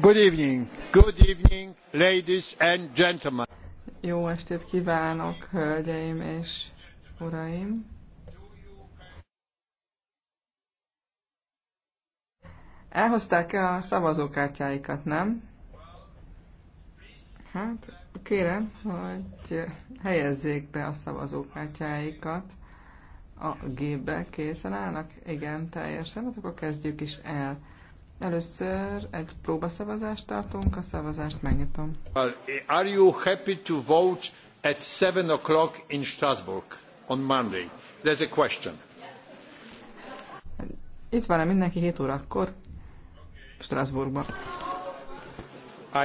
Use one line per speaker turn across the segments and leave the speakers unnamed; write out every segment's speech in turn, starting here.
Good evening. Good evening, ladies and gentlemen.
Jó estét kívánok, hölgyeim és uraim. Elhozták-e a szavazókártyáikat, nem? Hát, kérem, hogy helyezzék be a szavazókártyáikat a gépbe. Készen állnak? Igen, teljesen. Hát akkor kezdjük is el. Először egy próbaszavazást tartunk, a szavazást megnyitom.
Are you happy to vote at 7 o'clock in Strasbourg on Monday? There's a question.
Itt van-e mindenki 7 órakor? Strasbourgban.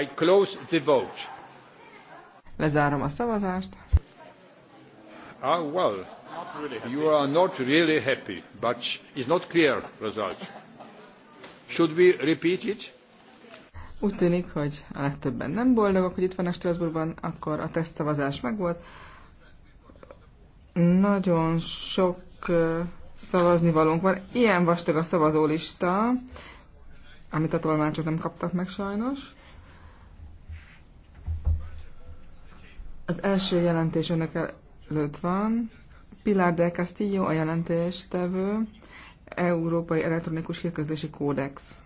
I close the vote.
Lezárom a szavazást.
Ah, well, you are not really happy, but it's not clear result. Should we repeat it?
Úgy tűnik, hogy a legtöbben nem boldogok, hogy itt vannak Strasbourgban, akkor a meg volt. Nagyon sok szavazni valónk van. Ilyen vastag a szavazólista, amit a tolmácsok nem kaptak meg sajnos. Az első jelentés önök előtt van. Pilar del Castillo a jelentéstevő. Európai Elektronikus Hírközlési Kódex.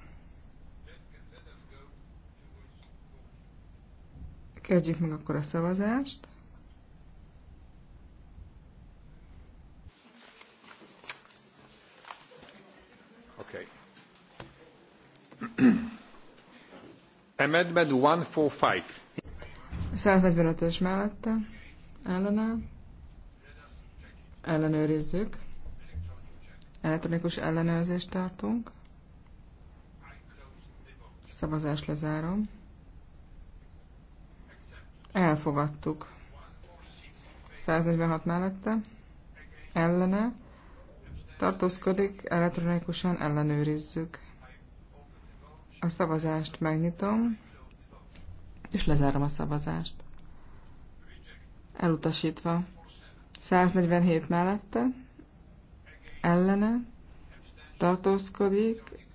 Kezdjük meg akkor a szavazást.
Okay. Amendment
145. 145-ös mellette. Ellene. Ellenőrizzük. Elektronikus ellenőrzést tartunk. Szavazás lezárom. Elfogadtuk. 146 mellette. Ellene. Tartózkodik, elektronikusan ellenőrizzük. A szavazást megnyitom, és lezárom a szavazást. Elutasítva. 147 mellette ellene tartózkodik,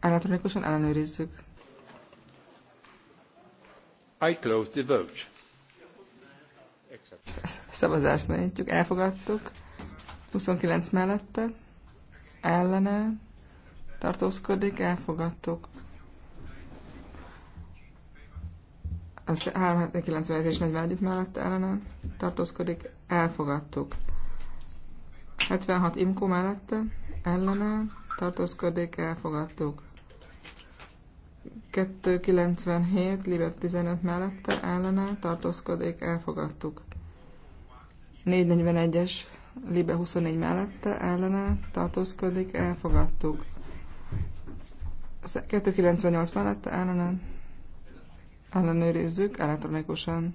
elektronikusan ellenőrizzük.
I close the vote.
Szavazást megnyitjuk, elfogadtuk. 29 mellette, ellene tartózkodik, elfogadtuk. Az 397 és 41 mellette ellene tartózkodik, elfogadtuk. 76 imkó mellette, ellene, tartózkodik, elfogadtuk. 297, Libet 15 mellette, ellene, tartózkodik, elfogadtuk. 441-es, Libe 24 mellette, ellene, tartózkodik, elfogadtuk. 298 mellette, ellene, ellenőrizzük elektronikusan.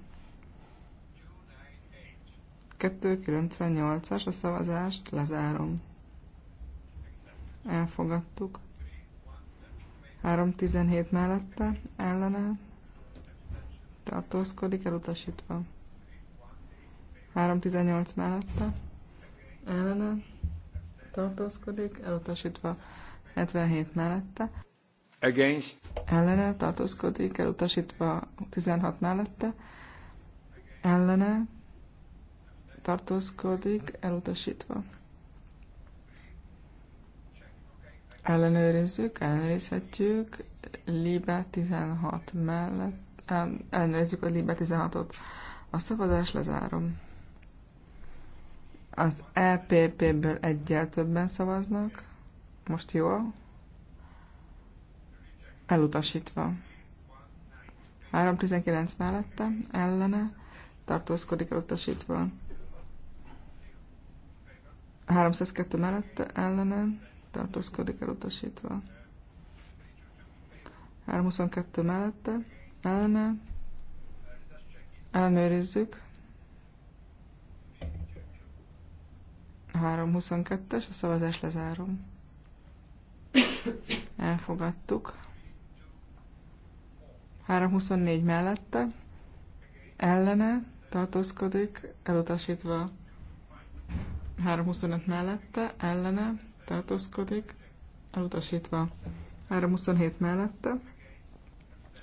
298-as a szavazást lezárom. Elfogadtuk. 317 mellette, ellene tartózkodik, elutasítva. 318 mellette, ellene tartózkodik, elutasítva. 77 mellette. Against. Ellene tartózkodik, elutasítva 16 mellette. Ellene tartózkodik, elutasítva. Ellenőrizzük, ellenőrizhetjük, Libe 16 mellett, ellenőrizzük a Libe 16-ot. A szavazás lezárom. Az EPP-ből egyel többen szavaznak. Most jó? Elutasítva. 319 mellette, ellene, tartózkodik elutasítva. 302 mellette ellene tartózkodik elutasítva. 322 mellette ellene ellenőrizzük. 322-es, a szavazás lezárom. Elfogadtuk. 324 mellette ellene tartózkodik, elutasítva 325 mellette, ellene, tartózkodik, elutasítva. 327 mellette,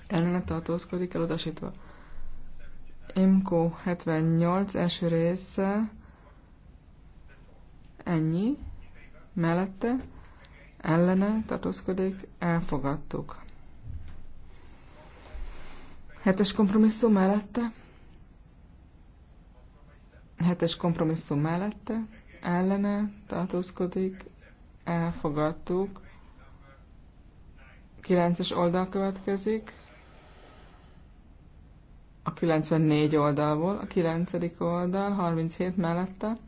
ellene tartózkodik, elutasítva. Imco 78 első része, ennyi, mellette, ellene tartózkodik, elfogadtuk. Hetes kompromisszum mellette, hetes kompromisszum mellette, ellene tartózkodik, elfogadtuk. 9-es oldal következik, a 94 oldalból, a 9. oldal, 37 mellette,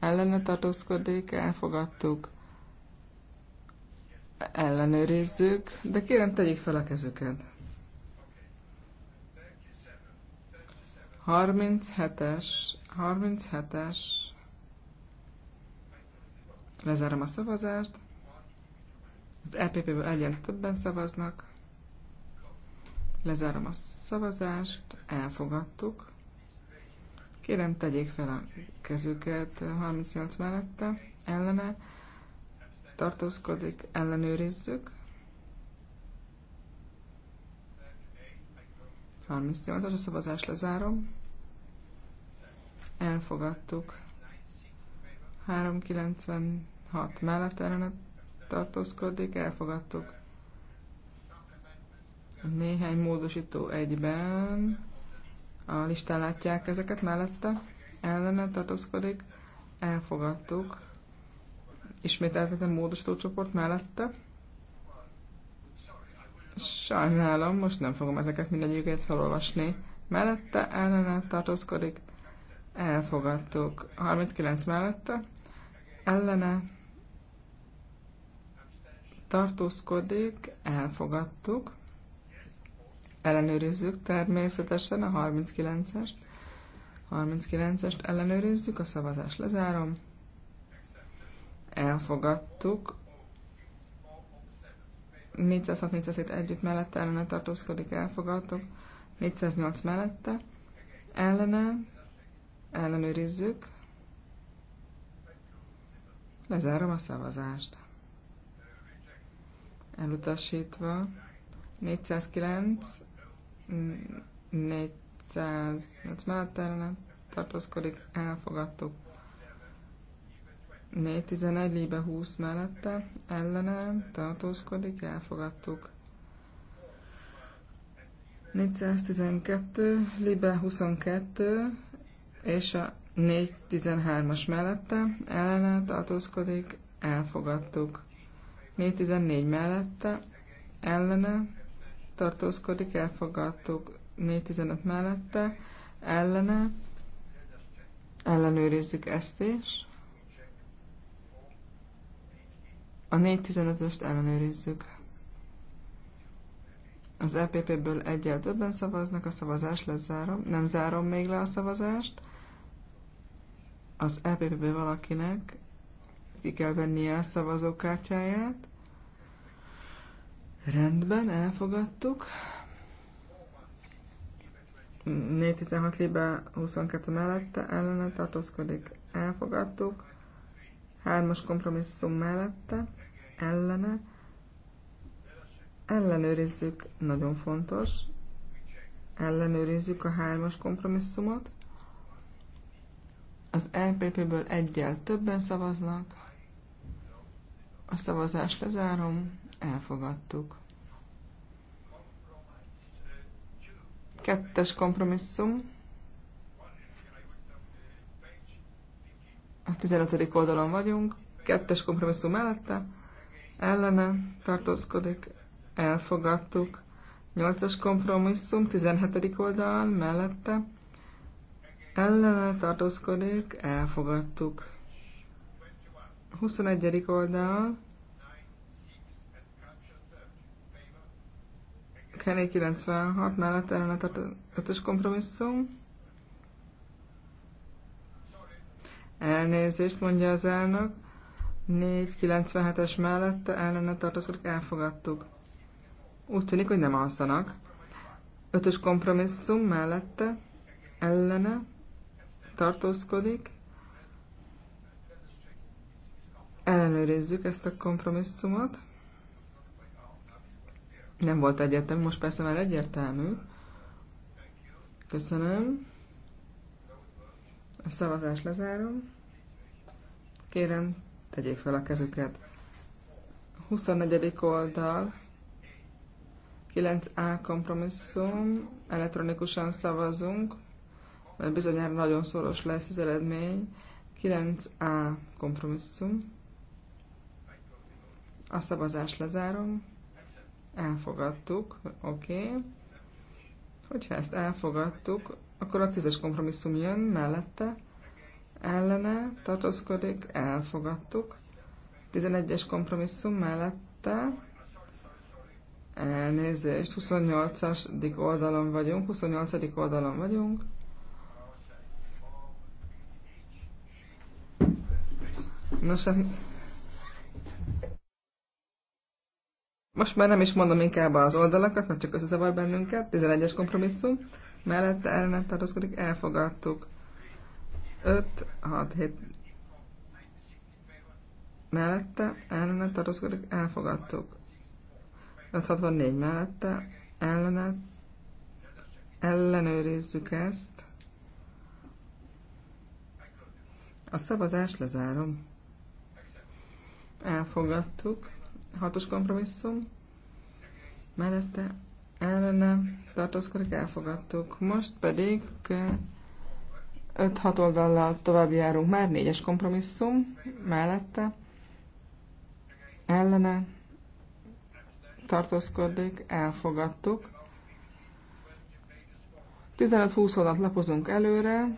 ellene tartózkodik, elfogadtuk, ellenőrizzük, de kérem, tegyék fel a kezüket. 37-es, 37-es, Lezárom a szavazást. Az EPP-ből egyen többen szavaznak. Lezárom a szavazást. Elfogadtuk. Kérem, tegyék fel a kezüket 38 mellette, ellene. Tartózkodik, ellenőrizzük. 38-as a szavazás lezárom. Elfogadtuk. 390 hat mellett ellene tartózkodik, elfogadtuk. Néhány módosító egyben. A listán látják ezeket mellette. Ellene tartózkodik, elfogadtuk. Ismételtetem csoport mellette. Sajnálom, most nem fogom ezeket mindegyiket felolvasni. Mellette ellene tartózkodik, elfogadtuk. 39 mellette ellene tartózkodik, elfogadtuk. Ellenőrizzük természetesen a 39-est. 39-est ellenőrizzük, a szavazást lezárom. Elfogadtuk. 406-407 együtt mellette ellene tartózkodik, elfogadtuk. 408 mellette ellene ellenőrizzük. Lezárom a szavazást elutasítva. 409, 405 mellett ellene tartózkodik, elfogadtuk. 411 lébe 20 mellette ellene tartózkodik, elfogadtuk. 412, Libe 22, és a 413-as mellette ellene tartózkodik, elfogadtuk. 414 mellette, ellene, tartózkodik, elfogadtuk 415 mellette, ellene, ellenőrizzük ezt is. A 415-öst ellenőrizzük. Az EPP-ből egyel többen szavaznak, a szavazás lezárom. Nem zárom még le a szavazást. Az EPP-ből valakinek ki kell vennie a szavazókártyáját. Rendben, elfogadtuk. 416 libe 22 mellette ellene tartózkodik. Elfogadtuk. 3-as kompromisszum mellette ellene. Ellenőrizzük, nagyon fontos. Ellenőrizzük a 3-as kompromisszumot. Az LPP-ből e egyel többen szavaznak. A szavazást lezárom, elfogadtuk. Kettes kompromisszum. A 15. oldalon vagyunk. Kettes kompromisszum mellette. Ellene tartózkodik. Elfogadtuk. 8 kompromisszum, 17. oldal mellette. Ellene tartózkodik. Elfogadtuk. 21. oldal. Kenny 96 mellett ellen a 5-ös kompromisszum. Elnézést, mondja az elnök. 497-es mellette ellene tartozkodik, elfogadtuk. Úgy tűnik, hogy nem alszanak. 5-ös kompromisszum mellette ellene tartózkodik, 4.97 ellenőrizzük ezt a kompromisszumot. Nem volt egyértelmű, most persze már egyértelmű. Köszönöm. A szavazást lezárom. Kérem, tegyék fel a kezüket. 24. oldal, 9A kompromisszum, elektronikusan szavazunk, mert bizonyára nagyon szoros lesz az eredmény. 9A kompromisszum. A szavazást lezárom. Elfogadtuk. Oké. Okay. Hogyha ezt elfogadtuk, akkor a tízes kompromisszum jön mellette. Ellene tartózkodik. Elfogadtuk. 11-es kompromisszum mellette. Elnézést, 28-as oldalon vagyunk, 28. oldalon vagyunk. Nos, hát Most már nem is mondom inkább az oldalakat, mert csak összezavar bennünket. 11-es kompromisszum. Mellette ellene tartózkodik, elfogadtuk. 5, 6, 7. Mellette ellenet tartózkodik, elfogadtuk. 564 mellette ellenet, ellenőrizzük ezt. A szavazást lezárom. Elfogadtuk. Hatos kompromisszum. Mellette ellene tartózkodik, elfogadtuk. Most pedig 5-6 oldallal tovább járunk. Már négyes kompromisszum mellette ellene tartózkodik, elfogadtuk. 15-20 oldalt lapozunk előre,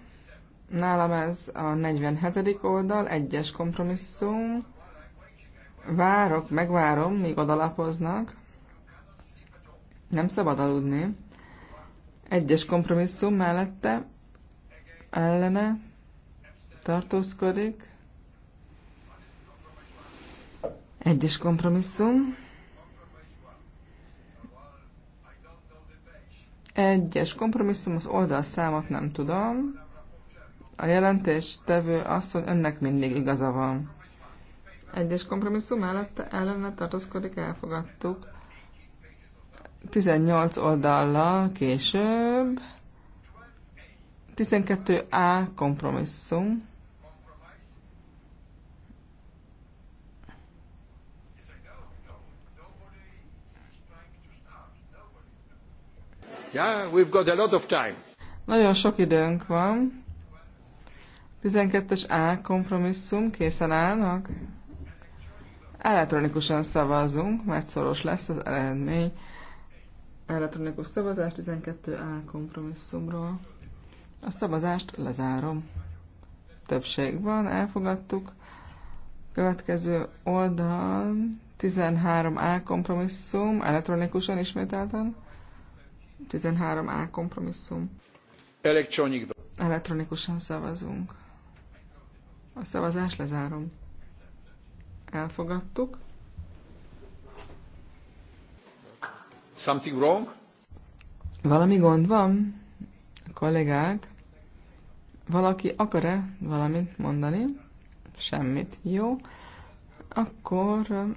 nálam ez a 47. oldal, egyes kompromisszum, várok, megvárom, míg odalapoznak. Nem szabad aludni. Egyes kompromisszum mellette ellene tartózkodik. Egyes kompromisszum. Egyes kompromisszum, az oldalszámot nem tudom. A jelentés azt, hogy önnek mindig igaza van. Egyes kompromisszum mellett ellene tartózkodik, elfogadtuk. 18 oldallal később. 12A kompromisszum.
Yeah, we've got a lot of time.
Nagyon sok időnk van. 12-es A kompromisszum készen állnak? Elektronikusan szavazunk, mert szoros lesz az eredmény. Elektronikus szavazás 12A kompromisszumról. A szavazást lezárom. Többség van, elfogadtuk. Következő oldal 13A kompromisszum, elektronikusan ismételten. 13A kompromisszum. Elektronikusan szavazunk. A szavazást lezárom. Elfogadtuk.
Something wrong?
Valami gond van, kollégák? Valaki akar-e valamit mondani? Semmit. Jó. Akkor um,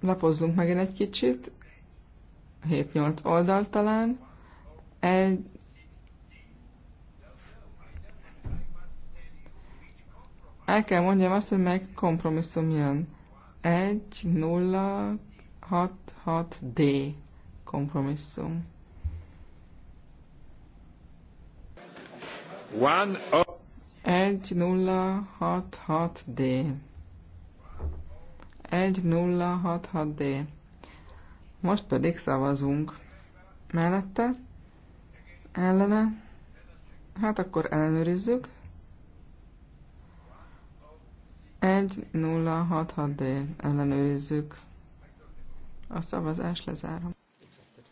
lapozzunk meg egy kicsit. 7-8 oldalt talán. Egy, El kell mondjam azt, hogy meg kompromisszum jön. 6 d kompromisszum.
One of...
hat d hat d Most pedig szavazunk. Mellette? Ellene? Hát akkor ellenőrizzük. 1066D ellenőrizzük. A szavazás lezárom.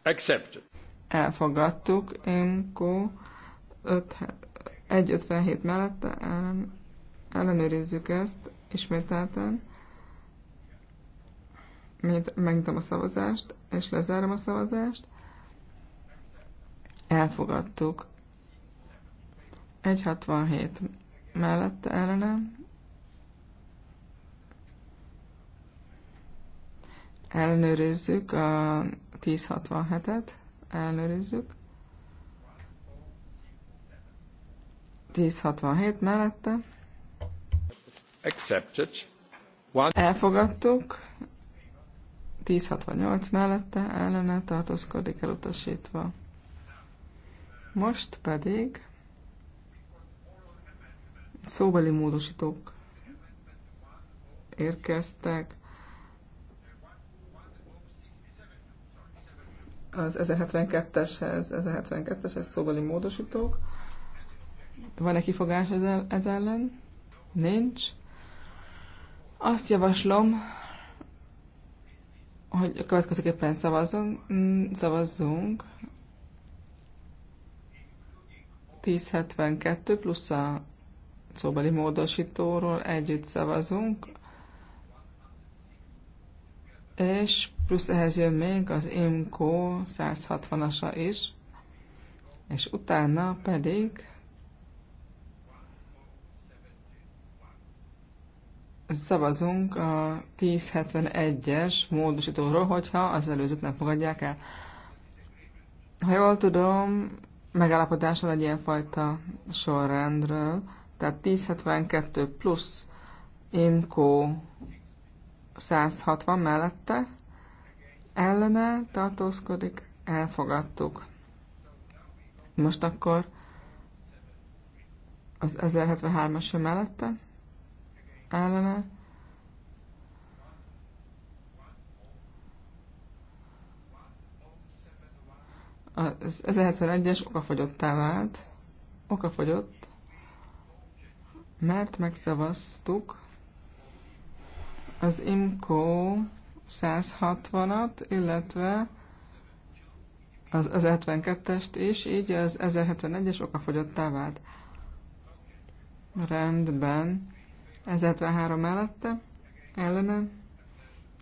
Accepted.
Elfogadtuk. Imko 157 mellette ellen, ellenőrizzük ezt ismételten. Megnyitom a szavazást, és lezárom a szavazást. Elfogadtuk. 167 mellette ellenem Elnőrizzük a 1067-et, Elnőrizzük. 1067 mellette.
Accepted. One... Elfogadtuk.
1068 mellette ellene tartózkodik elutasítva. Most pedig szóbeli módosítók érkeztek az 1072-eshez, 1072-eshez szóbeli módosítók. Van-e kifogás ez ellen? Nincs. Azt javaslom, hogy következőképpen szavazzunk, mm, szavazzunk. 1072 plusz a szóbeli módosítóról együtt szavazunk, és plusz ehhez jön még az IMCO 160-asa is, és utána pedig szavazunk a 1071-es módosítóról, hogyha az előzőt nem fogadják el. Ha jól tudom, megállapodás van egy ilyenfajta sorrendről, tehát 1072 plusz IMCO 160 mellette, ellene tartózkodik, elfogadtuk. Most akkor az 1073-as jön mellette, ellene. Az 1071-es okafogyottá vált, okafogyott, mert megszavaztuk az IMCO 160-at, illetve az, az 72-est is, így az 1071-es okafogyottá vált. Rendben. 1073 mellette, ellene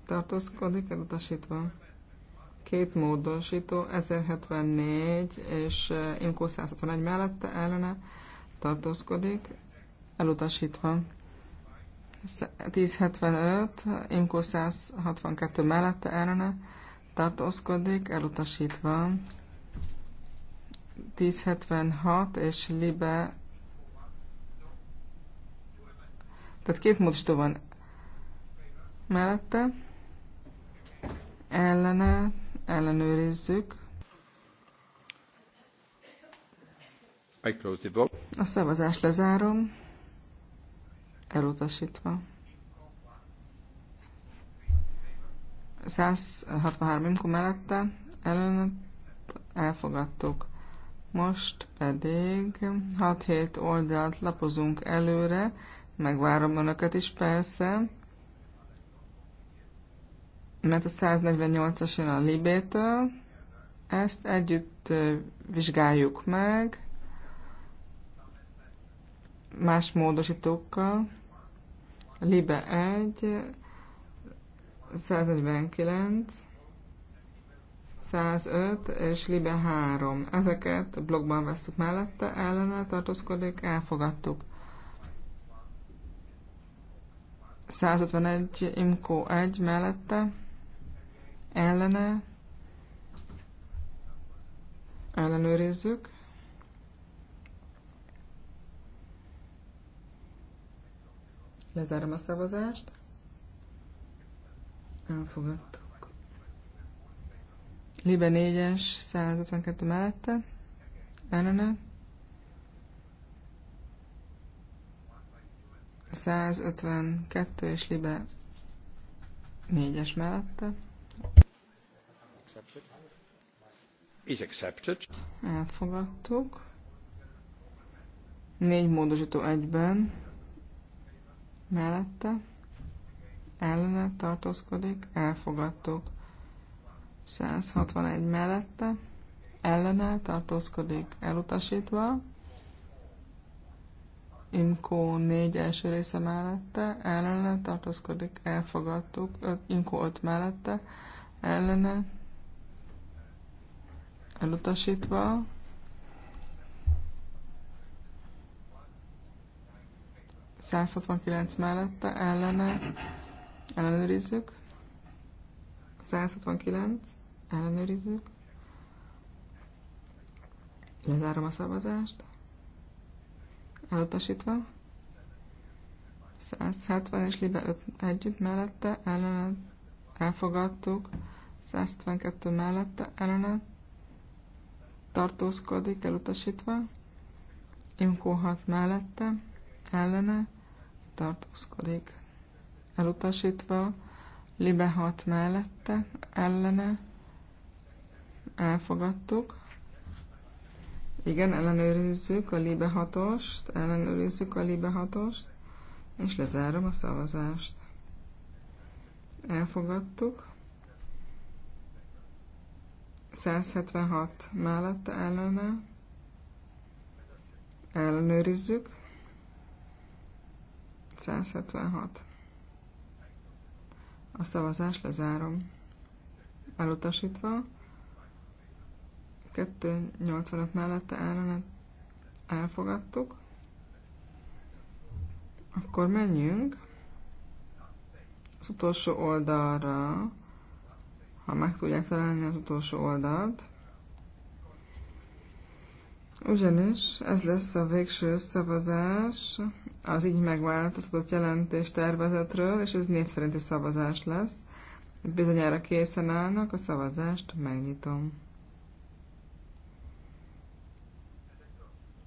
tartózkodik, elutasítva. Két módosító, 1074 és eh, Imco 161 mellette, ellene tartózkodik, elutasítva. 1075, Imkó 162 mellette ellene tartózkodik, elutasítva. 1076 és Libe. Tehát két módosító van mellette. Ellene ellenőrizzük.
A szavazást
lezárom elutasítva. 163 imkú mellette előnet elfogadtuk. Most pedig 6-7 oldalt lapozunk előre, megvárom önöket is persze, mert a 148-as jön a libétől, ezt együtt vizsgáljuk meg, más módosítókkal. Libe 1, 149, 105 és Libe 3. Ezeket blogban veszük mellette, ellene tartózkodik, elfogadtuk. 151 Imco 1 mellette, ellene, ellenőrizzük. Lezárom a szavazást. Elfogadtuk. Libe 4-es, 152 mellette. Ellene. 152 és Libe 4-es mellette.
Is accepted.
Elfogadtuk. Négy módosító egyben mellette ellene tartózkodik, elfogadtuk. 161 mellette ellene tartózkodik, elutasítva. Inkó 4 első része mellette ellene tartózkodik, elfogadtuk. Inkó 5 mellette ellene elutasítva. 169 mellette ellene ellenőrizzük. 169 ellenőrizzük. Lezárom a szavazást. Elutasítva. 170 és Libe 5 együtt mellette ellene elfogadtuk. 172 mellette ellene tartózkodik elutasítva. Imkó 6 mellette ellene tartózkodik elutasítva, Libe 6 mellette, ellene, elfogadtuk. Igen, ellenőrizzük a Libe ellenőrizzük a Libe és lezárom a szavazást. Elfogadtuk. 176 mellette ellene. Ellenőrizzük. 176. A szavazás lezárom. Elutasítva. 285 mellette ellenet elfogadtuk. Akkor menjünk az utolsó oldalra, ha meg tudják találni az utolsó oldalt. Ugyanis ez lesz a végső szavazás az így megváltoztatott jelentés tervezetről, és ez népszerinti szavazás lesz. Bizonyára készen állnak, a szavazást megnyitom.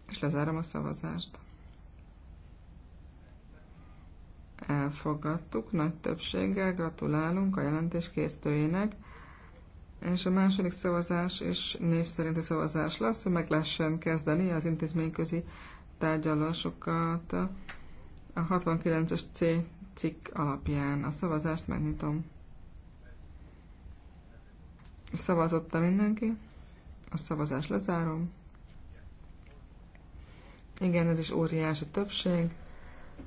És lezárom a szavazást. Elfogadtuk nagy többséggel, gratulálunk a jelentés készítőjének. És a második szavazás és név szerinti szavazás lesz, hogy meg lehessen kezdeni az intézményközi tárgyalásokat a 69-es C cikk alapján. A szavazást megnyitom. Szavazotta mindenki? A szavazást lezárom. Igen, ez is óriási többség.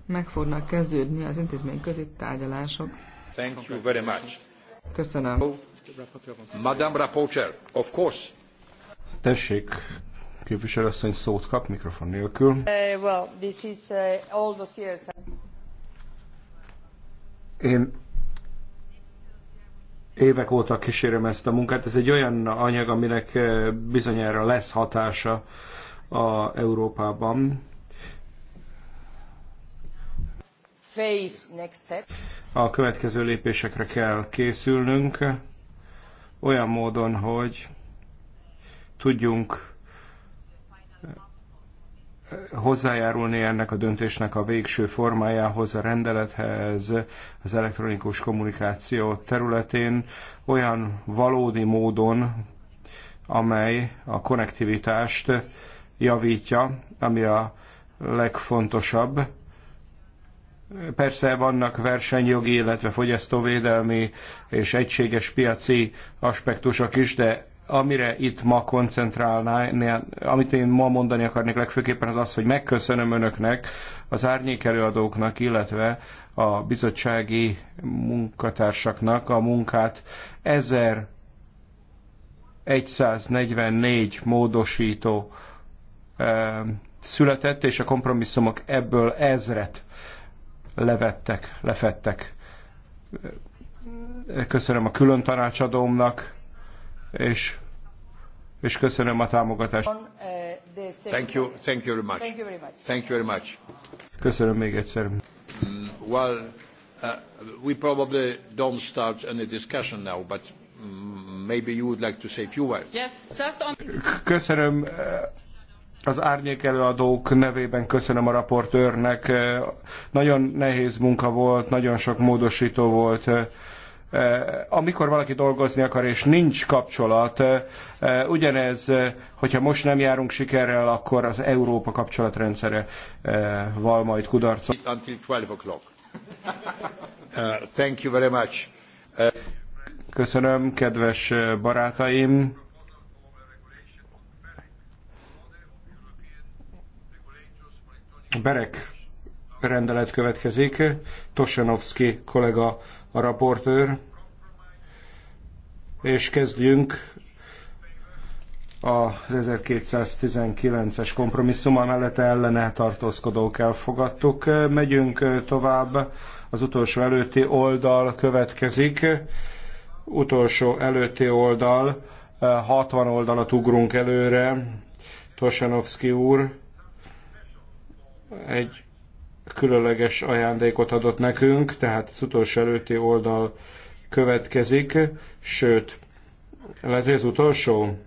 Meg fognak kezdődni az intézmény közé tárgyalások.
Thank you very much. Köszönöm. Madame Rapocher, of course.
Tessék, Képviselőasszony szót kap, mikrofon nélkül. Uh,
well, this is uh, all years.
Én évek óta kísérem ezt a munkát. Ez egy olyan anyag, aminek uh, bizonyára lesz hatása a Európában. A következő lépésekre kell készülnünk, olyan módon, hogy tudjunk hozzájárulni ennek a döntésnek a végső formájához, a rendelethez, az elektronikus kommunikáció területén olyan valódi módon, amely a konnektivitást javítja, ami a legfontosabb. Persze vannak versenyjogi, illetve fogyasztóvédelmi és egységes piaci aspektusok is, de Amire itt ma koncentrálnál, amit én ma mondani akarnék legfőképpen az az, hogy megköszönöm önöknek, az árnyék előadóknak, illetve a bizottsági munkatársaknak a munkát. 1144 módosító eh, született, és a kompromisszumok ebből ezret levettek, lefettek. Köszönöm a külön tanácsadómnak, és és köszönöm a támogatást.
Eh, thank you, thank you very much. Thank you very much. Thank you very much.
Köszönöm még egyszer.
Mm, well, uh, we probably don't start any discussion now, but mm, maybe you would like to say a few words.
Yes,
just on... Köszönöm eh, az árnyék előadók nevében köszönöm a raportőrnek. Eh, nagyon nehéz munka volt, nagyon sok módosító volt Eh, amikor valaki dolgozni akar és nincs kapcsolat, eh, eh, ugyanez, hogyha most nem járunk sikerrel, akkor az Európa kapcsolatrendszere val majd kudarcot.
Until 12
o'clock. Uh, thank you very much. Uh... Köszönöm, kedves barátaim. Berek rendelet következik. Tosanovski kollega a raportőr, és kezdjünk az 1219-es kompromisszum amellett ellene tartózkodók elfogadtuk. Megyünk tovább, az utolsó előtti oldal következik. Utolsó előtti oldal, 60 oldalat ugrunk előre. Tosanovszki úr egy különleges ajándékot adott nekünk, tehát az utolsó előtti oldal következik, sőt, lehet, hogy az utolsó?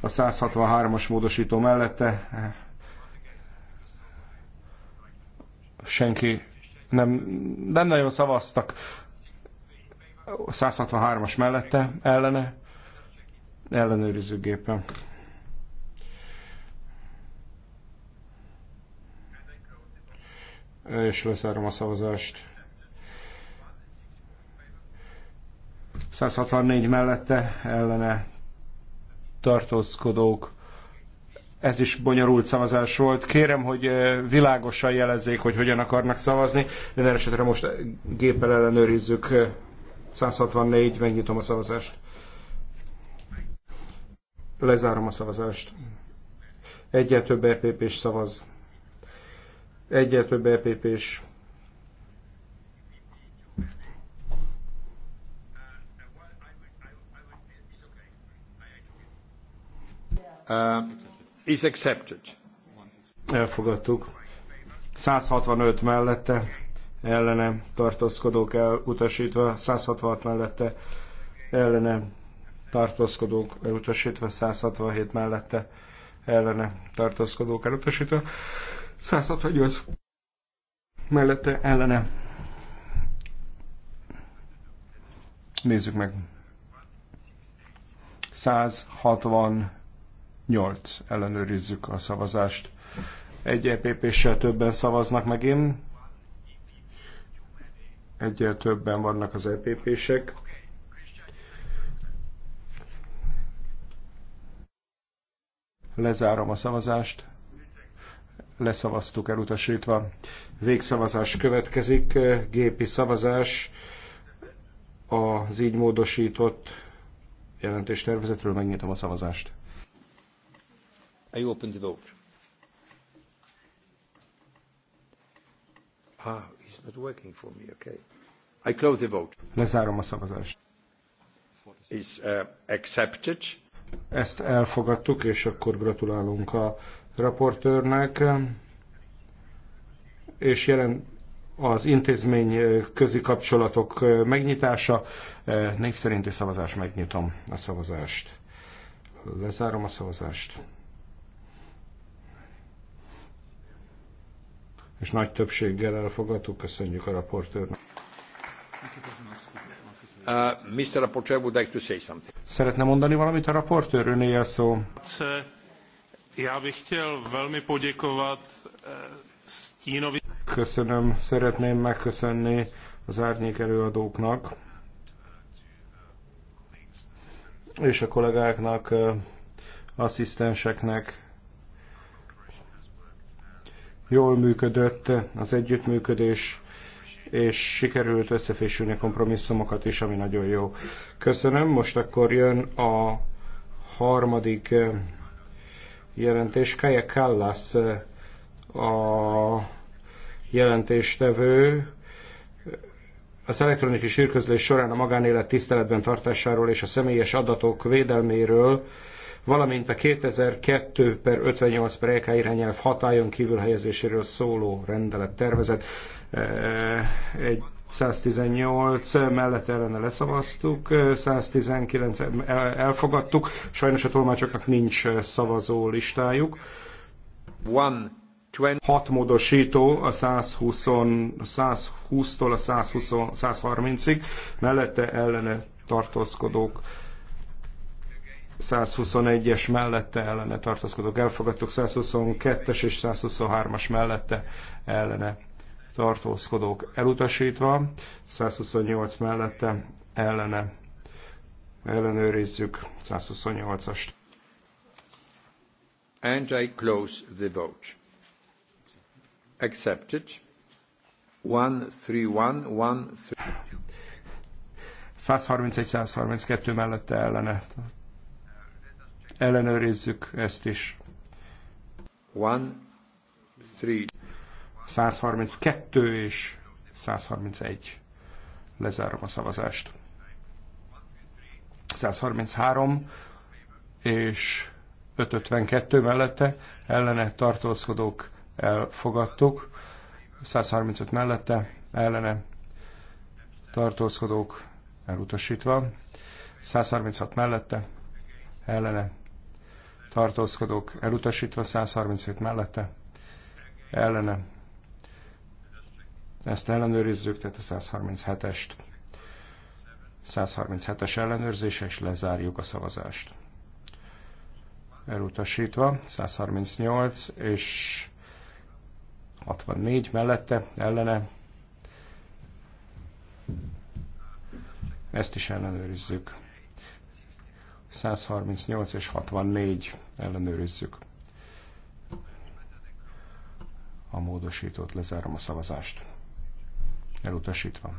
A 163-as módosító mellette senki nem, nem nagyon szavaztak. 163-as mellette, ellene, ellenőrizőgépen. gépen. és lezárom a szavazást. 164 mellette ellene tartózkodók. Ez is bonyolult szavazás volt. Kérem, hogy világosan jelezzék, hogy hogyan akarnak szavazni. Minden esetre most géppel ellenőrizzük. 164, megnyitom a szavazást. Lezárom a szavazást. Egyet több epp szavaz egyre több EPP-s
Uh, is
accepted. Elfogadtuk. 165 mellette ellene tartózkodók elutasítva, 166 mellette ellene tartózkodók elutasítva, 167 mellette ellene tartózkodók elutasítva. 168 mellette ellene. Nézzük meg. 168 ellenőrizzük a szavazást. Egy EPP-ssel többen szavaznak meg én. Egyel többen vannak az EPP-sek. Lezárom a szavazást leszavaztuk elutasítva. Végszavazás következik, gépi szavazás az így módosított jelentéstervezetről megnyitom a szavazást.
I open the vote. Ah, it's not working for me, okay. I close the vote.
Lezárom a szavazást.
Is uh, accepted.
Ezt elfogadtuk, és akkor gratulálunk a raportőrnek, és jelen az intézmény közi kapcsolatok megnyitása. Név szerinti szavazás, megnyitom a szavazást. Lezárom a szavazást. És nagy többséggel elfogadtuk, köszönjük a raportőrnek.
Uh, Mr. Rapporteur would like to say something.
Szeretne mondani valamit a raportőr, önéje szó.
Uh... Já bych chtěl velmi poděkovat eh, stínovi.
Köszönöm, szeretném megköszönni az árnyék előadóknak és a kollégáknak, eh, asszisztenseknek. Jól működött az együttműködés, és sikerült összefésülni kompromisszumokat is, ami nagyon jó. Köszönöm, most akkor jön a harmadik eh, jelentés. Kaja Kallas eh, a jelentéstevő az elektronikus hírközlés során a magánélet tiszteletben tartásáról és a személyes adatok védelméről, valamint a 2002 per 58 per EK irányelv hatályon kívül helyezéséről szóló rendelet tervezet. Eh, egy 118 mellett ellene leszavaztuk, 119 elfogadtuk, sajnos a tolmácsoknak nincs szavazó listájuk. One. 6 módosító a 120-tól 120 a 120, 130-ig, mellette ellene tartózkodók 121-es mellette ellene tartózkodók elfogadtuk, 122-es és 123-as mellette ellene tartózkodók elutasítva, 128 mellette ellene ellenőrizzük 128-ast.
And I close the vote. Accepted.
131-132 mellette ellene. Ellenőrizzük ezt is. One, three. 132 és 131. Lezárom a szavazást. 133 és 552 mellette ellene tartózkodók elfogadtuk. 135 mellette ellene tartózkodók elutasítva. 136 mellette ellene tartózkodók elutasítva. 137 mellette ellene ezt ellenőrizzük, tehát a 137-est. 137-es ellenőrzése, és lezárjuk a szavazást. Elutasítva, 138 és 64 mellette, ellene. Ezt is ellenőrizzük. 138 és 64 ellenőrizzük. A módosítót lezárom a szavazást elutasítva.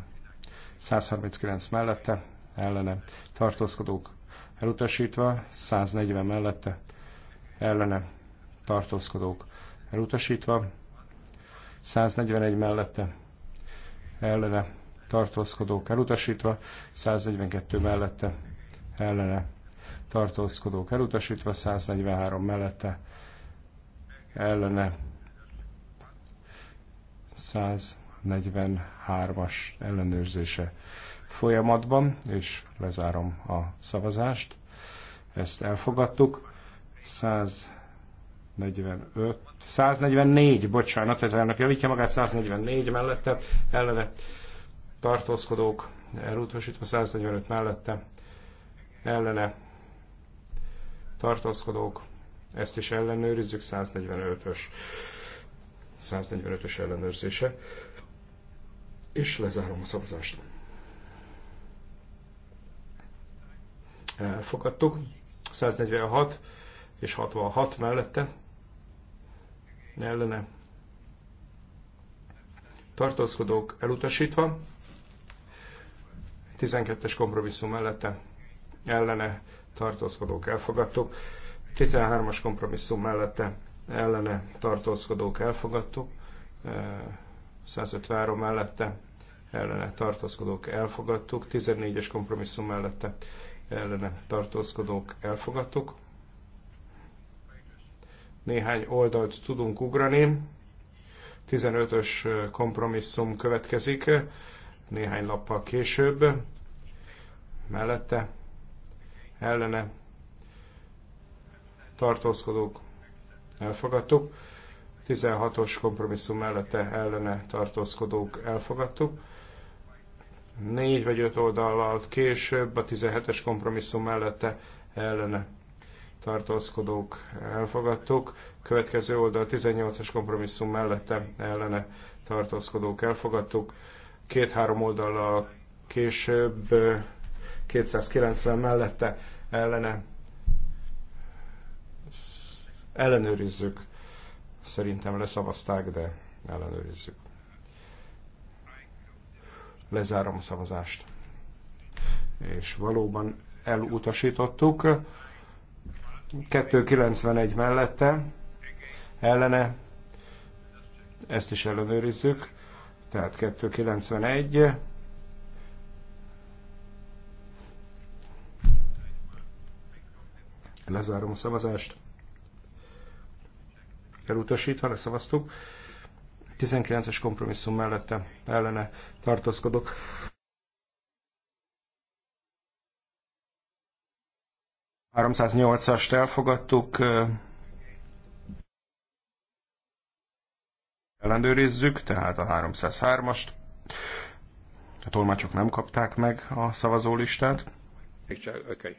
139 mellette, ellene tartózkodók elutasítva, 140 mellette, ellene tartózkodók elutasítva, 141 mellette, ellene tartózkodók elutasítva, 142 mellette, ellene tartózkodók elutasítva, 143 mellette, ellene 100 43-as ellenőrzése folyamatban, és lezárom a szavazást. Ezt elfogadtuk. 145, 144, bocsánat, ez elnök javítja magát, 144 mellette, ellene tartózkodók elutasítva, 145 mellette, ellene tartózkodók, ezt is ellenőrizzük, 145-ös 145-ös ellenőrzése és lezárom a szavazást. Elfogadtuk. 146 és 66 mellette ellene tartózkodók elutasítva, 12-es kompromisszum mellette ellene tartózkodók elfogadtuk, 13-as kompromisszum mellette ellene tartózkodók elfogadtuk, 153 mellette ellene tartózkodók elfogadtuk, 14-es kompromisszum mellette ellene tartózkodók elfogadtuk. Néhány oldalt tudunk ugrani, 15-ös kompromisszum következik, néhány lappal később, mellette ellene tartózkodók elfogadtuk, 16-os kompromisszum mellette ellene tartózkodók elfogadtuk, négy vagy öt oldallal később a 17-es kompromisszum mellette ellene tartózkodók elfogadtuk, következő oldal 18 es kompromisszum mellette ellene tartózkodók elfogadtuk, két-három oldallal később 290 mellette ellene ellenőrizzük. Szerintem leszavazták, de ellenőrizzük. Lezárom a szavazást. És valóban elutasítottuk. 291 mellette, ellene, ezt is ellenőrizzük, tehát 291, lezárom a szavazást, elutasítva, leszavaztuk, 19-es kompromisszum mellette ellene tartózkodok. A 308-ast elfogadtuk, ellenőrizzük, tehát a 303-ast. A tolmácsok nem kapták meg a szavazólistát.
Okay.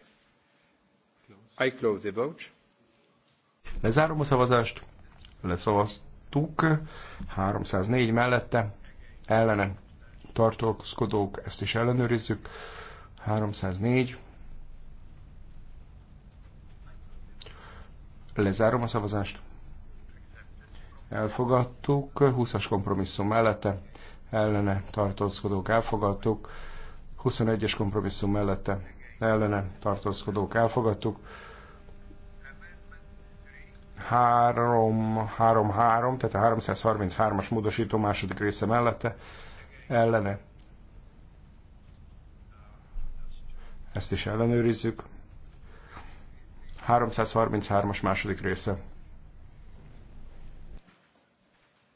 I close the vote.
Lezárom a szavazást. Leszavaztam tuk, 304 mellette, ellene tartózkodók, ezt is ellenőrizzük, 304, lezárom a szavazást, elfogadtuk, 20-as kompromisszum mellette, ellene tartózkodók elfogadtuk, 21-es kompromisszum mellette, ellene tartózkodók elfogadtuk, 333, tehát a 333-as módosító második része mellette ellene. Ezt is ellenőrizzük. 333-as második része.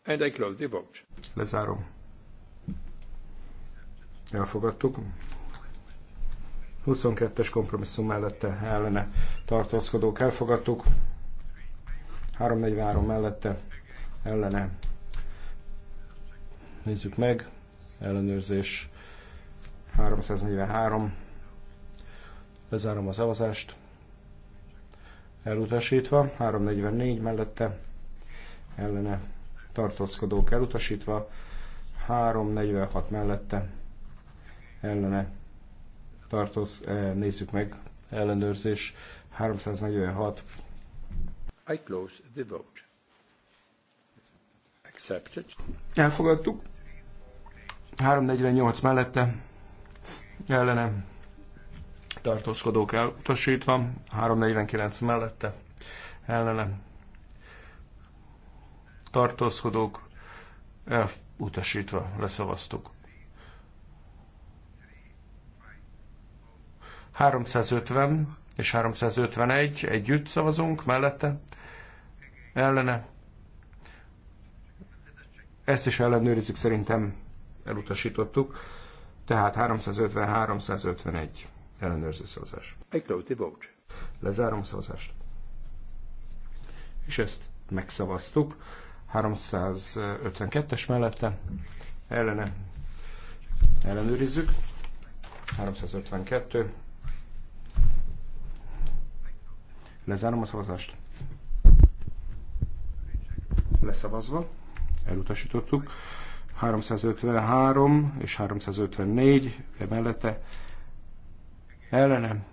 And I close the vote.
Lezárom. Elfogadtuk. 22-es kompromisszum mellette ellene tartózkodók elfogadtuk. 343 mellette ellene. Nézzük meg. Ellenőrzés 343. Lezárom a szavazást. Elutasítva. 344 mellette ellene tartózkodók elutasítva. 346 mellette ellene tartoz, eh, nézzük meg, ellenőrzés 346
I close the vote. Accepted.
Elfogadtuk. 348 mellette ellene tartózkodók elutasítva, 349 mellette ellene tartózkodók elutasítva leszavaztuk. 350 és 351 együtt szavazunk, mellette, ellene. Ezt is ellenőrizzük, szerintem elutasítottuk. Tehát 350-351 ellenőrző szavazás. vote. Lezárom a szavazást. És ezt megszavaztuk. 352-es mellette ellene ellenőrizzük. 352 Lezárom a szavazást. Leszavazva. Elutasítottuk. 353 és 354 emellette ellene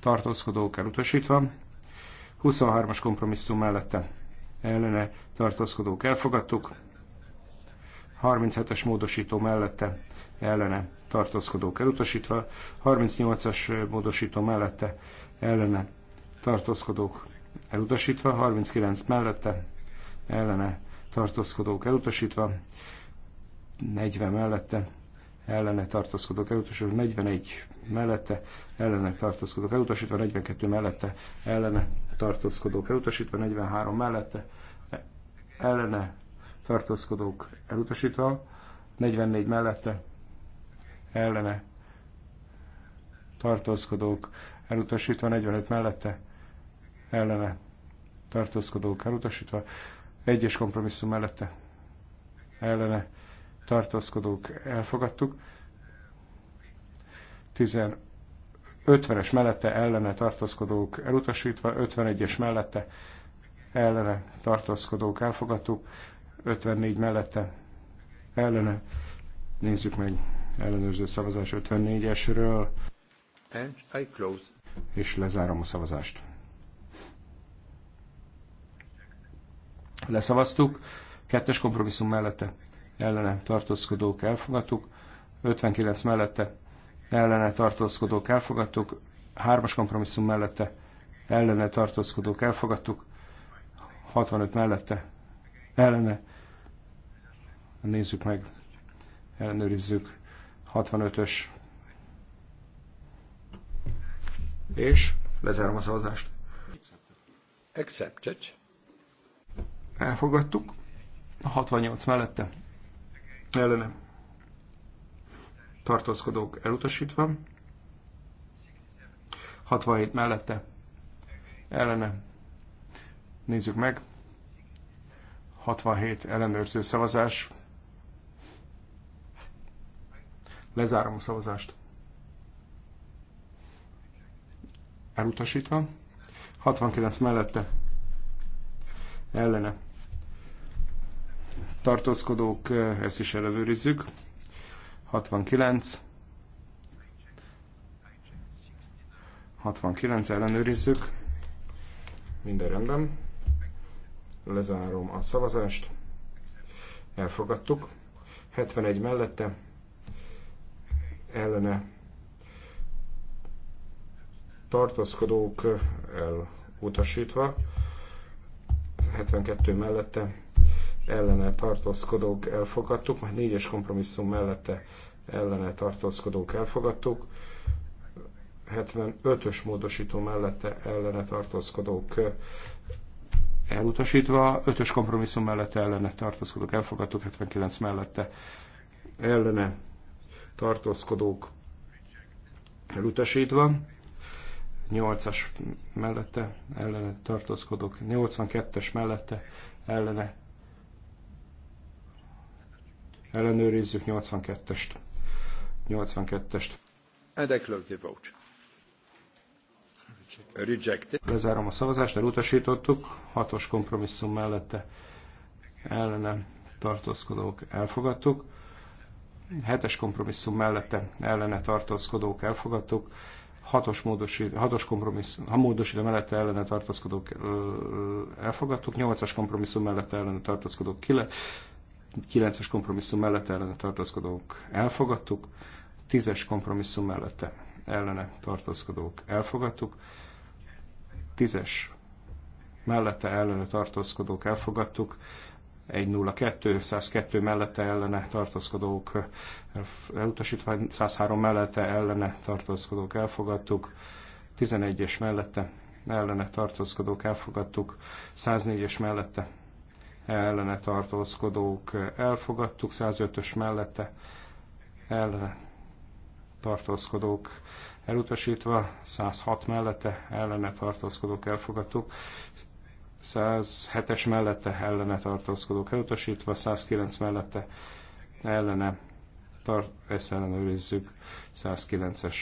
tartózkodók elutasítva. 23-as kompromisszum mellette ellene tartózkodók elfogadtuk. 37-es módosító mellette ellene tartózkodók elutasítva, 38-as módosító mellette ellene tartózkodók elutasítva, 39 mellette ellene tartózkodók elutasítva, 40 mellette ellene tartózkodók elutasítva, 41 mellette ellene tartózkodók elutasítva, 42 mellette ellene tartózkodók elutasítva, 43 mellette ellene tartózkodók elutasítva, 44 mellette ellene tartózkodók elutasítva, 45 mellette ellene tartózkodók elutasítva, egyes kompromisszum mellette ellene tartózkodók elfogadtuk, 50-es mellette ellene tartózkodók elutasítva, 51-es mellette ellene tartózkodók elfogadtuk, 54 mellette ellene. Nézzük meg ellenőrző szavazás 54-esről. És lezárom a szavazást. leszavaztuk, kettes kompromisszum mellette ellene tartózkodók elfogadtuk, 59 mellette ellene tartózkodók elfogadtuk, hármas kompromisszum mellette ellene tartózkodók elfogadtuk, 65 mellette ellene, nézzük meg, ellenőrizzük, 65-ös, és lezárom a szavazást.
Accepted
elfogadtuk. 68 mellette ellene tartózkodók elutasítva. 67 mellette ellene nézzük meg. 67 ellenőrző szavazás. Lezárom a szavazást. Elutasítva. 69 mellette. Ellene tartózkodók, ezt is ellenőrizzük. 69. 69 ellenőrizzük. Minden rendben. Lezárom a szavazást. Elfogadtuk. 71 mellette. Ellene. Tartózkodók elutasítva. 72 mellette ellene tartózkodók elfogadtuk, majd négyes kompromisszum mellette ellene tartózkodók elfogadtuk, 75-ös módosító mellette ellene tartózkodók elutasítva, 5-ös kompromisszum mellette ellene tartózkodók elfogadtuk, 79 mellette ellene tartózkodók elutasítva, 8-as mellette ellene tartózkodók, 82-es mellette ellene ellenőrizzük 82-est. 82-est.
And I close the vote. Rejected. Lezárom
a szavazást, elutasítottuk. Hatos kompromisszum mellette ellene tartózkodók elfogadtuk. Hetes kompromisszum mellette ellene tartózkodók elfogadtuk. Hatos, módosít, hatos kompromisszum, ha módosító mellette ellene tartózkodók elfogadtuk. Nyolcas kompromisszum mellette ellene tartózkodók kile 9-es kompromisszum mellett ellene tartózkodók elfogadtuk, 10-es kompromisszum mellette ellene tartózkodók elfogadtuk, 10-es mellette ellene tartózkodók elfogadtuk, 102, 102 mellette ellene tartózkodók elutasítva, 103 mellette ellene tartózkodók elfogadtuk, 11-es mellette ellene tartózkodók elfogadtuk, 104-es mellette ellene tartózkodók eh, elfogadtuk, 105-ös mellette ellene tartózkodók elutasítva, 106 mellette ellene tartózkodók elfogadtuk, 107-es mellette ellene tartózkodók elutasítva, 109 mellette ellene, tar- ezt ellenőrizzük, 109-es.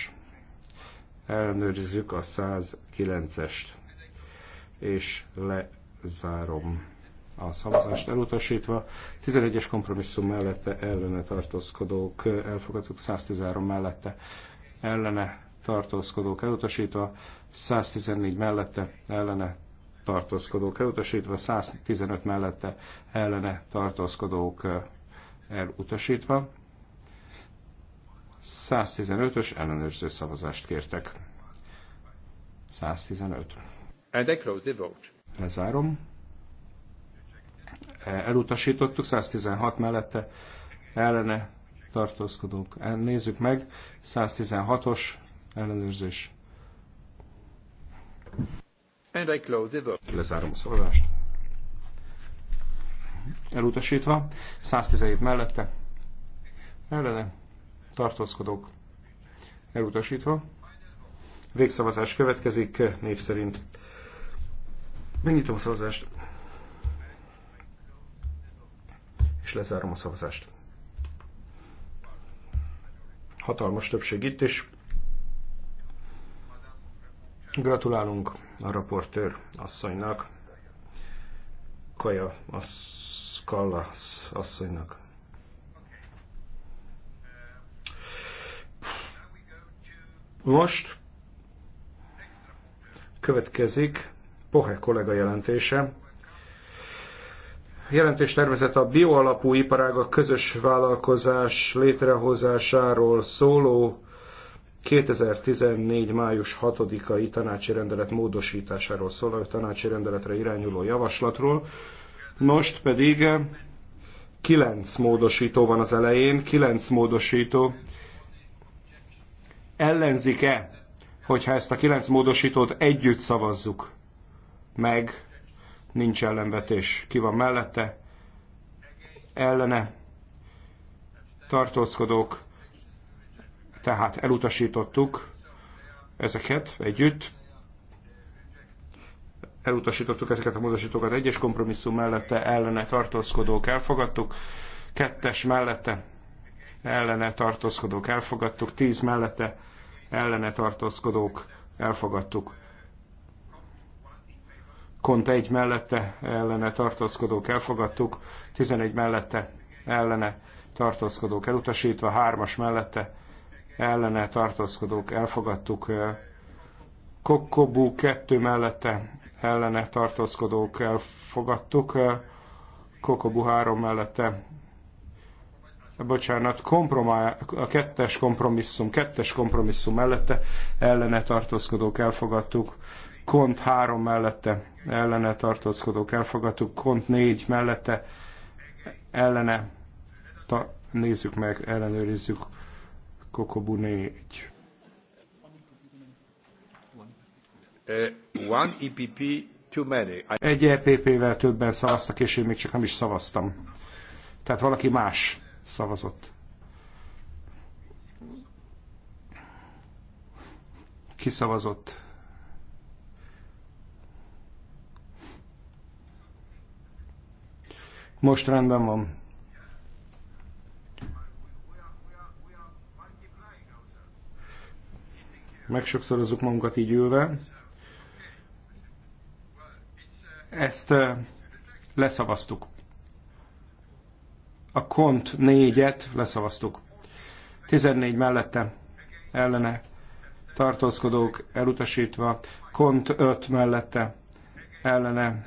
Ellenőrizzük a 109-est, és lezárom a szavazást elutasítva, 11-es kompromisszum mellette ellene tartózkodók elfogadtuk, 113 mellette ellene tartózkodók elutasítva, 114 mellette ellene tartózkodók elutasítva, 115 mellette ellene tartózkodók eh, elutasítva. 115-ös ellenőrző szavazást kértek. 115.
And I close the vote.
Lezárom elutasítottuk, 116 mellette ellene tartózkodók. E, nézzük meg, 116-os ellenőrzés.
And I close the vote.
Lezárom a szavazást. Elutasítva, 117 mellette ellene tartózkodók. Elutasítva. Végszavazás következik név szerint. Megnyitom a szavazást. és lezárom a szavazást. Hatalmas többség itt is. Gratulálunk a raportőr asszonynak, Kaja assz, Kallasz asszonynak. Most következik Pohe kollega jelentése, jelentéstervezet a bioalapú iparágak közös vállalkozás létrehozásáról szóló 2014. május 6-ai tanácsi rendelet módosításáról szóló tanácsi rendeletre irányuló javaslatról. Most pedig kilenc módosító van az elején, kilenc módosító. Ellenzik-e, hogyha ezt a kilenc módosítót együtt szavazzuk meg nincs ellenvetés. Ki van mellette? Ellene tartózkodók, tehát elutasítottuk ezeket együtt, elutasítottuk ezeket a módosítókat egyes kompromisszum mellette, ellene tartózkodók elfogadtuk, kettes mellette ellene tartózkodók elfogadtuk, tíz mellette ellene tartózkodók elfogadtuk. Kont egy mellette ellene tartózkodók elfogadtuk, 11 mellette ellene tartózkodók elutasítva, 3-as mellette ellene tartózkodók elfogadtuk, Kokkobú 2 mellette ellene tartózkodók elfogadtuk, Kokobu 3 mellette bocsánat, kompromá, a kettes kompromisszum, kettes kompromisszum mellette ellene tartózkodók elfogadtuk, kont 3 mellette ellene tartózkodók elfogadtuk, kont 4 mellette ellene, ta, nézzük meg, ellenőrizzük, Kokobu 4.
Uh, one EPP too many. I... Egy
EPP-vel többen szavaztak, és én még csak nem is szavaztam. Tehát valaki más szavazott. Kiszavazott. Most rendben van. Megsokszorozzuk magunkat így ülve. Ezt leszavaztuk. A kont négyet leszavaztuk. 14 mellette ellene tartózkodók elutasítva, kont 5 mellette ellene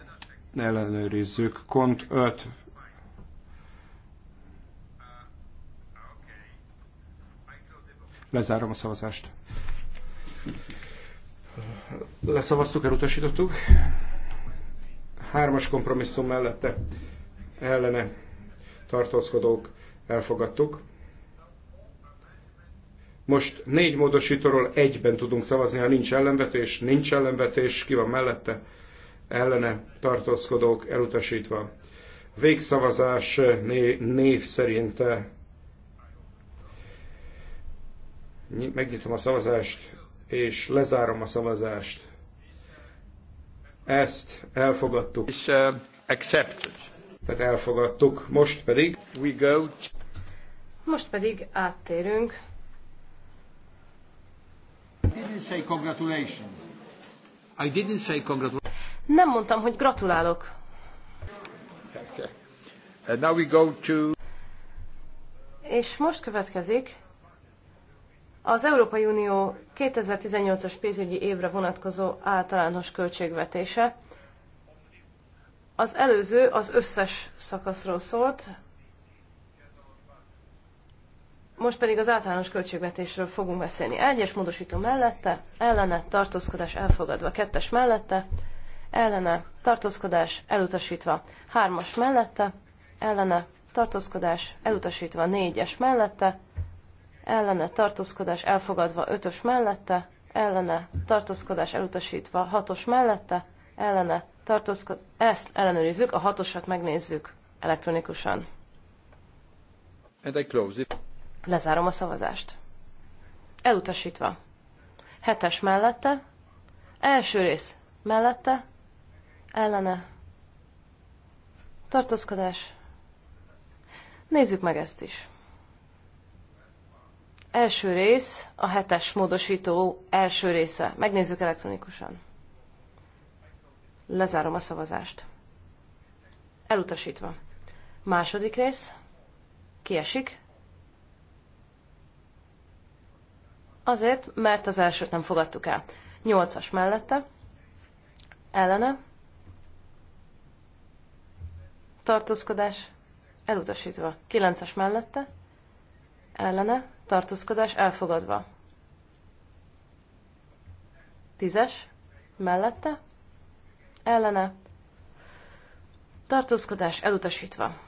ellenőrizzük. Kont 5. Lezárom a szavazást. Leszavaztuk, elutasítottuk. Hármas kompromisszum mellette ellene tartózkodók elfogadtuk. Most négy módosítóról egyben tudunk szavazni, ha nincs ellenvetés, nincs ellenvetés, ki van mellette, ellene tartózkodók elutasítva. Végszavazás név szerint eh, megnyitom a szavazást, és lezárom a szavazást. Ezt elfogadtuk. És uh, accepted. Tehát elfogadtuk. Most pedig... We go.
Most pedig áttérünk.
I didn't say congratulations. I didn't say congratulations.
Nem mondtam, hogy gratulálok.
Okay. And now we go to...
És most következik az Európai Unió 2018-as pénzügyi évre vonatkozó általános költségvetése. Az előző az összes szakaszról szólt, most pedig az általános költségvetésről fogunk beszélni. Egyes módosító mellette, ellene, tartózkodás elfogadva, kettes mellette, ellene, tartózkodás, elutasítva. Hármas mellette, ellene, tartózkodás, elutasítva. Négyes mellette, ellene, tartózkodás, elfogadva. Ötös mellette, ellene, tartózkodás, elutasítva. Hatos mellette, ellene, tartózkodás. Ezt ellenőrizzük, a hatosat megnézzük elektronikusan.
And I close it.
Lezárom a szavazást. Elutasítva. Hetes mellette. Első rész mellette ellene, tartózkodás. Nézzük meg ezt is. Első rész, a hetes módosító első része. Megnézzük elektronikusan. Lezárom a szavazást. Elutasítva. Második rész. Kiesik. Azért, mert az elsőt nem fogadtuk el. Nyolcas mellette. Ellene tartózkodás elutasítva. 9-es mellette, ellene, tartózkodás elfogadva. 10-es mellette, ellene, tartózkodás elutasítva.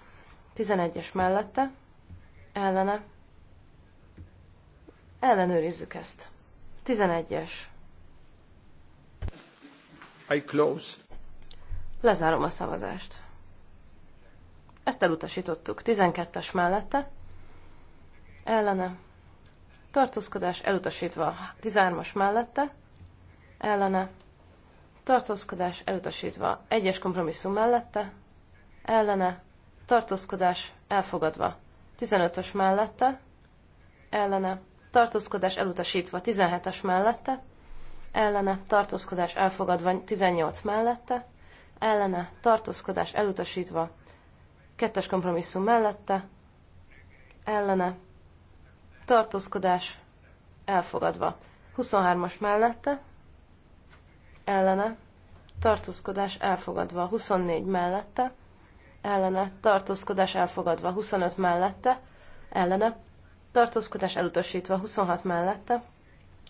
11-es mellette, ellene, ellenőrizzük ezt. 11-es.
I close.
Lezárom a szavazást. Ezt elutasítottuk. 12-es mellette. Ellene. Tartózkodás elutasítva. 13-as mellette. Ellene. Tartózkodás elutasítva. Egyes kompromisszum mellette. Ellene. Tartózkodás elfogadva. 15-ös mellette. Ellene. Tartózkodás elutasítva. 17-es mellette. Ellene. Tartózkodás elfogadva. 18 mellette. Ellene. Tartózkodás elutasítva. Kettes kompromisszum mellette, ellene, tartózkodás, elfogadva. 23-as mellette, ellene, tartózkodás, elfogadva. 24 mellette, ellene, tartózkodás, elfogadva. 25 mellette, ellene, tartózkodás, elutasítva. 26 mellette,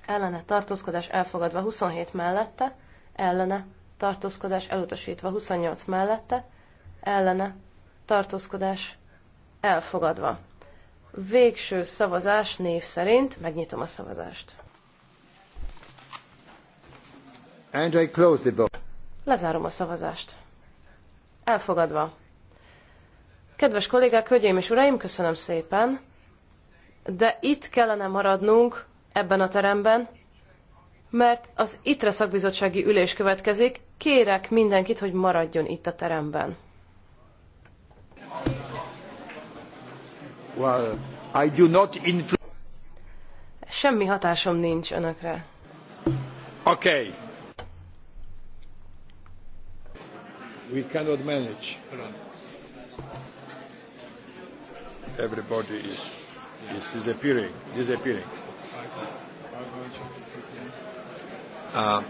ellene, tartózkodás, elfogadva. 27 mellette, ellene, tartózkodás, elutasítva. 28 mellette, ellene, tartózkodás elfogadva. Végső szavazás név szerint megnyitom a szavazást.
And I close the vote.
Lezárom a szavazást. Elfogadva. Kedves kollégák, hölgyeim és uraim, köszönöm szépen, de itt kellene maradnunk, ebben a teremben, mert az ITRE szakbizottsági ülés következik. Kérek mindenkit, hogy maradjon itt a teremben.
Well, I do not influ-
Semmi hatásom nincs önökre.
Okay. We cannot manage. Everybody is, is disappearing, disappearing. Uh,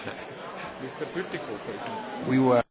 Mr. Pirtiko, for example.
We were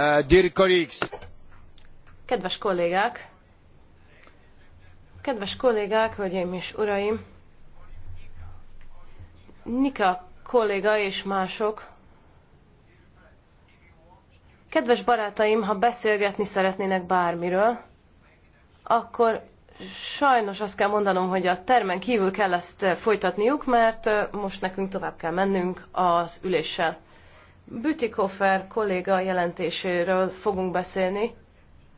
Uh, dear colleagues.
Kedves kollégák! Kedves kollégák, hölgyeim és uraim! Nika kolléga és mások. Kedves barátaim, ha beszélgetni szeretnének bármiről, akkor sajnos azt kell mondanom, hogy a termen kívül kell ezt folytatniuk, mert uh, most nekünk tovább kell mennünk az üléssel. Bütikofer kolléga jelentéséről fogunk beszélni.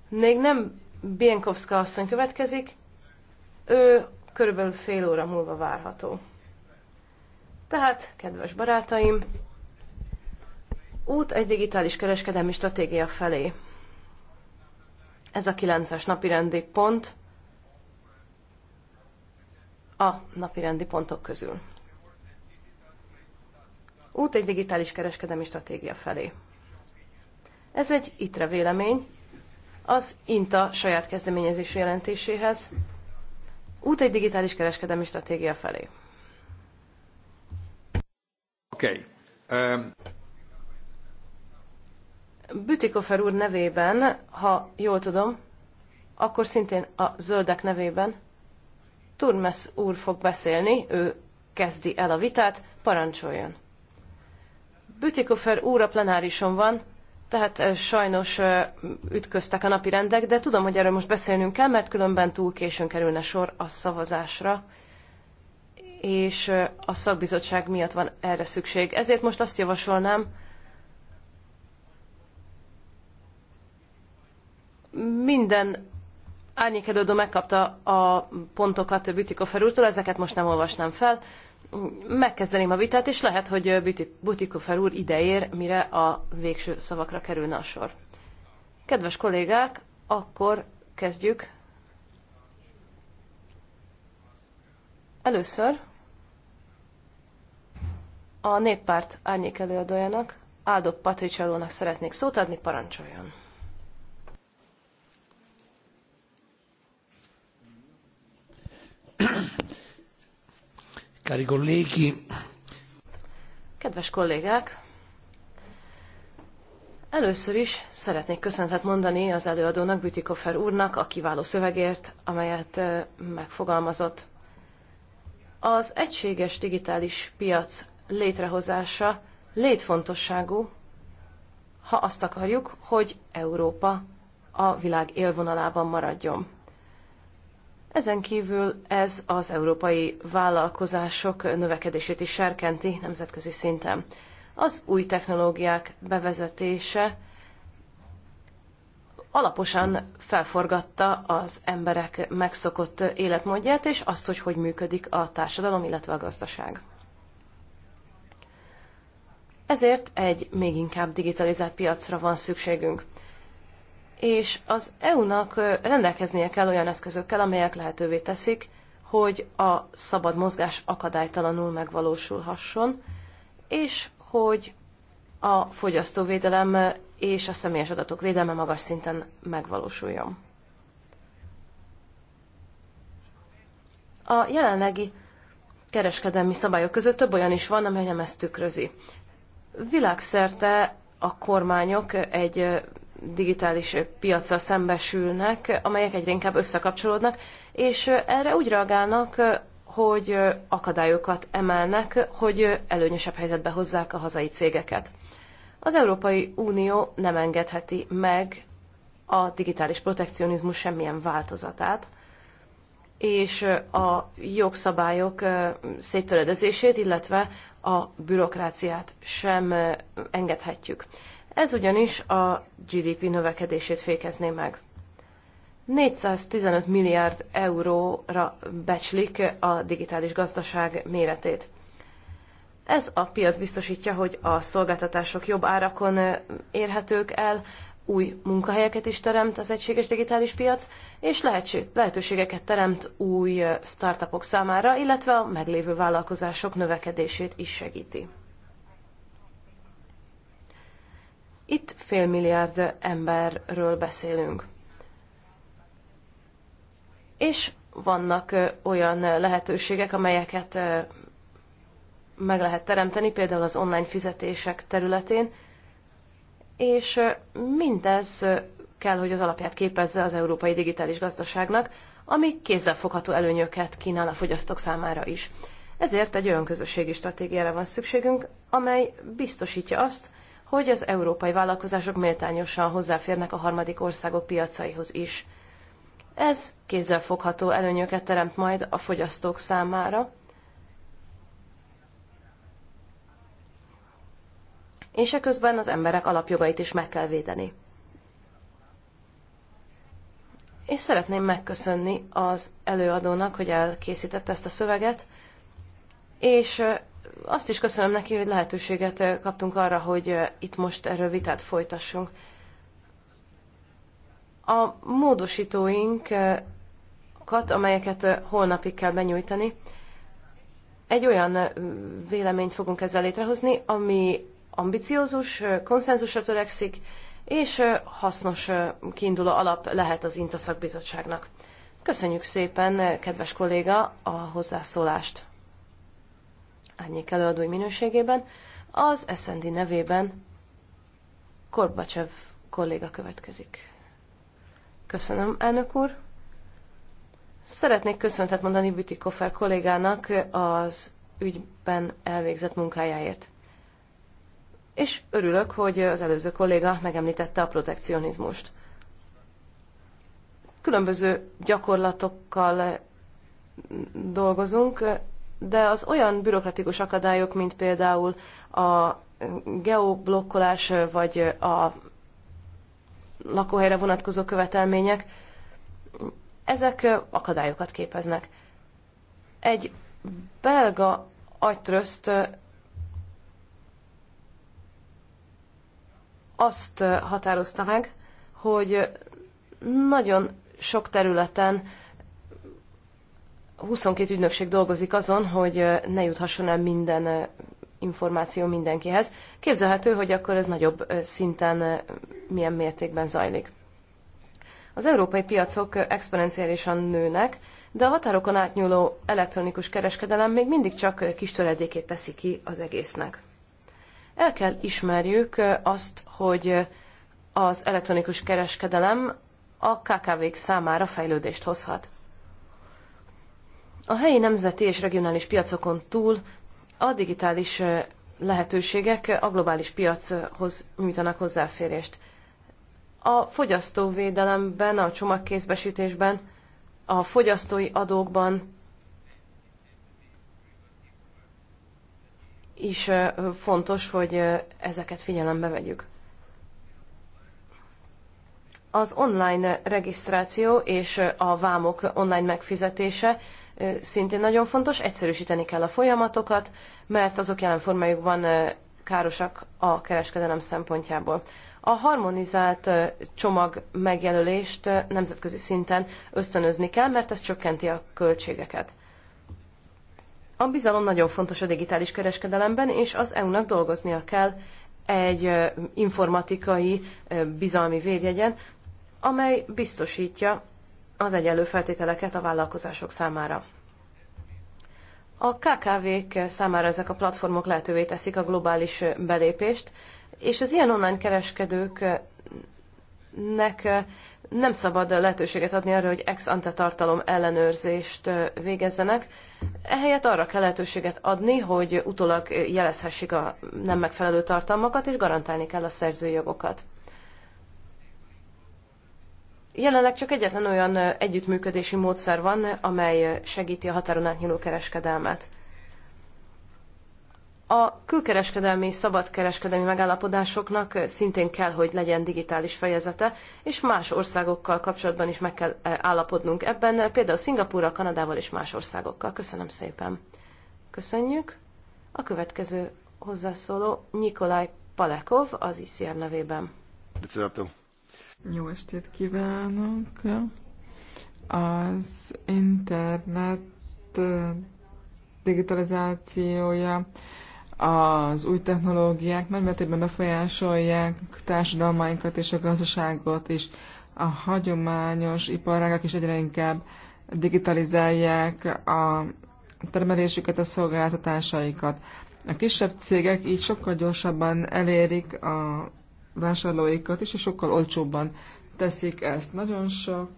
Még nem Bienkowska asszony következik, ő körülbelül fél óra múlva várható. Tehát, kedves barátaim, út egy digitális kereskedelmi stratégia felé. Ez a kilences napirendi pont a napirendi pontok közül út egy digitális kereskedelmi stratégia felé. Ez egy ITRE vélemény, az INTA saját kezdeményezés jelentéséhez, út egy digitális kereskedelmi stratégia felé.
Oké. Okay. Um...
Bütikofer úr nevében, ha jól tudom, akkor szintén a zöldek nevében Turmes úr fog beszélni, ő kezdi el a vitát, parancsoljon. Bütikofer úra plenárison van, tehát sajnos ütköztek a napi rendek, de tudom, hogy erről most beszélnünk kell, mert különben túl későn kerülne sor a szavazásra, és a szakbizottság miatt van erre szükség. Ezért most azt javasolnám, minden árnyékelődő megkapta a pontokat Bütikofer úrtól, ezeket most nem olvasnám fel, megkezdeném a vitát, és lehet, hogy Butikofer úr ideér, mire a végső szavakra kerülne a sor. Kedves kollégák, akkor kezdjük. Először a néppárt árnyék előadójának, Áldó Patricsalónak szeretnék szót adni, parancsoljon. Cari colleghi. Kedves kollégák! Először is szeretnék köszöntet mondani az előadónak, Bütikofer úrnak a kiváló szövegért, amelyet megfogalmazott. Az egységes digitális piac létrehozása létfontosságú, ha azt akarjuk, hogy Európa a világ élvonalában maradjon. Ezen kívül ez az európai vállalkozások növekedését is serkenti nemzetközi szinten. Az új technológiák bevezetése alaposan felforgatta az emberek megszokott életmódját, és azt, hogy hogy működik a társadalom, illetve a gazdaság. Ezért egy még inkább digitalizált piacra van szükségünk és az EU-nak rendelkeznie kell olyan eszközökkel, amelyek lehetővé teszik, hogy a szabad mozgás akadálytalanul megvalósulhasson, és hogy a fogyasztóvédelem és a személyes adatok védelme magas szinten megvalósuljon. A jelenlegi kereskedelmi szabályok között több olyan is van, amely nem ezt tükrözi. Világszerte a kormányok egy digitális piaccal szembesülnek, amelyek egyre inkább összekapcsolódnak, és erre úgy reagálnak, hogy akadályokat emelnek, hogy előnyösebb helyzetbe hozzák a hazai cégeket. Az Európai Unió nem engedheti meg a digitális protekcionizmus semmilyen változatát, és a jogszabályok széttöredezését, illetve a bürokráciát sem engedhetjük. Ez ugyanis a GDP növekedését fékezné meg. 415 milliárd euróra becslik a digitális gazdaság méretét. Ez a piac biztosítja, hogy a szolgáltatások jobb árakon érhetők el, új munkahelyeket is teremt az egységes digitális piac, és lehetőségeket teremt új startupok számára, illetve a meglévő vállalkozások növekedését is segíti. Itt fél milliárd emberről beszélünk. És vannak olyan lehetőségek, amelyeket meg lehet teremteni, például az online fizetések területén, és mindez kell, hogy az alapját képezze az európai digitális gazdaságnak, ami kézzelfogható előnyöket kínál a fogyasztók számára is. Ezért egy olyan közösségi stratégiára van szükségünk, amely biztosítja azt, hogy az európai vállalkozások méltányosan hozzáférnek a harmadik országok piacaihoz is. Ez kézzelfogható előnyöket teremt majd a fogyasztók számára, és eközben az emberek alapjogait is meg kell védeni. És szeretném megköszönni az előadónak, hogy elkészítette ezt a szöveget, és azt is köszönöm neki, hogy lehetőséget kaptunk arra, hogy itt most erről vitát folytassunk. A módosítóinkat, amelyeket holnapig kell benyújtani, egy olyan véleményt fogunk ezzel létrehozni, ami ambiciózus, konszenzusra törekszik, és hasznos kiinduló alap lehet az INTA szakbizottságnak. Köszönjük szépen, kedves kolléga, a hozzászólást! árnyék előadói minőségében, az SND nevében Korbacsev kolléga következik. Köszönöm, elnök úr! Szeretnék köszöntet mondani Büti Koffer kollégának az ügyben elvégzett munkájáért. És örülök, hogy az előző kolléga megemlítette a protekcionizmust. Különböző gyakorlatokkal dolgozunk, de az olyan bürokratikus akadályok, mint például a geoblokkolás vagy a lakóhelyre vonatkozó követelmények, ezek akadályokat képeznek. Egy belga agytröszt azt határozta meg, hogy nagyon sok területen 22 ügynökség dolgozik azon, hogy ne juthasson el minden információ mindenkihez. Képzelhető, hogy akkor ez nagyobb szinten milyen mértékben zajlik. Az európai piacok exponenciálisan nőnek, de a határokon átnyúló elektronikus kereskedelem még mindig csak kis töredékét teszi ki az egésznek. El kell ismerjük azt, hogy az elektronikus kereskedelem a KKV-k számára fejlődést hozhat. A helyi nemzeti és regionális piacokon túl a digitális lehetőségek a globális piachoz nyújtanak hozzáférést. A fogyasztóvédelemben, a csomagkézbesítésben, a fogyasztói adókban is fontos, hogy ezeket figyelembe vegyük. Az online regisztráció és a vámok online megfizetése szintén nagyon fontos, egyszerűsíteni kell a folyamatokat, mert azok jelen formájukban károsak a kereskedelem szempontjából. A harmonizált csomag megjelölést nemzetközi szinten ösztönözni kell, mert ez csökkenti a költségeket. A bizalom nagyon fontos a digitális kereskedelemben, és az EU-nak dolgoznia kell egy informatikai bizalmi védjegyen, amely biztosítja az egyenlő feltételeket a vállalkozások számára. A KKV-k számára ezek a platformok lehetővé teszik a globális belépést, és az ilyen online kereskedőknek nem szabad lehetőséget adni arra, hogy ex ante tartalom ellenőrzést végezzenek. Ehelyett arra kell lehetőséget adni, hogy utólag jelezhessék a nem megfelelő tartalmakat, és garantálni kell a szerzőjogokat. Jelenleg csak egyetlen olyan együttműködési módszer van, amely segíti a határon átnyúló kereskedelmet. A külkereskedelmi, szabadkereskedelmi megállapodásoknak szintén kell, hogy legyen digitális fejezete, és más országokkal kapcsolatban is meg kell állapodnunk ebben, például Szingapúra, Kanadával és más országokkal. Köszönöm szépen. Köszönjük. A következő hozzászóló Nikolaj Palekov az ICR nevében. Köszönöm. Jó estét kívánok!
Az internet digitalizációja, az új technológiák nagymértékben befolyásolják társadalmainkat és a gazdaságot is. A hagyományos iparágak is egyre inkább digitalizálják a termelésüket, a szolgáltatásaikat. A kisebb cégek így sokkal gyorsabban elérik a vásárlóikat is, és sokkal olcsóbban teszik ezt. Nagyon sok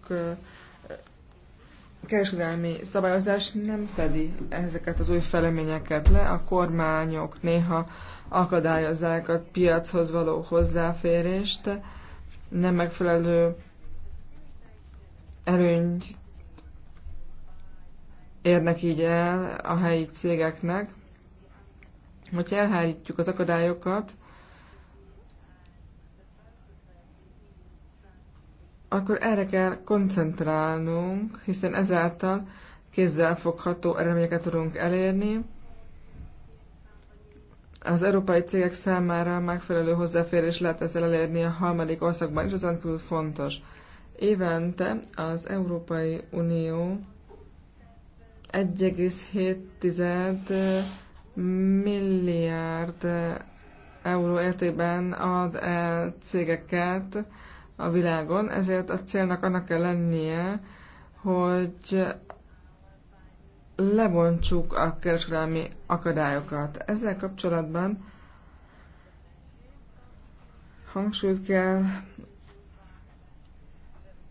kereskedelmi szabályozás nem fedi ezeket az új feleményeket le, a kormányok néha akadályozzák a piachoz való hozzáférést, nem megfelelő erőnyt érnek így el a helyi cégeknek. Hogyha elhárítjuk az akadályokat, akkor erre kell koncentrálnunk, hiszen ezáltal fogható eredményeket tudunk elérni. Az európai cégek számára megfelelő hozzáférés lehet ezzel elérni a harmadik országban, és az rendkívül fontos. Évente az Európai Unió 1,7 milliárd euró értében ad el cégeket a világon, ezért a célnak annak kell lennie, hogy lebontsuk a kereskedelmi akadályokat. Ezzel kapcsolatban hangsúlyt kell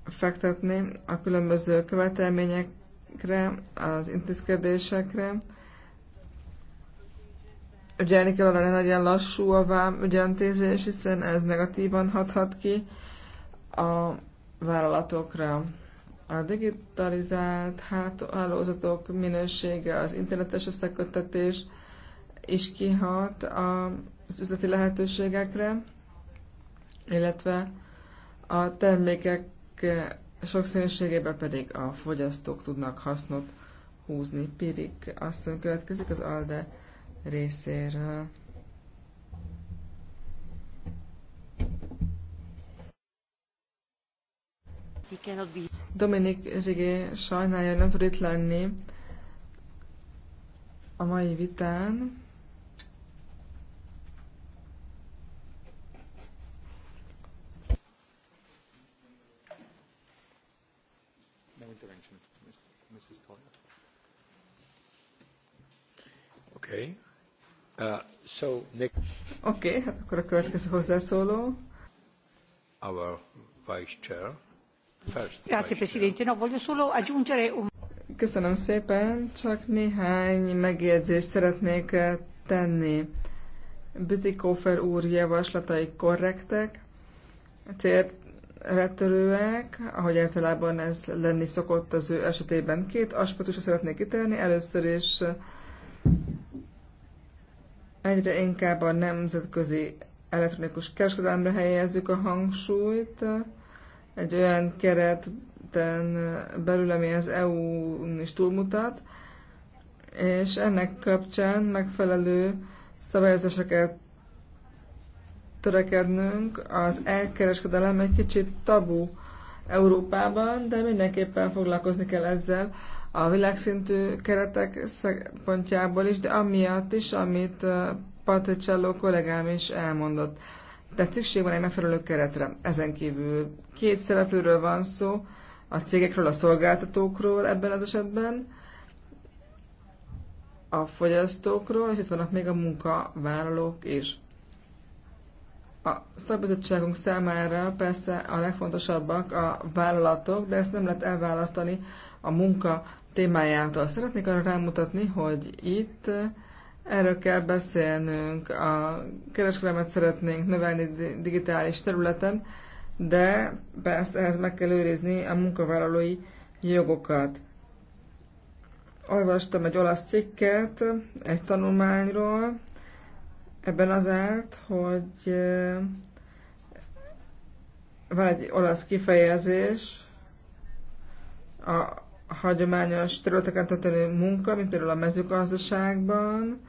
fektetni a különböző követelményekre, az intézkedésekre. Ügyelni kell arra, hogy legyen lassú a vám ügyentézés, hiszen ez negatívan hathat ki a vállalatokra. A digitalizált hálózatok minősége, az internetes összeköttetés is kihat az üzleti lehetőségekre, illetve a termékek sokszínűségében pedig a fogyasztók tudnak hasznot húzni. Pirik asszony következik az ALDE részéről. Dominik Rigé sajnálja, hogy nem tud itt lenni a mai vitán.
Okay. Uh, so, Oké,
okay, hát akkor a következő hozzászóló.
Our vice chair.
Grazie Presidente. No, voglio solo aggiungere un...
Köszönöm szépen, csak néhány megjegyzést szeretnék eh, tenni. Bütikófer úr javaslatai korrektek, célretörőek, ahogy általában ez lenni szokott az ő esetében. Két aspektusra szeretnék kitérni. Először is eh, egyre inkább a nemzetközi elektronikus kereskedelemre helyezzük a hangsúlyt, egy olyan keretben belül, ami az EU-n is túlmutat, és ennek kapcsán megfelelő szabályozásokat törekednünk. Az elkereskedelem egy kicsit tabu Európában, de mindenképpen foglalkozni kell ezzel a világszintű keretek szempontjából is, de amiatt is, amit Patricello kollégám is elmondott tehát szükség van egy megfelelő keretre. Ezen kívül két szereplőről van szó, a cégekről, a szolgáltatókról ebben az esetben, a fogyasztókról, és itt vannak még a munkavállalók is. A szakbizottságunk számára persze a legfontosabbak a vállalatok, de ezt nem lehet elválasztani a munka témájától. Szeretnék arra rámutatni, hogy itt Erről kell beszélnünk. A kereskedelmet szeretnénk növelni digitális területen, de persze ehhez meg kell őrizni a munkavállalói jogokat. Olvastam egy olasz cikket egy tanulmányról, ebben az állt, hogy van egy olasz kifejezés, a hagyományos területeken történő munka, mint például a mezőgazdaságban,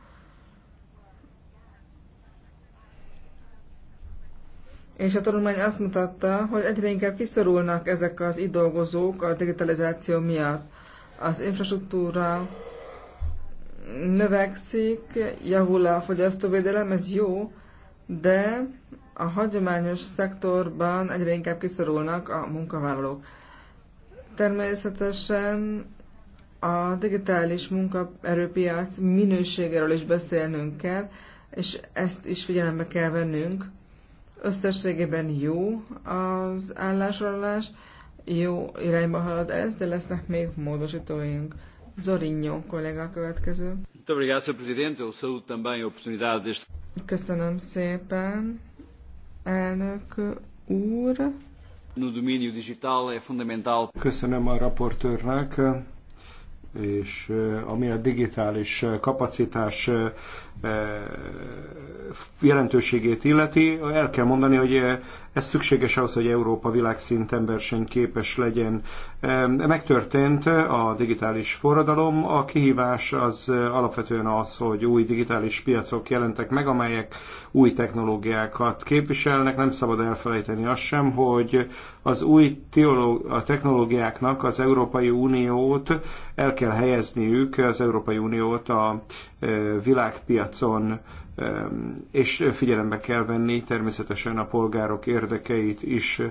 és a tanulmány azt mutatta, hogy egyre inkább kiszorulnak ezek az itt dolgozók a digitalizáció miatt. Az infrastruktúra növekszik, javul a fogyasztóvédelem, ez jó, de a hagyományos szektorban egyre inkább kiszorulnak a munkavállalók. Természetesen a digitális munkaerőpiac minőségéről is beszélnünk kell, és ezt is figyelembe kell vennünk Összességében jó az állásolás, jó irányba halad ez, de lesznek még módosítóink. Zorinho kollega a következő. Köszönöm szépen, elnök úr.
No domínio
digital é fundamental.
Köszönöm a raportőrnek, és eh, ami a digitális eh, kapacitás eh, jelentőségét illeti, el kell mondani, hogy ez szükséges ahhoz, hogy Európa világszinten versenyképes legyen. Megtörtént a digitális forradalom, a kihívás az alapvetően az, hogy új digitális piacok jelentek meg, amelyek új technológiákat képviselnek. Nem szabad elfelejteni azt sem, hogy az új a technológiáknak az Európai Uniót el kell helyezniük, az Európai Uniót a világpiacon, és figyelembe kell venni természetesen a polgárok érdekeit is.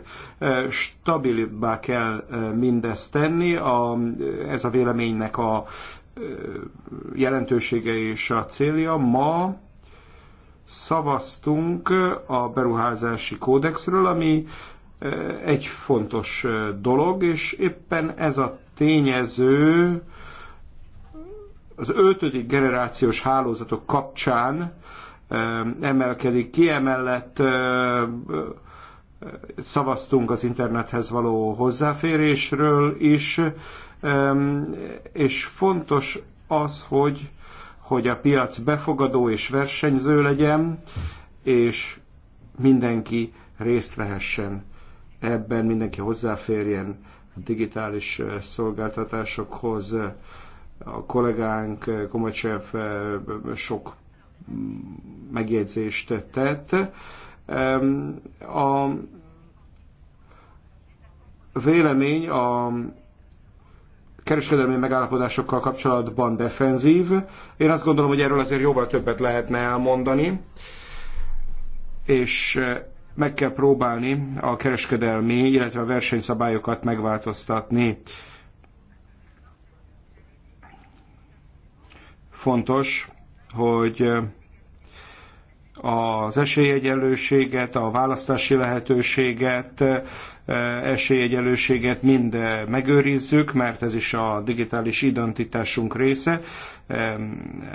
Stabilibbá kell mindezt tenni, a, ez a véleménynek a jelentősége és a célja. Ma szavaztunk a beruházási kódexről, ami egy fontos dolog, és éppen ez a tényező az ötödik generációs hálózatok kapcsán emelkedik ki, emellett szavaztunk az internethez való hozzáférésről is, és fontos az, hogy, hogy a piac befogadó és versenyző legyen, és mindenki részt vehessen ebben, mindenki hozzáférjen a digitális szolgáltatásokhoz. A kollégánk eh, Komacsev eh, sok megjegyzést tett. A vélemény a kereskedelmi megállapodásokkal kapcsolatban defenzív. Én azt gondolom, hogy erről azért jóval többet lehetne elmondani, és eh, meg kell próbálni a kereskedelmi, illetve a versenyszabályokat megváltoztatni. fontos, hogy az esélyegyenlőséget, a választási lehetőséget, esélyegyenlőséget mind megőrizzük, mert ez is a digitális identitásunk része.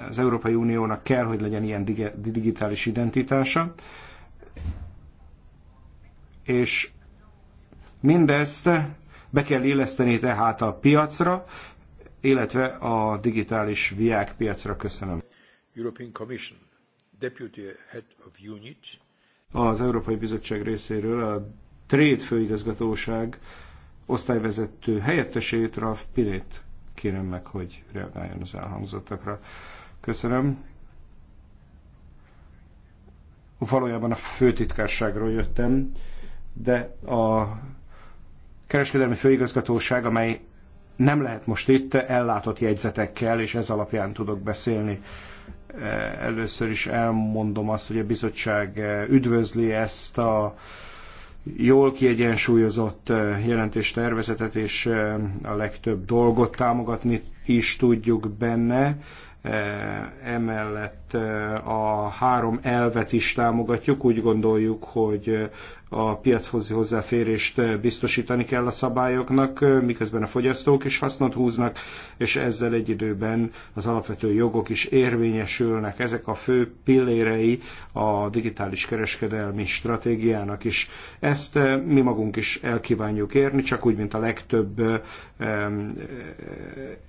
Az Európai Uniónak kell, hogy legyen ilyen digitális identitása. És mindezt be kell illeszteni tehát a piacra, illetve a digitális piacra Köszönöm.
European Commission, Deputy Head of Unit.
Az Európai Bizottság részéről a Trade Főigazgatóság osztályvezető helyettesét, Ralf Pinét kérem meg, hogy reagáljon az elhangzottakra. Köszönöm. Valójában a főtitkárságról jöttem, de a kereskedelmi főigazgatóság, amely nem lehet most itt ellátott jegyzetekkel, és ez alapján tudok beszélni. Először is elmondom azt, hogy a bizottság üdvözli ezt a jól kiegyensúlyozott jelentéstervezetet, és a legtöbb dolgot támogatni is tudjuk benne. Emellett a három elvet is támogatjuk. Úgy gondoljuk, hogy a piachoz hozzáférést biztosítani kell a szabályoknak, miközben a fogyasztók is hasznot húznak, és ezzel egy időben az alapvető jogok is érvényesülnek. Ezek a fő pillérei a digitális kereskedelmi stratégiának is. Ezt mi magunk is elkívánjuk érni, csak úgy, mint a legtöbb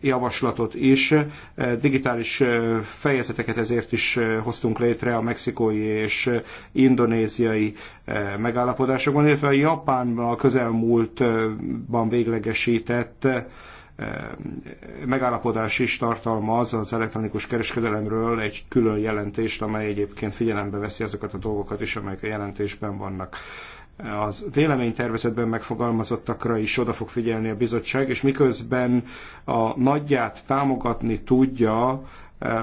javaslatot is. Digitális fejezeteket ezért ezért is hoztunk létre a mexikói és indonéziai megállapodásokban, illetve a Japánban a közelmúltban véglegesített megállapodás is tartalmaz az elektronikus kereskedelemről egy külön jelentést, amely egyébként figyelembe veszi azokat a dolgokat is, amelyek a jelentésben vannak. Az véleménytervezetben megfogalmazottakra is oda fog figyelni a bizottság, és miközben a nagyját támogatni tudja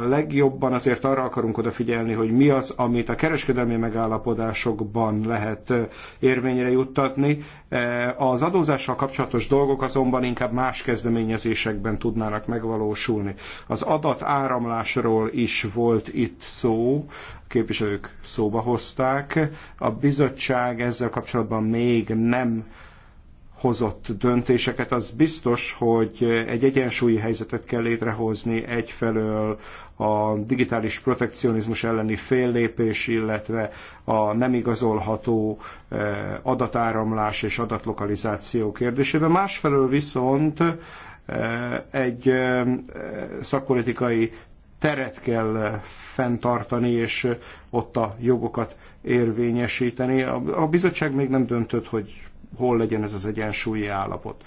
Legjobban azért arra akarunk odafigyelni, hogy mi az, amit a kereskedelmi megállapodásokban lehet érvényre juttatni. Az adózással kapcsolatos dolgok azonban inkább más kezdeményezésekben tudnának megvalósulni. Az adat áramlásról is volt itt szó, képviselők szóba hozták. A bizottság ezzel kapcsolatban még nem hozott döntéseket, az biztos, hogy egy egyensúlyi helyzetet kell létrehozni egyfelől a digitális protekcionizmus elleni féllépés, illetve a nem igazolható eh, adatáramlás és adatlokalizáció kérdésében. Másfelől viszont eh, egy eh, szakpolitikai teret kell fenntartani, és ott a jogokat érvényesíteni. A bizottság még nem döntött, hogy hol legyen ez az egyensúlyi állapot.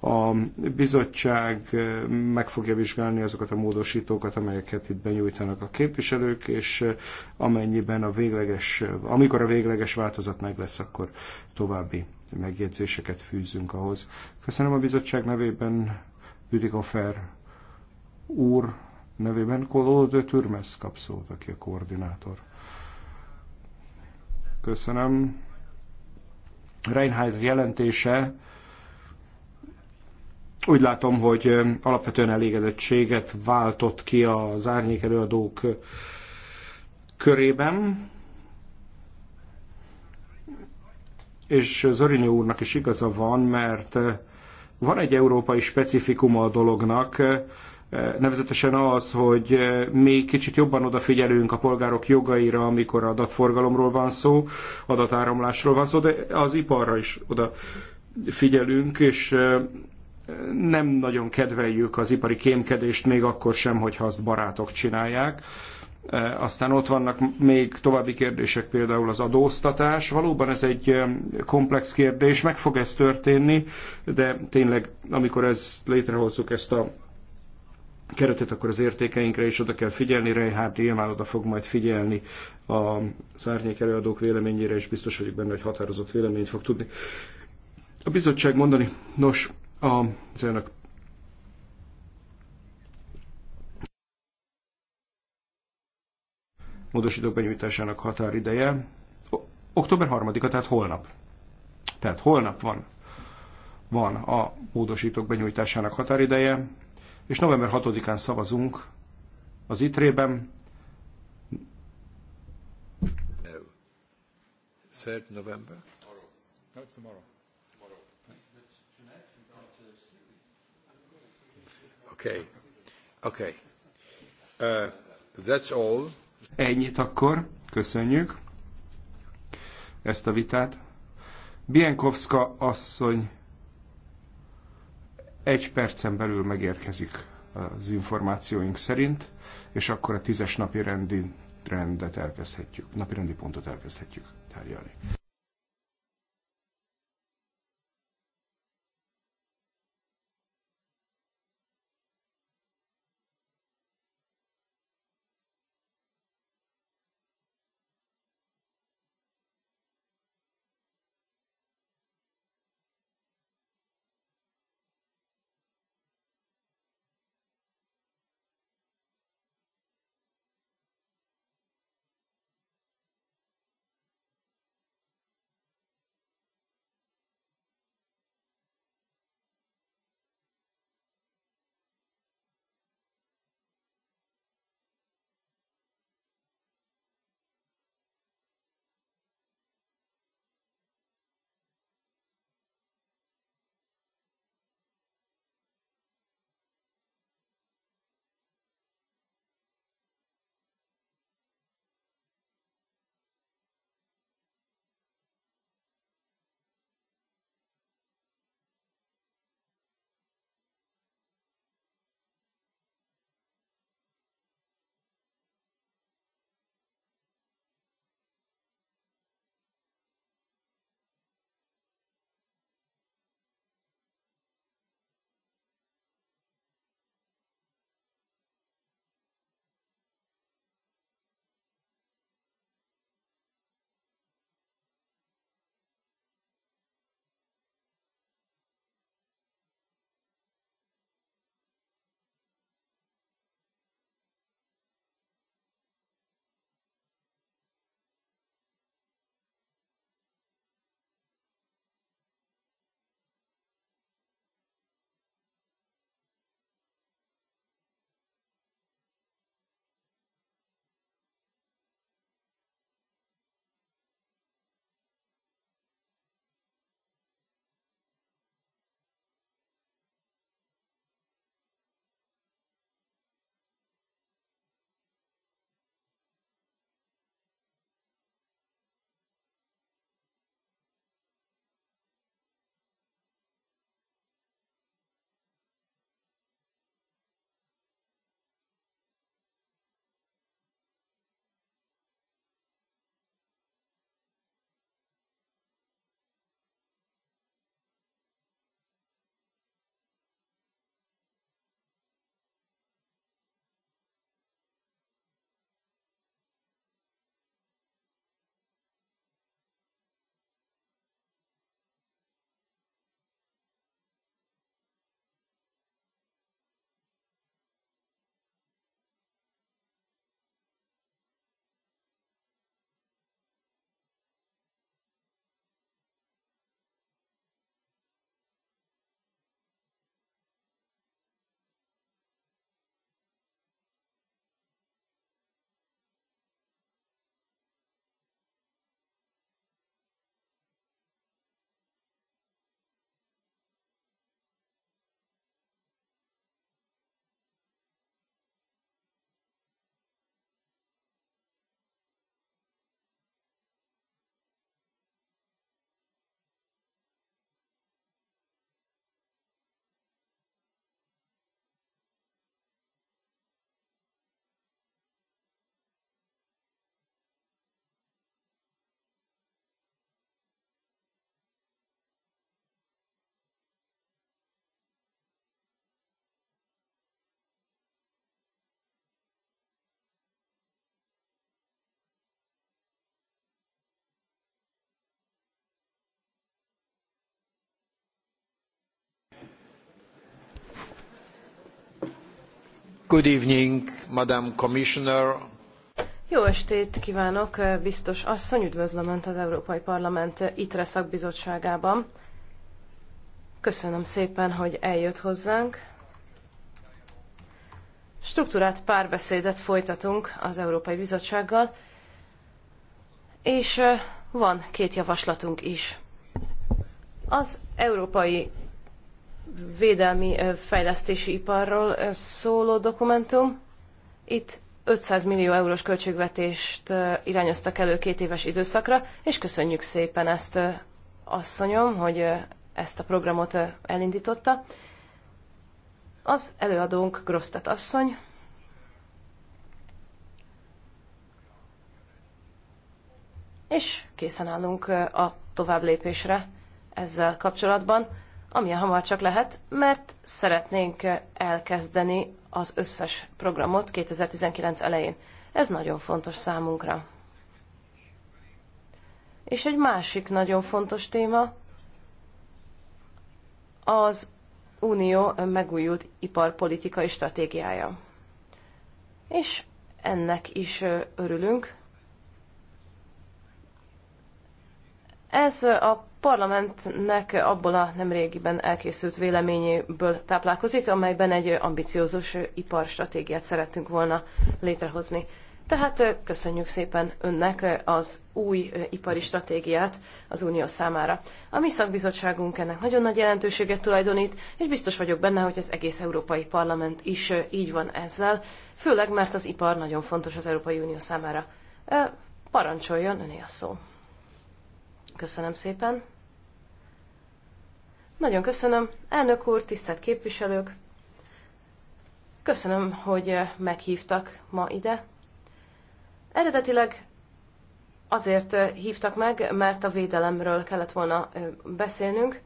A bizottság eh, meg fogja vizsgálni azokat a módosítókat, amelyeket itt benyújtanak a képviselők, és eh, amennyiben a végleges, amikor a végleges változat meg lesz, akkor további megjegyzéseket fűzünk ahhoz. Köszönöm a bizottság nevében, Büdikofer úr nevében, de Türmes kap szót, aki a koordinátor. Köszönöm. Reinhardt jelentése úgy látom, hogy alapvetően elégedettséget váltott ki az árnyék előadók körében, és Zorinyó úrnak is igaza van, mert van egy európai specifikuma a dolognak, nevezetesen az, hogy eh, mi kicsit jobban odafigyelünk a polgárok jogaira, amikor adatforgalomról van szó, adatáramlásról van szó, de az iparra is odafigyelünk, és eh, nem nagyon kedveljük az ipari kémkedést, még akkor sem, hogyha azt barátok csinálják. Eh, aztán ott vannak még további kérdések, például az adóztatás. Valóban ez egy komplex kérdés, meg fog ez történni, de tényleg, amikor ez létrehozzuk ezt a keretet, akkor az értékeinkre is oda kell figyelni. Reinhardt nyilván oda fog majd figyelni a szárnyék előadók véleményére, és biztos vagyok benne, hogy határozott véleményt fog tudni. A bizottság mondani, nos, a elnök módosítók benyújtásának határideje október 3-a, tehát holnap. Tehát holnap van, van a módosítók benyújtásának határideje, és november 6-án szavazunk az ITRE-ben.
No. 3 november? No, tomorrow. Okay. Okay. Uh, that's all.
Ennyit akkor. Köszönjük ezt a vitát. Bienkowska asszony egy percen belül megérkezik az információink szerint, és akkor a tízes napi rendi rendet elkezdhetjük, napi rendi pontot elkezdhetjük tárgyalni.
Good evening, Madam Commissioner.
Jó estét kívánok, biztos asszony, üdvözlöm Önt az Európai Parlament ITRE szakbizottságában. Köszönöm szépen, hogy eljött hozzánk. Struktúrát párbeszédet folytatunk az Európai Bizottsággal, és van két javaslatunk is. Az Európai védelmi fejlesztési iparról szóló dokumentum. Itt 500 millió eurós költségvetést irányoztak elő két éves időszakra, és köszönjük szépen ezt asszonyom, hogy ezt a programot elindította. Az előadónk Grosztat asszony. És készen állunk a tovább lépésre ezzel kapcsolatban amilyen hamar csak lehet, mert szeretnénk elkezdeni az összes programot 2019 elején. Ez nagyon fontos számunkra. És egy másik nagyon fontos téma az Unió megújult iparpolitikai stratégiája. És ennek is örülünk. Ez a parlamentnek abból a nemrégiben elkészült véleményéből táplálkozik, amelyben egy ambiciózus iparstratégiát szerettünk volna létrehozni. Tehát köszönjük szépen önnek az új ipari stratégiát az Unió számára. A mi szakbizottságunk ennek nagyon nagy jelentőséget tulajdonít, és biztos vagyok benne, hogy az egész Európai Parlament is így van ezzel, főleg mert az ipar nagyon fontos az Európai Unió számára. Parancsoljon, öné a szó. Köszönöm szépen. Nagyon köszönöm, elnök úr, tisztelt képviselők. Köszönöm, hogy eh, meghívtak ma ide. Eredetileg azért eh, hívtak meg, mert a védelemről kellett volna eh, beszélnünk,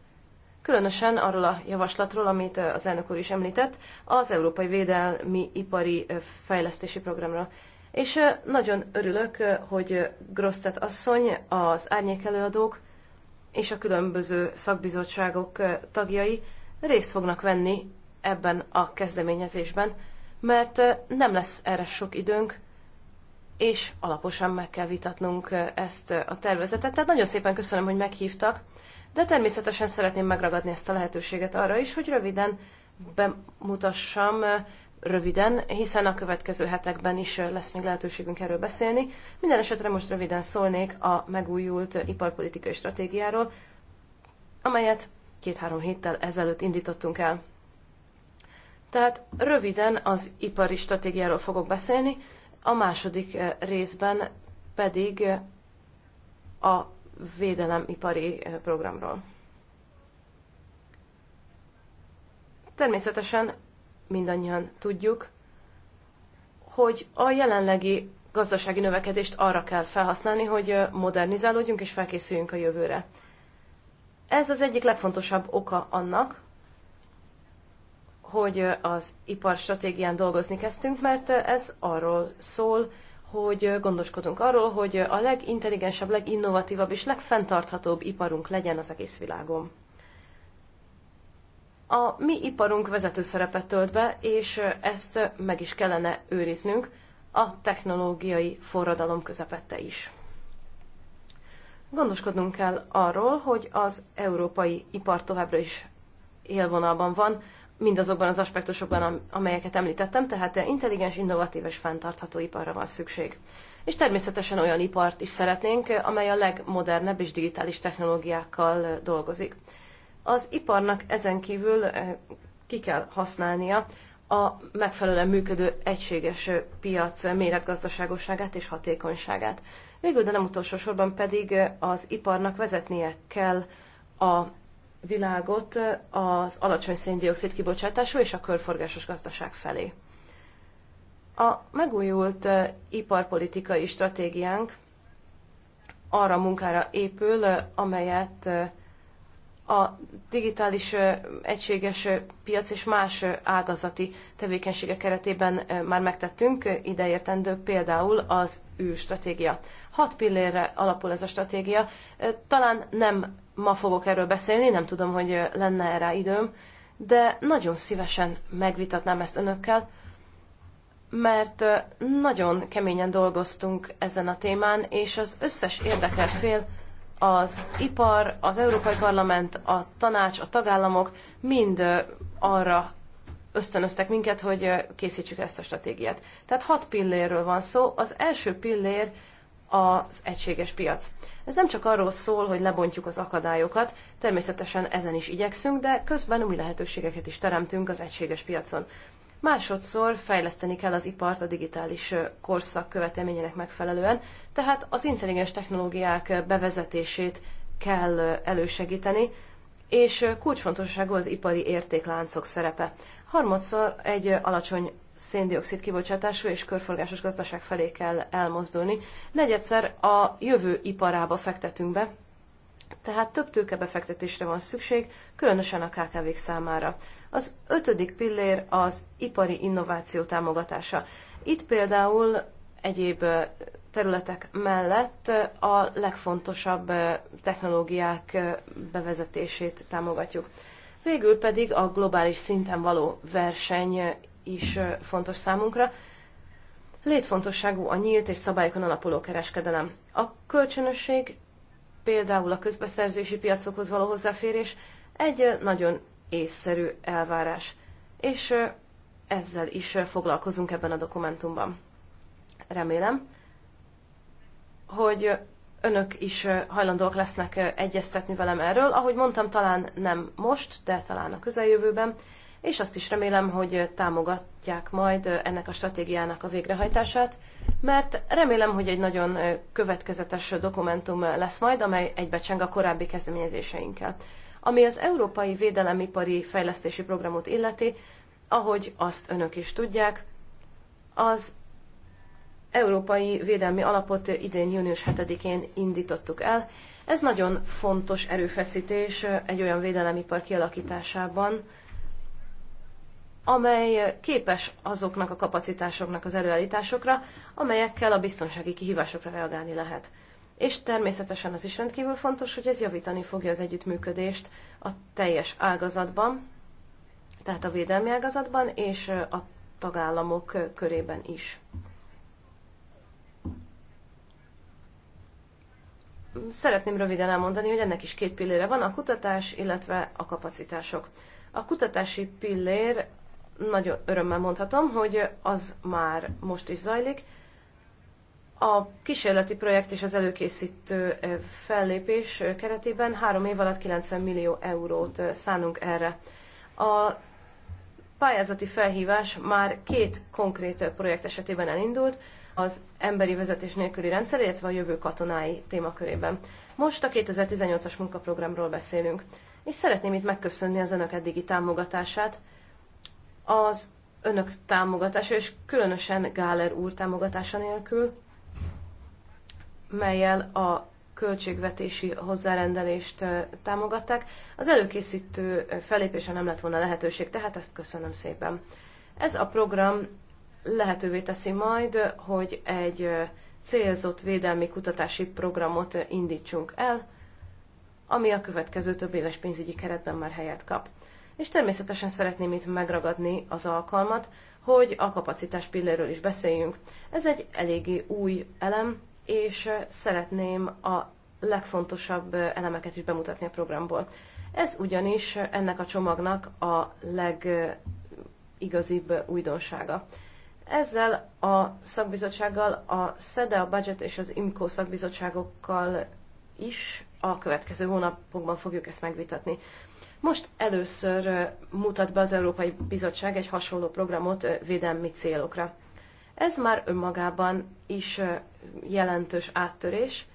különösen arról a javaslatról, amit az elnök úr is említett, az Európai Védelmi Ipari Fejlesztési programról. És nagyon örülök, hogy Grosztet asszony, az árnyékelőadók és a különböző szakbizottságok tagjai részt fognak venni ebben a kezdeményezésben, mert nem lesz erre sok időnk, és alaposan meg kell vitatnunk ezt a tervezetet. Tehát nagyon szépen köszönöm, hogy meghívtak, de természetesen szeretném megragadni ezt a lehetőséget arra is, hogy röviden bemutassam röviden, hiszen a következő hetekben is lesz még lehetőségünk erről beszélni. Minden esetre most röviden szólnék a megújult iparpolitikai stratégiáról, amelyet két-három héttel ezelőtt indítottunk el. Tehát röviden az ipari stratégiáról fogok beszélni, a második részben pedig a védelemipari programról. Természetesen mindannyian tudjuk, hogy a jelenlegi gazdasági növekedést arra kell felhasználni, hogy modernizálódjunk és felkészüljünk a jövőre. Ez az egyik legfontosabb oka annak, hogy az iparstratégián dolgozni kezdtünk, mert ez arról szól, hogy gondoskodunk arról, hogy a legintelligensebb, leginnovatívabb és legfenntarthatóbb iparunk legyen az egész világon. A mi iparunk vezető szerepet tölt be, és ezt meg is kellene őriznünk a technológiai forradalom közepette is. Gondoskodnunk kell arról, hogy az európai ipar továbbra is élvonalban van, mindazokban az aspektusokban, amelyeket említettem, tehát intelligens, innovatív és fenntartható iparra van szükség. És természetesen olyan ipart is szeretnénk, amely a legmodernebb és digitális technológiákkal dolgozik. Az iparnak ezen kívül eh, ki kell használnia a megfelelően működő egységes eh, piac méretgazdaságosságát és hatékonyságát. Végül, de nem utolsó sorban pedig eh, az iparnak vezetnie kell a világot az alacsony széndiokszid kibocsátású és a körforgásos gazdaság felé. A megújult iparpolitikai stratégiánk arra munkára épül, amelyet a digitális egységes piac és más ágazati tevékenységek keretében már megtettünk, ideértendő például az űrstratégia. Hat pillérre alapul ez a stratégia. Talán nem ma fogok erről beszélni, nem tudom, hogy lenne erre időm, de nagyon szívesen megvitatnám ezt önökkel, mert nagyon keményen dolgoztunk ezen a témán, és az összes érdekelt fél az ipar, az Európai Parlament, a tanács, a tagállamok mind arra ösztönöztek minket, hogy készítsük ezt a stratégiát. Tehát hat pillérről van szó. Az első pillér az egységes piac. Ez nem csak arról szól, hogy lebontjuk az akadályokat, természetesen ezen is igyekszünk, de közben új lehetőségeket is teremtünk az egységes piacon másodszor fejleszteni kell az ipart a digitális korszak követelményének megfelelően, tehát az intelligens technológiák bevezetését kell elősegíteni, és kulcsfontosságú az ipari értékláncok szerepe. Harmadszor egy alacsony széndiokszid kibocsátású és körforgásos gazdaság felé kell elmozdulni. Negyedszer a jövő iparába fektetünk be, tehát több tőkebefektetésre van szükség, különösen a KKV-k számára. Az ötödik pillér az ipari innováció támogatása. Itt például egyéb területek mellett a legfontosabb technológiák bevezetését támogatjuk. Végül pedig a globális szinten való verseny is fontos számunkra. Létfontosságú a nyílt és szabályokon alapuló kereskedelem. A kölcsönösség, például a közbeszerzési piacokhoz való hozzáférés egy nagyon észszerű elvárás. És ezzel is foglalkozunk ebben a dokumentumban. Remélem, hogy önök is hajlandóak lesznek egyeztetni velem erről. Ahogy mondtam, talán nem most, de talán a közeljövőben, és azt is remélem, hogy támogatják majd ennek a stratégiának a végrehajtását, mert remélem, hogy egy nagyon következetes dokumentum lesz majd, amely egybecseng a korábbi kezdeményezéseinkkel. Ami az Európai Védelemipari Fejlesztési Programot illeti, ahogy azt önök is tudják, az Európai Védelmi Alapot idén június 7-én indítottuk el. Ez nagyon fontos erőfeszítés egy olyan védelemipar kialakításában, amely képes azoknak a kapacitásoknak az előállításokra, amelyekkel a biztonsági kihívásokra reagálni lehet és természetesen az is rendkívül fontos, hogy ez javítani fogja az együttműködést a teljes ágazatban, tehát a védelmi ágazatban és a tagállamok körében is. Szeretném röviden elmondani, hogy ennek is két pillére van, a kutatás, illetve a kapacitások. A kutatási pillér, nagyon örömmel mondhatom, hogy az már most is zajlik, a kísérleti projekt és az előkészítő fellépés keretében három év alatt 90 millió eurót szánunk erre. A pályázati felhívás már két konkrét projekt esetében elindult, az emberi vezetés nélküli rendszer, illetve a jövő katonái témakörében. Most a 2018-as munkaprogramról beszélünk, és szeretném itt megköszönni az önök eddigi támogatását. Az önök támogatása, és különösen Gáler úr támogatása nélkül melyel a költségvetési hozzárendelést támogatták. Az előkészítő felépése nem lett volna lehetőség, tehát ezt köszönöm szépen. Ez a program lehetővé teszi majd, hogy egy célzott védelmi kutatási programot indítsunk el, ami a következő több éves pénzügyi keretben már helyet kap. És természetesen szeretném itt megragadni az alkalmat, hogy a kapacitás pilléről is beszéljünk. Ez egy eléggé új elem, és szeretném a legfontosabb elemeket is bemutatni a programból. Ez ugyanis ennek a csomagnak a legigazibb újdonsága. Ezzel a szakbizottsággal, a SZEDE, a Budget és az IMCO szakbizottságokkal is a következő hónapokban fogjuk ezt megvitatni. Most először mutat be az Európai Bizottság egy hasonló programot védelmi célokra. Ez már önmagában is jelentős áttörés,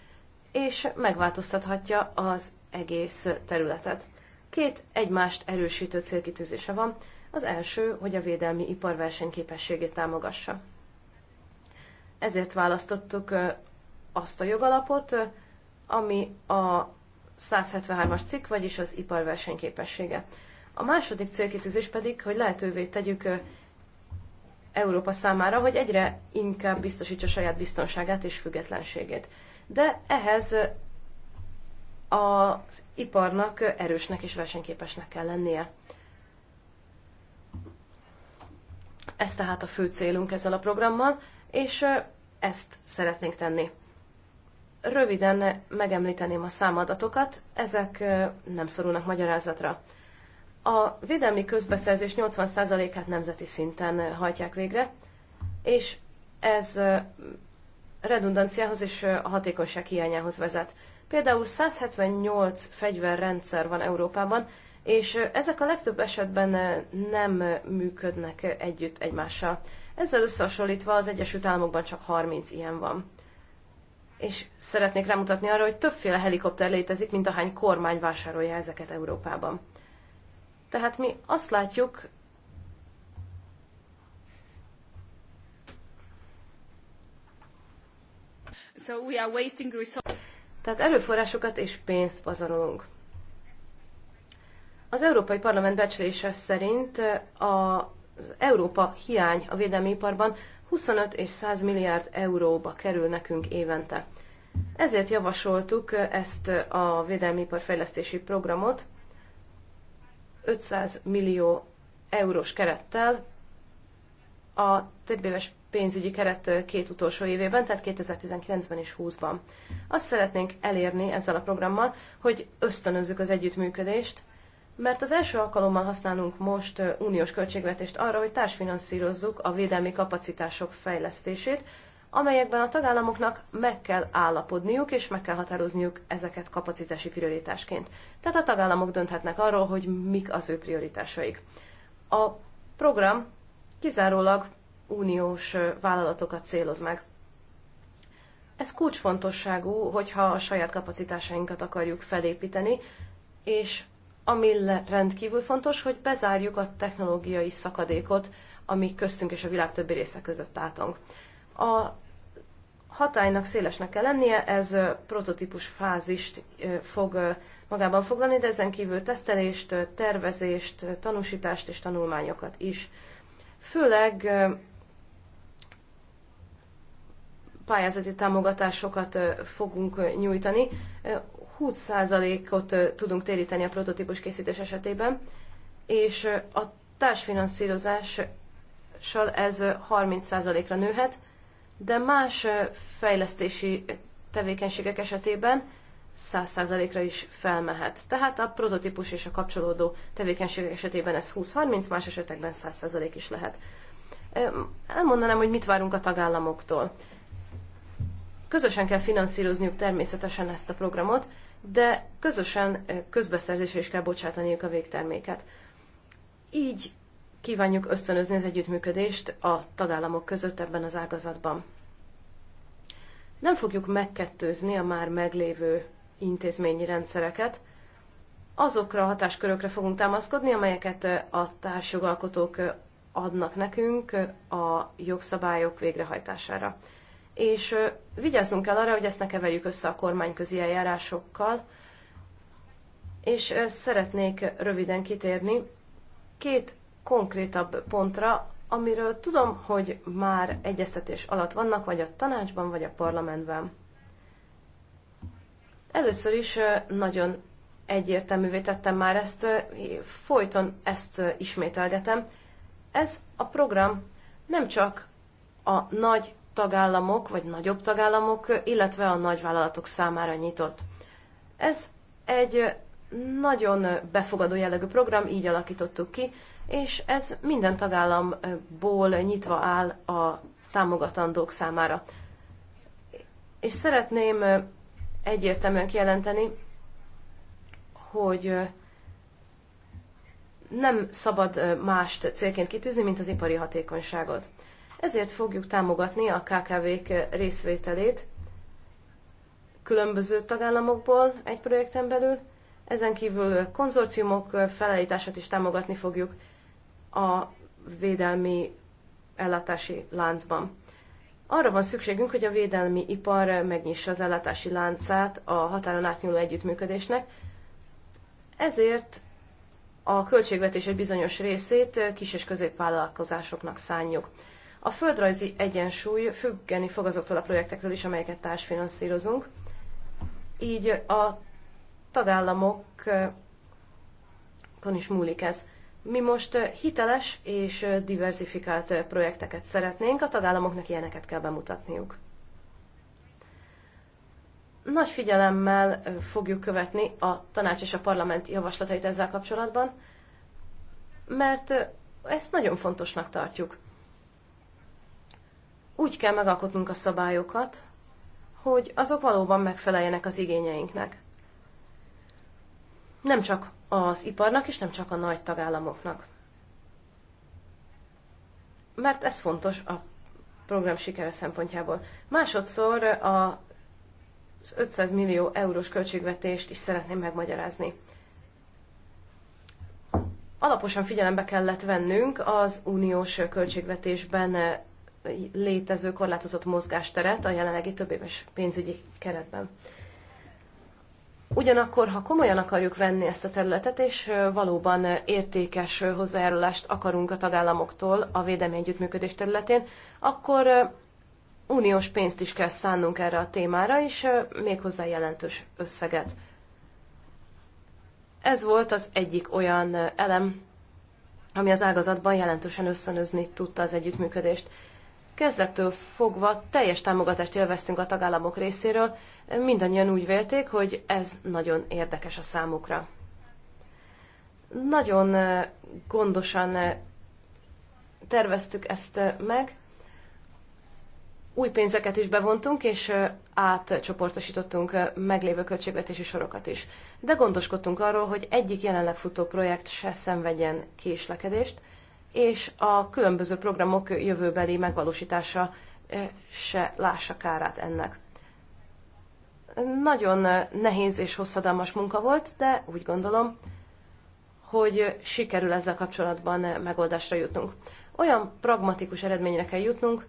és megváltoztathatja az egész területet. Két egymást erősítő célkitűzése van. Az első, hogy a védelmi ipar versenyképességét támogassa. Ezért választottuk azt a jogalapot, ami a 173-as cikk, vagyis az ipar versenyképessége. A második célkitűzés pedig, hogy lehetővé tegyük Európa számára, hogy egyre inkább biztosítsa saját biztonságát és függetlenségét. De ehhez az iparnak erősnek és versenyképesnek kell lennie. Ez tehát a fő célunk ezzel a programmal, és ezt szeretnénk tenni. Röviden megemlíteném a számadatokat, ezek nem szorulnak magyarázatra. A védelmi közbeszerzés 80%-át nemzeti szinten hajtják végre, és ez redundanciához és a hatékonyság hiányához vezet. Például 178 fegyverrendszer van Európában, és ezek a legtöbb esetben nem működnek együtt egymással. Ezzel összehasonlítva az Egyesült Államokban csak 30 ilyen van. És szeretnék rámutatni arra, hogy többféle helikopter létezik, mint ahány kormány vásárolja ezeket Európában. Tehát mi azt látjuk,
So we are wasting resources.
Tehát erőforrásokat és pénzt pazarolunk. Az Európai Parlament becslése szerint az Európa hiány a védelmi iparban 25 és 100 milliárd euróba kerül nekünk évente. Ezért javasoltuk ezt a védelmi ipar fejlesztési programot, 500 millió eurós kerettel a többéves pénzügyi keret két utolsó évében, tehát 2019-ben és 2020 ban Azt szeretnénk elérni ezzel a programmal, hogy ösztönözzük az együttműködést, mert az első alkalommal használunk most uniós költségvetést arra, hogy társfinanszírozzuk a védelmi kapacitások fejlesztését, amelyekben a tagállamoknak meg kell állapodniuk, és meg kell határozniuk ezeket kapacitási prioritásként. Tehát a tagállamok dönthetnek arról, hogy mik az ő prioritásaik. A program kizárólag uniós vállalatokat céloz meg. Ez kulcsfontosságú, hogyha a saját kapacitásainkat akarjuk felépíteni, és ami rendkívül fontos, hogy bezárjuk a technológiai szakadékot, ami köztünk és a világ többi része között átong. A hatálynak szélesnek kell lennie, ez prototípus fázist fog magában foglalni, de ezen kívül tesztelést, tervezést, tanúsítást és tanulmányokat is. Főleg pályázati támogatásokat fogunk nyújtani. 20%-ot tudunk téríteni a prototípus készítés esetében, és a társfinanszírozással ez 30%-ra nőhet, de más fejlesztési tevékenységek esetében 100%-ra is felmehet. Tehát a prototípus és a kapcsolódó tevékenységek esetében ez 20-30, más esetekben 100% is lehet. Elmondanám, hogy mit várunk a tagállamoktól. Közösen kell finanszírozniuk természetesen ezt a programot, de közösen közbeszerzésre is kell bocsátaniuk a végterméket. Így kívánjuk ösztönözni az együttműködést a tagállamok között ebben az ágazatban. Nem fogjuk megkettőzni a már meglévő intézményi rendszereket, azokra a hatáskörökre fogunk támaszkodni, amelyeket a társjogalkotók adnak nekünk a jogszabályok végrehajtására. És vigyázzunk el arra, hogy ezt ne keverjük össze a kormányközi eljárásokkal, és szeretnék röviden kitérni két konkrétabb pontra, amiről tudom, hogy már egyeztetés alatt vannak, vagy a tanácsban, vagy a parlamentben. Először is nagyon egyértelművé tettem már ezt, folyton ezt ismételgetem. Ez a program nem csak a nagy tagállamok, vagy nagyobb tagállamok, illetve a nagyvállalatok számára nyitott. Ez egy nagyon befogadó jellegű program, így alakítottuk ki, és ez minden tagállamból nyitva áll a támogatandók számára. És szeretném egyértelműen kijelenteni, hogy nem szabad mást célként kitűzni, mint az ipari hatékonyságot. Ezért fogjuk támogatni a KKV-k részvételét különböző tagállamokból egy projekten belül, ezen kívül konzorciumok felállítását is támogatni fogjuk, a védelmi ellátási láncban. Arra van szükségünk, hogy a védelmi ipar megnyissa az ellátási láncát a határon átnyúló együttműködésnek, ezért a költségvetés egy bizonyos részét kis- és középvállalkozásoknak szánjuk. A földrajzi egyensúly függeni fog azoktól a projektekről is, amelyeket társfinanszírozunk. Így a tagállamokon is múlik ez. Mi most eh, hiteles és eh, diversifikált eh, projekteket szeretnénk, a tagállamoknak ilyeneket kell bemutatniuk. Nagy figyelemmel fogjuk követni a tanács és a parlament javaslatait ezzel kapcsolatban, mert ezt nagyon fontosnak tartjuk. Úgy kell megalkotnunk a szabályokat, hogy azok valóban megfeleljenek az igényeinknek. Nem csak az iparnak, és nem csak a nagy tagállamoknak. Mert ez fontos a program sikere szempontjából. Másodszor a, az 500 millió eurós költségvetést is szeretném megmagyarázni. Alaposan figyelembe kellett vennünk az uniós költségvetésben létező korlátozott mozgásteret a jelenlegi több éves pénzügyi keretben. Ugyanakkor, ha komolyan akarjuk venni ezt a területet, és valóban értékes hozzájárulást akarunk a tagállamoktól a védelmi együttműködés területén, akkor uniós pénzt is kell szánnunk erre a témára, és méghozzá jelentős összeget. Ez volt az egyik olyan elem, ami az ágazatban jelentősen összönözni tudta az együttműködést kezdettől fogva teljes támogatást élveztünk a tagállamok részéről, mindannyian úgy vélték, hogy ez nagyon érdekes a számukra. Nagyon eh, gondosan eh, terveztük ezt eh, meg, új pénzeket is bevontunk, és átcsoportosítottunk meglévő költségvetési sorokat is. De gondoskodtunk arról, hogy egyik jelenleg futó projekt se szenvedjen késlekedést, és a különböző programok jövőbeli megvalósítása se lássa kárát ennek. Nagyon nehéz és hosszadalmas munka volt, de úgy gondolom, hogy sikerül ezzel kapcsolatban megoldásra jutnunk. Olyan pragmatikus eredményre kell jutnunk,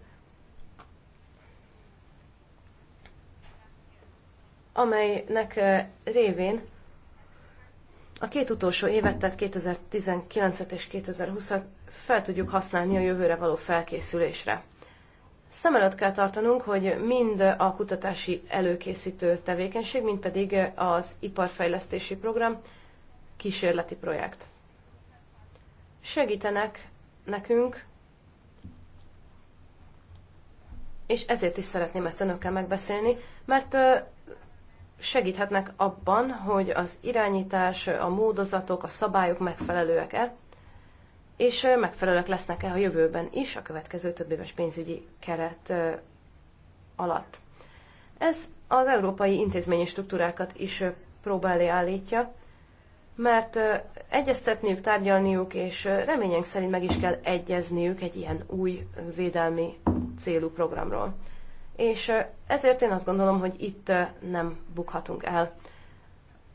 amelynek révén a két utolsó évet, tehát 2019-et és 2020-at fel tudjuk használni a jövőre való felkészülésre. Szem előtt kell tartanunk, hogy mind a kutatási előkészítő tevékenység, mind pedig az iparfejlesztési program kísérleti projekt. Segítenek nekünk, és ezért is szeretném ezt önökkel megbeszélni, mert segíthetnek abban, hogy az irányítás, a módozatok, a szabályok megfelelőek-e, és megfelelőek lesznek-e a jövőben is, a következő több éves pénzügyi keret alatt. Ez az európai intézményi struktúrákat is próbálja állítja, mert egyeztetniük, tárgyalniuk, és reményünk szerint meg is kell egyezniük egy ilyen új védelmi célú programról és ezért én azt gondolom, hogy itt nem bukhatunk el.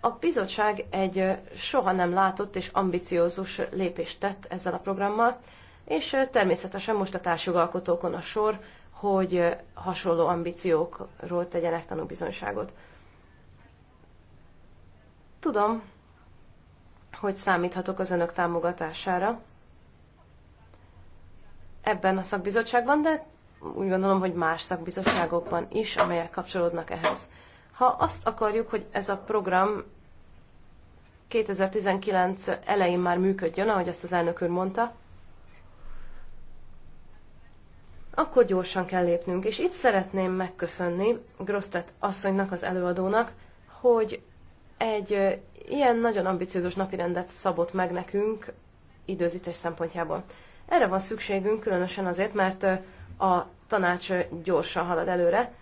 A bizottság egy soha nem látott és ambiciózus lépést tett ezzel a programmal, és természetesen most a társjogalkotókon a sor, hogy hasonló ambíciókról tegyenek tanúbizonyságot. Tudom, hogy számíthatok az önök támogatására ebben a szakbizottságban, de úgy gondolom, hogy más szakbizottságokban is, amelyek kapcsolódnak ehhez. Ha azt akarjuk, hogy ez a program 2019 elején már működjön, ahogy ezt az elnök úr mondta, akkor gyorsan kell lépnünk. És itt szeretném megköszönni Grosztet asszonynak, az előadónak, hogy egy ilyen nagyon ambiciózus napirendet szabott meg nekünk időzítés szempontjából. Erre van szükségünk, különösen azért, mert a tanács gyorsan halad előre,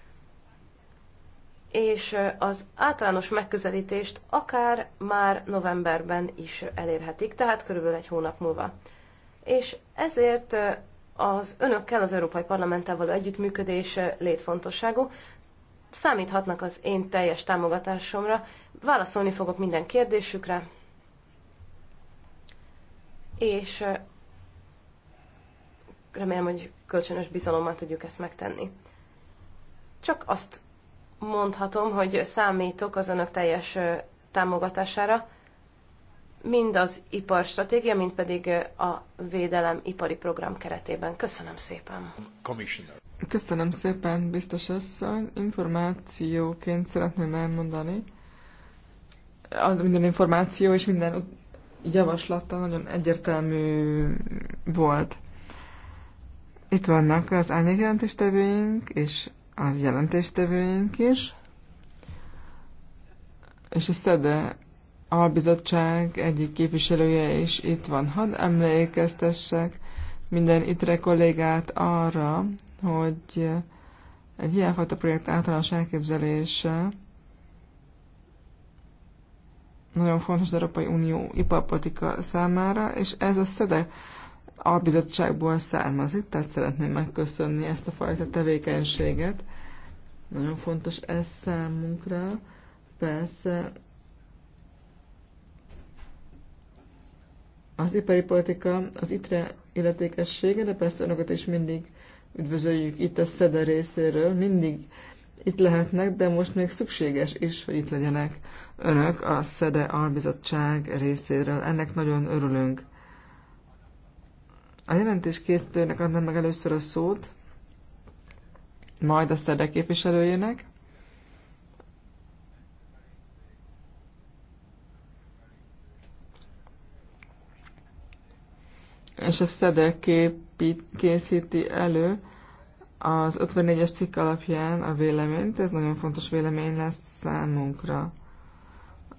és az általános megközelítést akár már novemberben is elérhetik, tehát körülbelül egy hónap múlva. És ezért az önökkel, az Európai Parlamenttel való együttműködés létfontosságú. Számíthatnak az én teljes támogatásomra, válaszolni fogok minden kérdésükre, és remélem, hogy kölcsönös bizalommal tudjuk ezt megtenni. Csak azt mondhatom, hogy számítok az önök teljes támogatására, mind az iparstratégia, mind pedig a védelem ipari program keretében. Köszönöm szépen. Commissioner. Köszönöm
szépen, biztos asszony. Információként szeretném elmondani. Minden információ és minden javaslata nagyon egyértelmű volt. Itt vannak az árnyékjelentéstevőink és a jelentéstevőink is, és a SZEDE albizottság egyik képviselője is itt van. Hadd emlékeztessek minden itre kollégát arra, hogy egy ilyenfajta projekt általános elképzelése nagyon fontos az Európai Unió iparpolitika számára, és ez a SZEDE a bizottságból származik, tehát szeretném megköszönni ezt a fajta tevékenységet. Nagyon fontos ez számunkra. Persze az ipari politika az ITRE illetékessége, de persze önöket is mindig üdvözöljük itt a SZEDE részéről, mindig itt lehetnek, de most még szükséges is, hogy itt legyenek önök a SZEDE albizottság részéről. Ennek nagyon örülünk. A jelentés készítőnek adnám meg először a szót, majd a szedek képviselőjének. És a szedek képi, készíti elő az 54-es cikk alapján a véleményt. Ez nagyon fontos vélemény lesz számunkra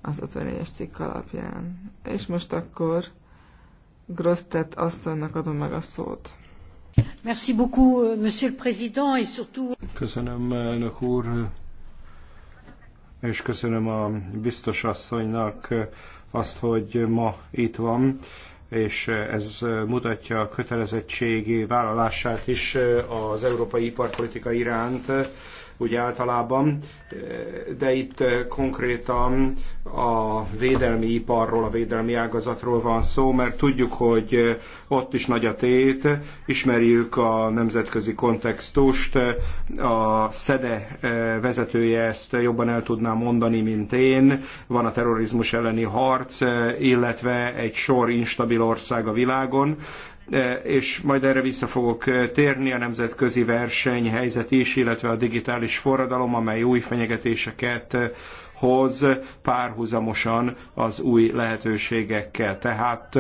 az 54-es cikk alapján. És most akkor
Grosztet asszonynak adom meg a szót.
Merci beaucoup, euh, monsieur le président, et surtout...
Köszönöm, elnök úr, és köszönöm a biztos asszonynak azt, hogy ma itt van és ez mutatja a kötelezettségi vállalását is az európai iparpolitika iránt, úgy általában, de itt konkrétan a védelmi iparról, a védelmi ágazatról van szó, mert tudjuk, hogy ott is nagy a tét, ismerjük a nemzetközi kontextust, a SZEDE eh, vezetője ezt jobban el tudná mondani, mint én, van a terrorizmus elleni harc, eh, illetve egy sor instabil ország a világon, E, és majd erre vissza fogok e, térni, a nemzetközi versenyhelyzet is, illetve a digitális forradalom, amely új fenyegetéseket e, hoz párhuzamosan az új lehetőségekkel. Tehát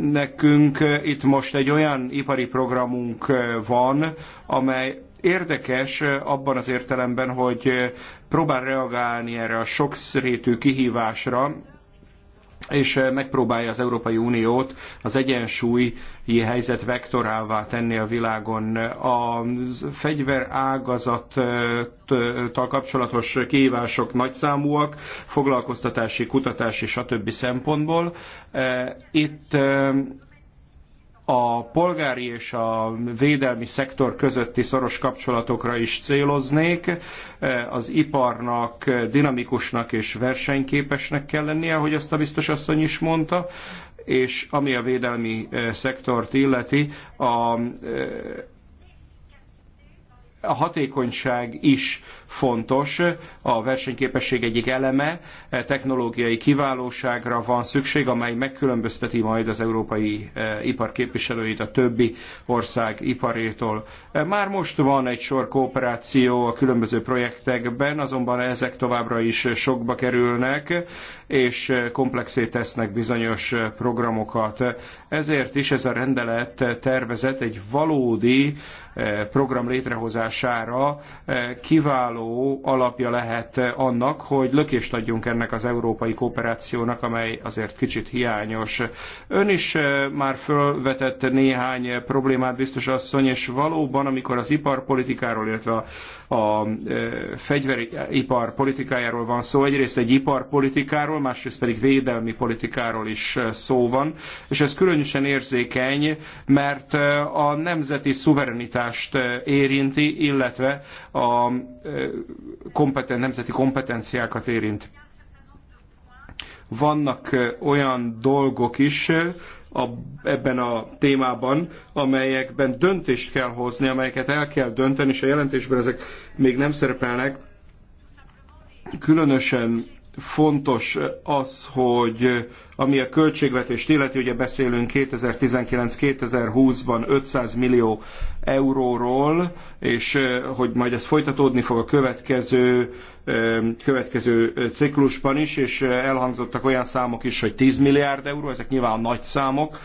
nekünk itt most egy olyan ipari programunk van, amely érdekes abban az értelemben, hogy próbál reagálni erre a sokrétű kihívásra, és eh, megpróbálja az Európai Uniót az egyensúlyi helyzet vektorává tenni a világon. A fegyver ágazattal kapcsolatos kihívások nagyszámúak, foglalkoztatási, kutatási, stb. szempontból. Eh, itt eh, a polgári és a védelmi szektor közötti szoros kapcsolatokra is céloznék. Az iparnak dinamikusnak és versenyképesnek kell lennie, ahogy azt a biztos asszony is mondta, és ami a védelmi szektort illeti, a a hatékonyság is fontos, a versenyképesség egyik eleme, e, technológiai kiválóságra van szükség, amely megkülönbözteti majd az európai e, ipar képviselőit a többi ország iparétól. E, már most van egy sor kooperáció a különböző projektekben, azonban ezek továbbra is sokba kerülnek, és komplexé tesznek bizonyos programokat. Ezért is ez a rendelet tervezet egy valódi Eh, program létrehozására eh, kiváló alapja lehet annak, hogy lökést adjunk ennek az európai kooperációnak, amely azért kicsit hiányos. Ön is eh, már fölvetett néhány problémát, biztos asszony, és valóban, amikor az iparpolitikáról, illetve a, a fegyveripar politikájáról van szó, egyrészt egy iparpolitikáról, másrészt pedig védelmi politikáról is szó van, és ez különösen érzékeny, mert a nemzeti szuverenitás megoldást eh, érinti, illetve a eh, kompeten, nemzeti kompetenciákat érint. Vannak eh, olyan dolgok is, a, ebben a témában, amelyekben döntést kell hozni, amelyeket el kell dönteni, és a jelentésben ezek még nem szerepelnek. Különösen fontos az, hogy ami a költségvetést illeti, ugye beszélünk 2019-2020-ban 500 millió euróról, és eh, hogy majd ez folytatódni fog a következő, eh, következő ciklusban is, és eh, elhangzottak olyan számok is, hogy 10 milliárd euró, ezek nyilván nagy számok,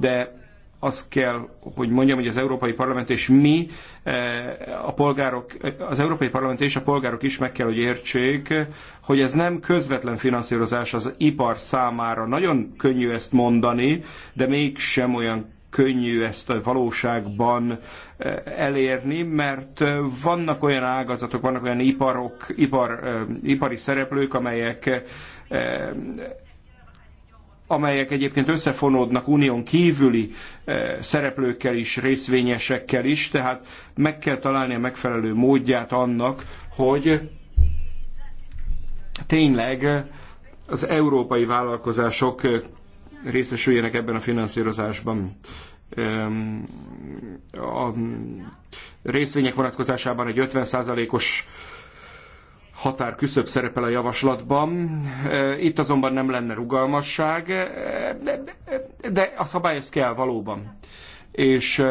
de azt kell, hogy mondjam, hogy az Európai Parlament és mi, eh, a polgárok, eh, az Európai Parlament és a polgárok is meg kell, hogy értsék, hogy ez nem közvetlen finanszírozás az ipar számára. Nagyon könnyű ezt mondani, de mégsem olyan könnyű ezt a valóságban eh, elérni, mert vannak olyan ágazatok, vannak olyan iparok, ipar, ipari szereplők, amelyek amelyek egyébként összefonódnak unión kívüli eh, szereplőkkel is, részvényesekkel is, tehát meg kell találni a megfelelő módját annak, hogy tényleg az európai vállalkozások eh, részesüljenek ebben a finanszírozásban. A részvények vonatkozásában egy 50%-os határ küszöbb szerepel a javaslatban. Itt azonban nem lenne rugalmasság, de a szabály ez kell valóban. És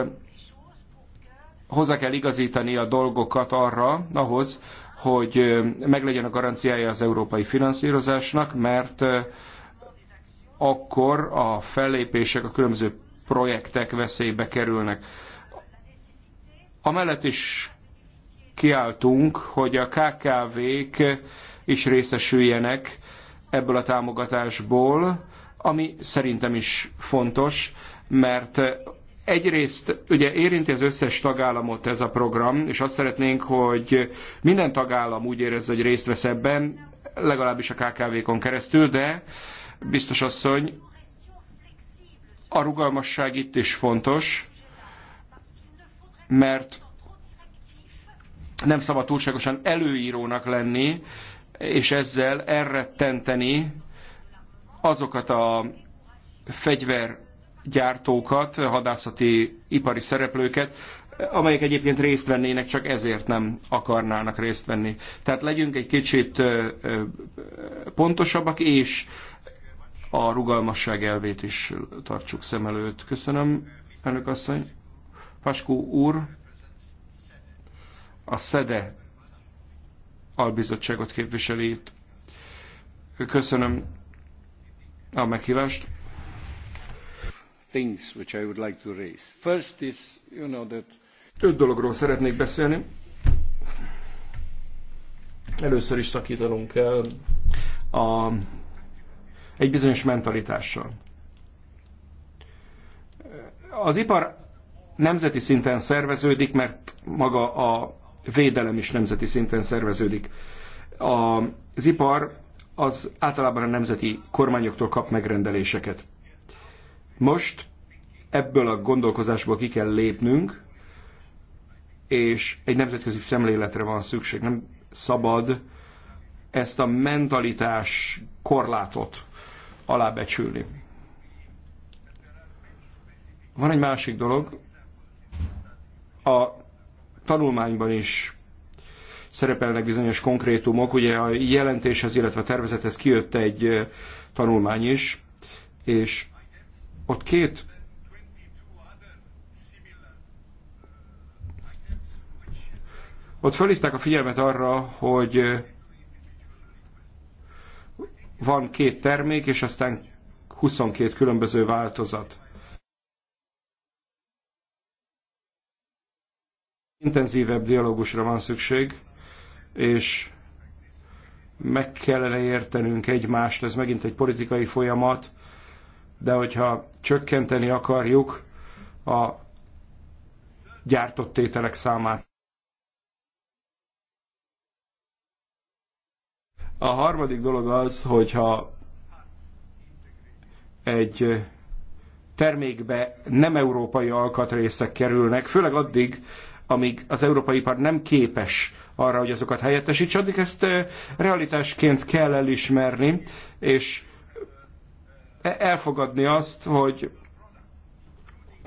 hozzá kell igazítani a dolgokat arra, ahhoz, hogy meglegyen a garanciája az európai finanszírozásnak, mert akkor a fellépések, a különböző projektek veszélybe kerülnek. Amellett is kiáltunk, hogy a KKV-k is részesüljenek ebből a támogatásból, ami szerintem is fontos, mert egyrészt ugye érinti az összes tagállamot ez a program, és azt szeretnénk, hogy minden tagállam úgy érezze, hogy részt vesz ebben, legalábbis a KKV-kon keresztül, de biztos asszony, a rugalmasság itt is fontos, mert nem szabad túlságosan előírónak lenni, és ezzel elrettenteni azokat a fegyvergyártókat, hadászati ipari szereplőket, amelyek egyébként részt vennének, csak ezért nem akarnának részt venni. Tehát legyünk egy kicsit pontosabbak, és a rugalmasság elvét is tartsuk szem előtt. Köszönöm, elnök asszony. Paskó úr a SZEDE albizottságot képviseli itt. Köszönöm a meghívást. Things which I would like to raise. First is, you know that... Öt dologról szeretnék beszélni. Először is szakítanunk kell a, egy bizonyos mentalitással. Az ipar nemzeti szinten szerveződik, mert maga a védelem is nemzeti szinten szerveződik. A, az ipar az általában a nemzeti kormányoktól kap megrendeléseket. Most ebből a gondolkozásból ki kell lépnünk, és egy nemzetközi szemléletre van szükség. Nem szabad ezt a mentalitás korlátot alábecsülni. Van egy másik dolog, a tanulmányban is szerepelnek bizonyos konkrétumok. Ugye a jelentéshez, illetve a tervezethez kijött egy tanulmány is, és ott két ott felhívták a figyelmet arra, hogy van két termék, és aztán 22 különböző változat. Intenzívebb dialógusra van szükség, és meg kellene értenünk egymást, ez megint egy politikai folyamat, de hogyha csökkenteni akarjuk a gyártott tételek számát. A harmadik dolog az, hogyha egy termékbe nem európai alkatrészek kerülnek, főleg addig, amíg az európai ipar nem képes arra, hogy azokat helyettesítse, addig ezt realitásként kell elismerni, és e-, elfogadni azt, hogy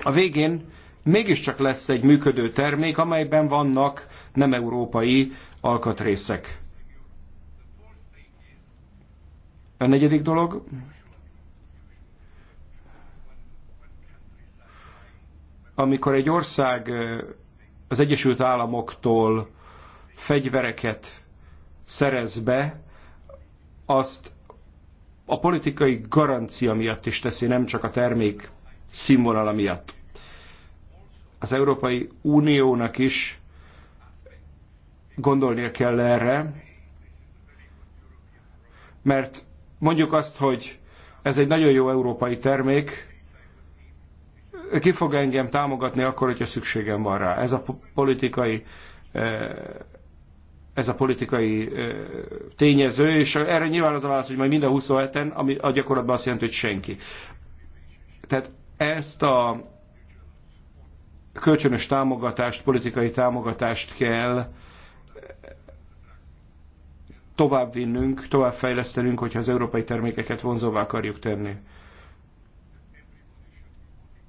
a végén mégiscsak lesz egy működő termék, amelyben vannak nem európai alkatrészek. A negyedik dolog, amikor egy ország az Egyesült Államoktól fegyvereket szerez be, azt a politikai garancia miatt is teszi, nem csak a termék színvonala miatt. Az Európai Uniónak is gondolnia kell erre, mert mondjuk azt, hogy ez egy nagyon jó európai termék, ki fog engem támogatni akkor, hogyha szükségem van rá. Ez a politikai eh, ez a politikai eh, tényező, és erre nyilván az a válasz, hogy majd minden 27-en, ami a gyakorlatban azt jelenti, hogy senki. Tehát ezt a kölcsönös támogatást, politikai támogatást kell eh, továbbvinnünk, továbbfejlesztenünk, hogyha az európai termékeket vonzóvá akarjuk tenni.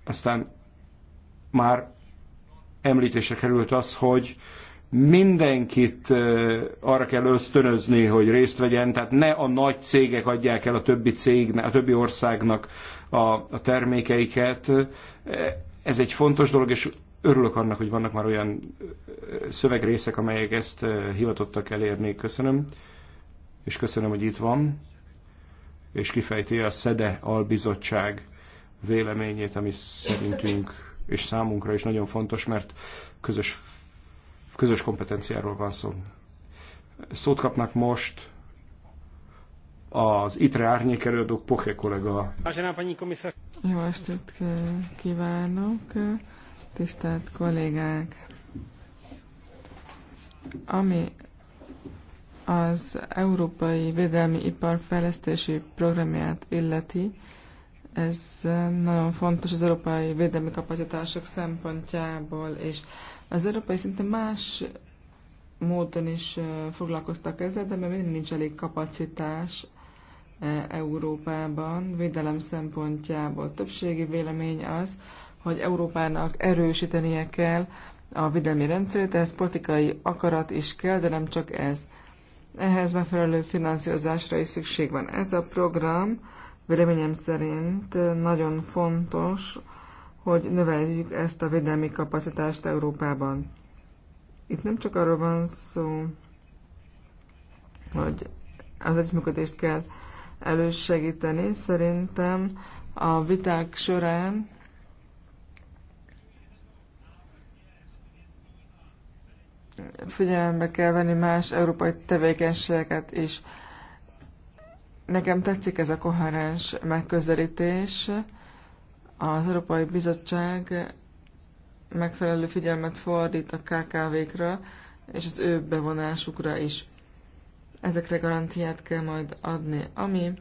Aztán már említése került az, hogy mindenkit arra kell ösztönözni, hogy részt vegyen, tehát ne a nagy cégek adják el a többi cégnek, a többi országnak a, a termékeiket. Ez egy fontos dolog, és örülök annak, hogy vannak már olyan szövegrészek, amelyek ezt hivatottak elérni. Köszönöm, és köszönöm, hogy itt van, és kifejti a SZEDE albizottság véleményét, ami szerintünk és számunkra is nagyon fontos, mert közös, közös kompetenciáról van szó. Szót kapnak most az ITRE árnyék előadó Poche kollega.
Jó estét kívánok, tisztelt kollégák! Ami az Európai Védelmi Ipar Fejlesztési Programját illeti, ez nagyon fontos az európai védelmi kapacitások szempontjából, és az európai szinte más módon is foglalkoztak ezzel, de még mindig nincs elég kapacitás Európában védelem szempontjából. Többségi vélemény az, hogy Európának erősítenie kell a védelmi rendszerét, ez politikai akarat is kell, de nem csak ez. Ehhez megfelelő finanszírozásra is szükség van. Ez a program Véleményem szerint nagyon fontos, hogy növeljük ezt a védelmi kapacitást Európában. Itt nem csak arról van szó, hogy az együttműködést kell elősegíteni, szerintem a viták során figyelembe kell venni más európai tevékenységeket is. Nekem tetszik ez a koherens megközelítés. Az Európai Bizottság megfelelő figyelmet fordít a KKV-kra és az ő bevonásukra is. Ezekre garantiát kell majd adni, ami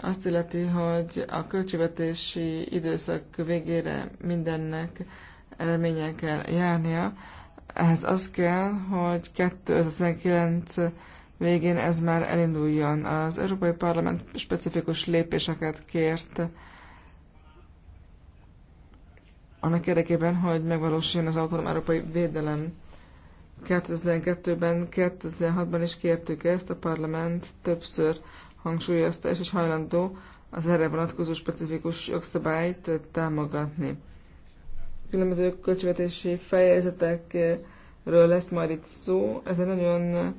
azt illeti, hogy a költségvetési időszak végére mindennek eredménye kell járnia. Ehhez az kell, hogy 2019 végén ez már elinduljon. Az Európai Parlament specifikus lépéseket kért annak érdekében, hogy megvalósuljon az autonóm európai védelem. 2002-ben, 2006-ban is kértük ezt, a parlament többször hangsúlyozta, és is hajlandó az erre vonatkozó specifikus jogszabályt támogatni. Különböző költségvetési fejezetekről lesz majd itt szó. Ez egy nagyon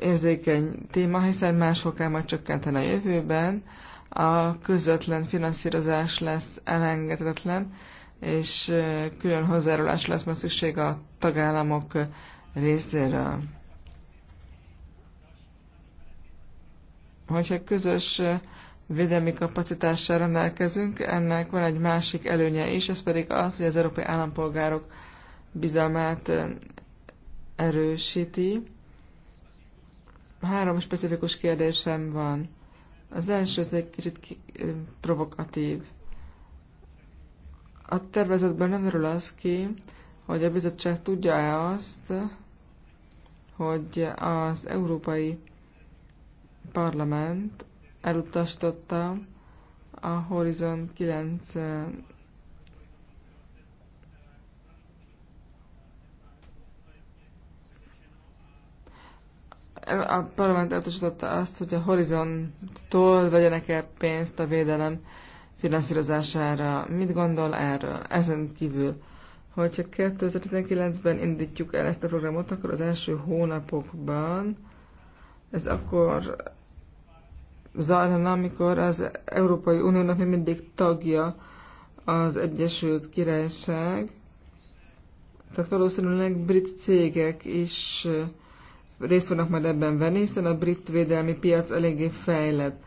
érzékeny téma, hiszen mások kell majd csökkenten a jövőben, a közvetlen finanszírozás lesz elengedhetetlen, és külön hozzárulás lesz majd szükség a tagállamok részéről. Hogyha közös védelmi kapacitással rendelkezünk, ennek van egy másik előnye is, ez pedig az, hogy az európai állampolgárok bizalmát erősíti, Három specifikus kérdésem van. Az első ez egy kicsit provokatív. A tervezetben nem örül az ki, hogy a bizottság tudja-e azt, hogy az Európai Parlament elutasította a Horizon 9 a parlament elutasította azt, hogy a horizonttól vegyenek el pénzt a védelem finanszírozására. Mit gondol erről? Ezen kívül, hogyha 2019-ben indítjuk el ezt a programot, akkor az első hónapokban ez akkor zajlana, amikor az Európai Uniónak még mindig tagja az Egyesült Királyság. Tehát valószínűleg brit cégek is részt fognak majd ebben venni, hiszen a brit védelmi piac eléggé fejlett.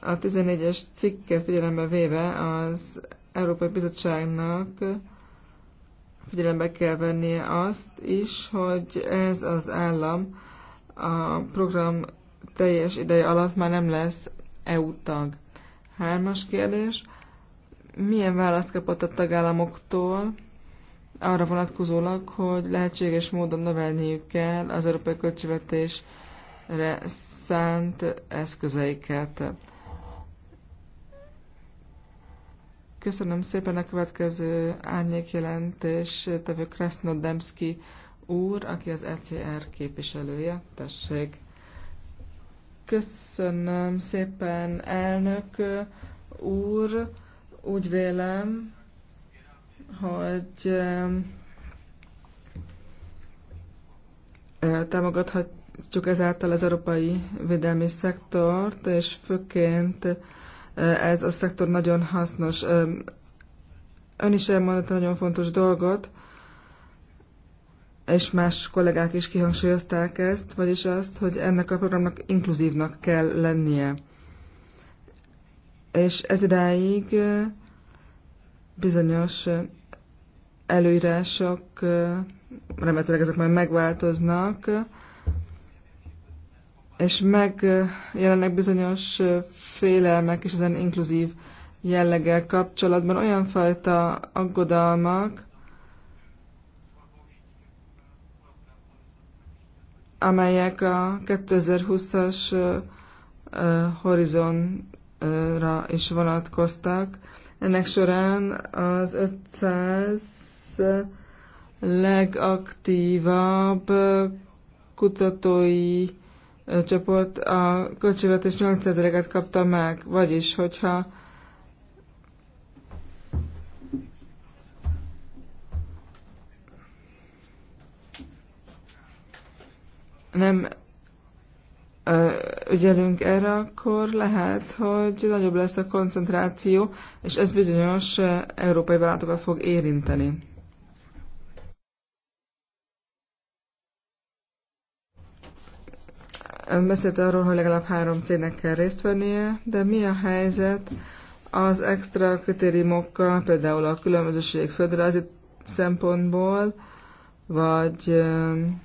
A 14-es cikket figyelembe véve az Európai Bizottságnak figyelembe kell vennie azt is, hogy ez az állam a program teljes ideje alatt már nem lesz EU tag. Hármas kérdés. Milyen választ kapott a tagállamoktól arra vonatkozólag, hogy lehetséges módon növelniük kell az európai költségvetésre szánt eszközeiket. Köszönöm szépen a következő árnyékjelentés tevő Krasznodemszki úr, aki az ECR képviselője. Tessék! Köszönöm szépen, elnök úr! Úgy vélem, hogy támogathatjuk ezáltal az európai védelmi szektort, és főként ez a szektor nagyon hasznos. Ön is elmondott nagyon fontos dolgot, és más kollégák is kihangsúlyozták ezt, vagyis azt, hogy ennek a programnak inkluzívnak kell lennie. És ez idáig bizonyos előírások, remélhetőleg ezek majd megváltoznak, és megjelennek bizonyos félelmek és ezen inkluzív jelleggel kapcsolatban olyan fajta aggodalmak, amelyek a 2020-as horizontra is vonatkoztak. Ennek során az 500 legaktívabb kutatói csoport a költségvetés 800 et kapta meg, vagyis hogyha nem ö, ügyelünk erre, akkor lehet, hogy nagyobb lesz a koncentráció, és ez bizonyos európai vállalatokat fog érinteni. Ön beszélt arról, hogy legalább három cégnek kell részt vennie, de mi a helyzet az extra kritériumokkal, például a különbözőség földrajzi szempontból, vagy um,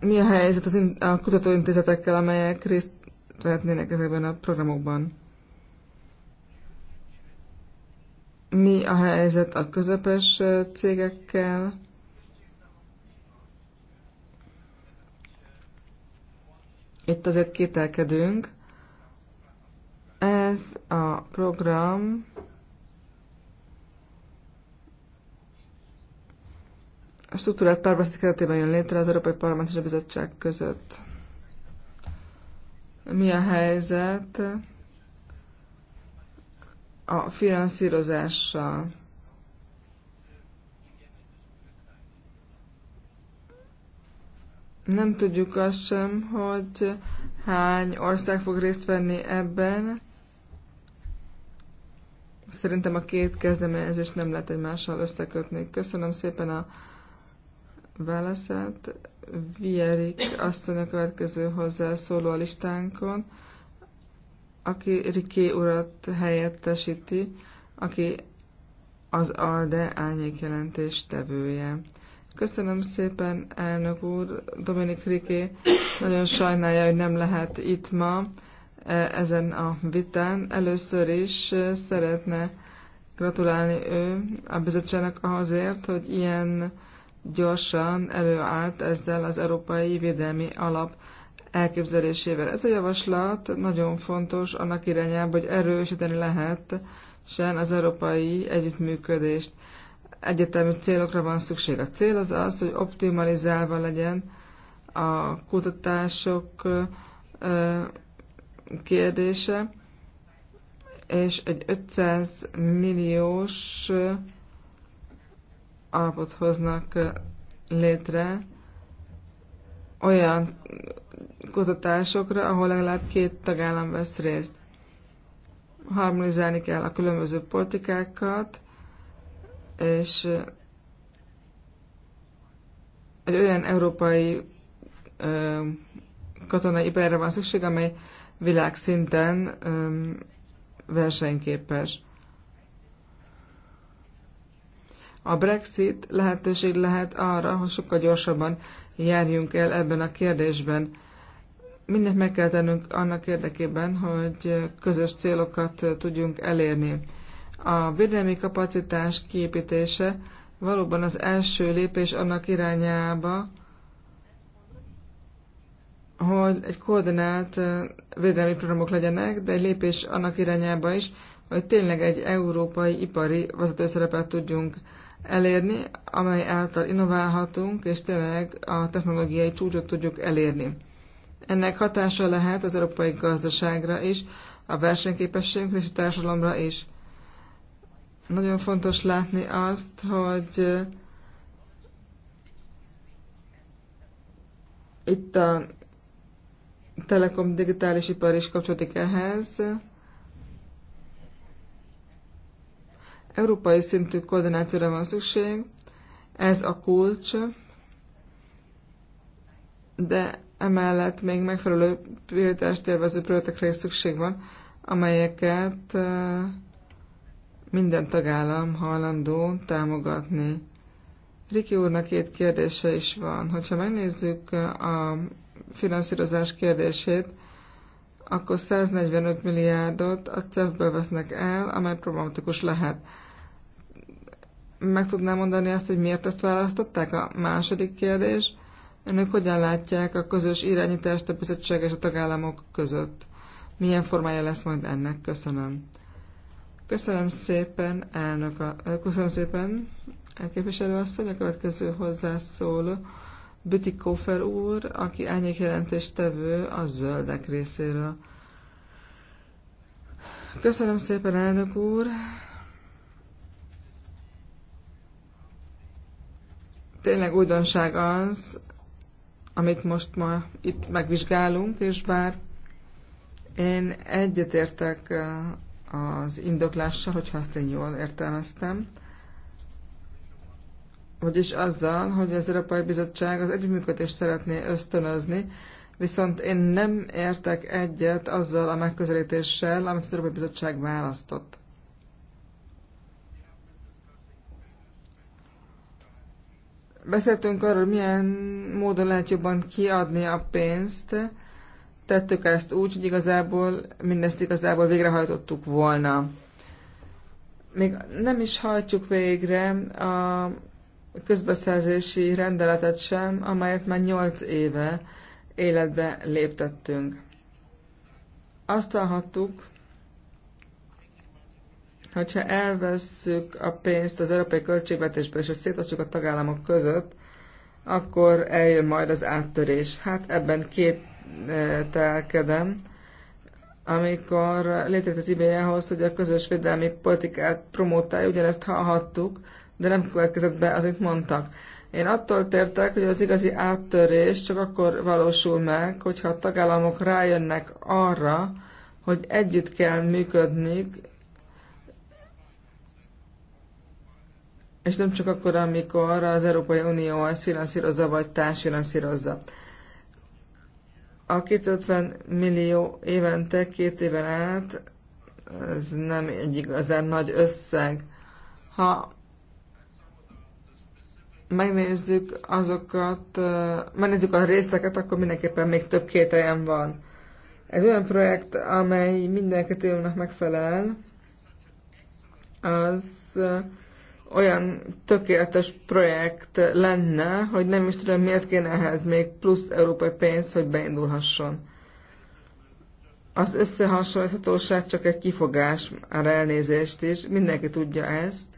mi a helyzet az in- a kutatóintézetekkel, amelyek részt vehetnének ezekben a programokban? mi a helyzet a közepes cégekkel, itt azért kételkedünk. Ez a program a struktúrát párbeszéd keretében jön létre az Európai Parlament és a Bizottság között. Mi a helyzet? a finanszírozással. Nem tudjuk azt sem, hogy hány ország fog részt venni ebben. Szerintem a két kezdeményezést nem lehet egymással összekötni. Köszönöm szépen a válaszát. Vierik azt a következő hozzászóló a listánkon aki Riké urat helyettesíti, aki az ALDE álnyék jelentés tevője. Köszönöm szépen, elnök úr. Dominik Riké nagyon sajnálja, hogy nem lehet itt ma e, ezen a vitán. Először is e, szeretne gratulálni ő a bizottságnak azért, hogy ilyen gyorsan előállt ezzel az Európai Védelmi Alap elképzelésével. Ez a javaslat nagyon fontos annak irányában, hogy erősíteni lehet sen az európai együttműködést. Egyetemű célokra van szükség. A cél az az, hogy optimalizálva legyen a kutatások kérdése, és egy 500 milliós alapot hoznak létre olyan kutatásokra, ahol legalább két tagállam vesz részt. Harmonizálni kell a különböző politikákat, és egy olyan európai ö, katonai iparra van szükség, amely világszinten ö, versenyképes. A Brexit lehetőség lehet arra, hogy sokkal gyorsabban járjunk el ebben a kérdésben. Mindent meg kell tennünk annak érdekében, hogy közös célokat tudjunk elérni. A védelmi kapacitás kiépítése valóban az első lépés annak irányába, hogy egy koordinált védelmi programok legyenek, de egy lépés annak irányába is, hogy tényleg egy európai ipari vezetőszerepet tudjunk elérni, amely által innoválhatunk, és tényleg a technológiai csúcsot tudjuk elérni. Ennek hatása lehet az európai gazdaságra is, a versenyképességünkre és a társadalomra is. Nagyon fontos látni azt, hogy itt a Telekom digitális ipar is kapcsolódik ehhez, európai szintű koordinációra van szükség, ez a kulcs, de emellett még megfelelő prioritást élvező projektekre is szükség van, amelyeket minden tagállam hajlandó támogatni. Riki úrnak két kérdése is van. Hogyha megnézzük a finanszírozás kérdését, akkor 145 milliárdot a CEF-ből vesznek el, amely problematikus lehet meg tudná mondani azt, hogy miért ezt választották? A második kérdés, önök hogyan látják a közös irányítást a bizottság és a tagállamok között? Milyen formája lesz majd ennek? Köszönöm. Köszönöm szépen, elnök a, köszönöm szépen, elképviselő asszony, a következő hozzászóló Bütikófer úr, aki jelentést tevő a zöldek részéről. Köszönöm szépen, elnök úr! tényleg újdonság az, amit most ma itt megvizsgálunk, és bár én egyetértek eh, az indoklással, hogyha azt én jól értelmeztem, vagyis azzal, hogy az Európai Bizottság az együttműködést szeretné ösztönözni, viszont én nem értek egyet azzal a megközelítéssel, amit az Európai Bizottság választott. Beszéltünk arról, milyen módon lehet jobban kiadni a pénzt. Tettük ezt úgy, hogy igazából mindezt igazából végrehajtottuk volna. Még nem is hajtjuk végre a közbeszerzési rendeletet sem, amelyet már 8 éve életbe léptettünk. Azt hallhattuk, Hogyha elvesszük a pénzt az európai költségvetésből, és ezt szétosztjuk a tagállamok között, akkor eljön majd az áttörés. Hát ebben kételkedem, amikor létrejött az IBA-hoz, hogy a közös védelmi politikát promotálja, ugyanezt hallhattuk, de nem következett be az, amit mondtak. Én attól tértek, hogy az igazi áttörés csak akkor valósul meg, hogyha a tagállamok rájönnek arra, hogy együtt kell működniük. és nem csak akkor, amikor az Európai Unió ezt finanszírozza, vagy társfinanszírozza. A 250 millió évente, két éven át, ez nem egy igazán nagy összeg. Ha megnézzük azokat, megnézzük a részleket, akkor mindenképpen még több kételjem van. Ez olyan projekt, amely minden kritériumnak megfelel, az olyan tökéletes projekt lenne, hogy nem is tudom, miért kéne ehhez még plusz európai pénz, hogy beindulhasson. Az összehasonlíthatóság csak egy kifogás, már elnézést is, mindenki tudja ezt.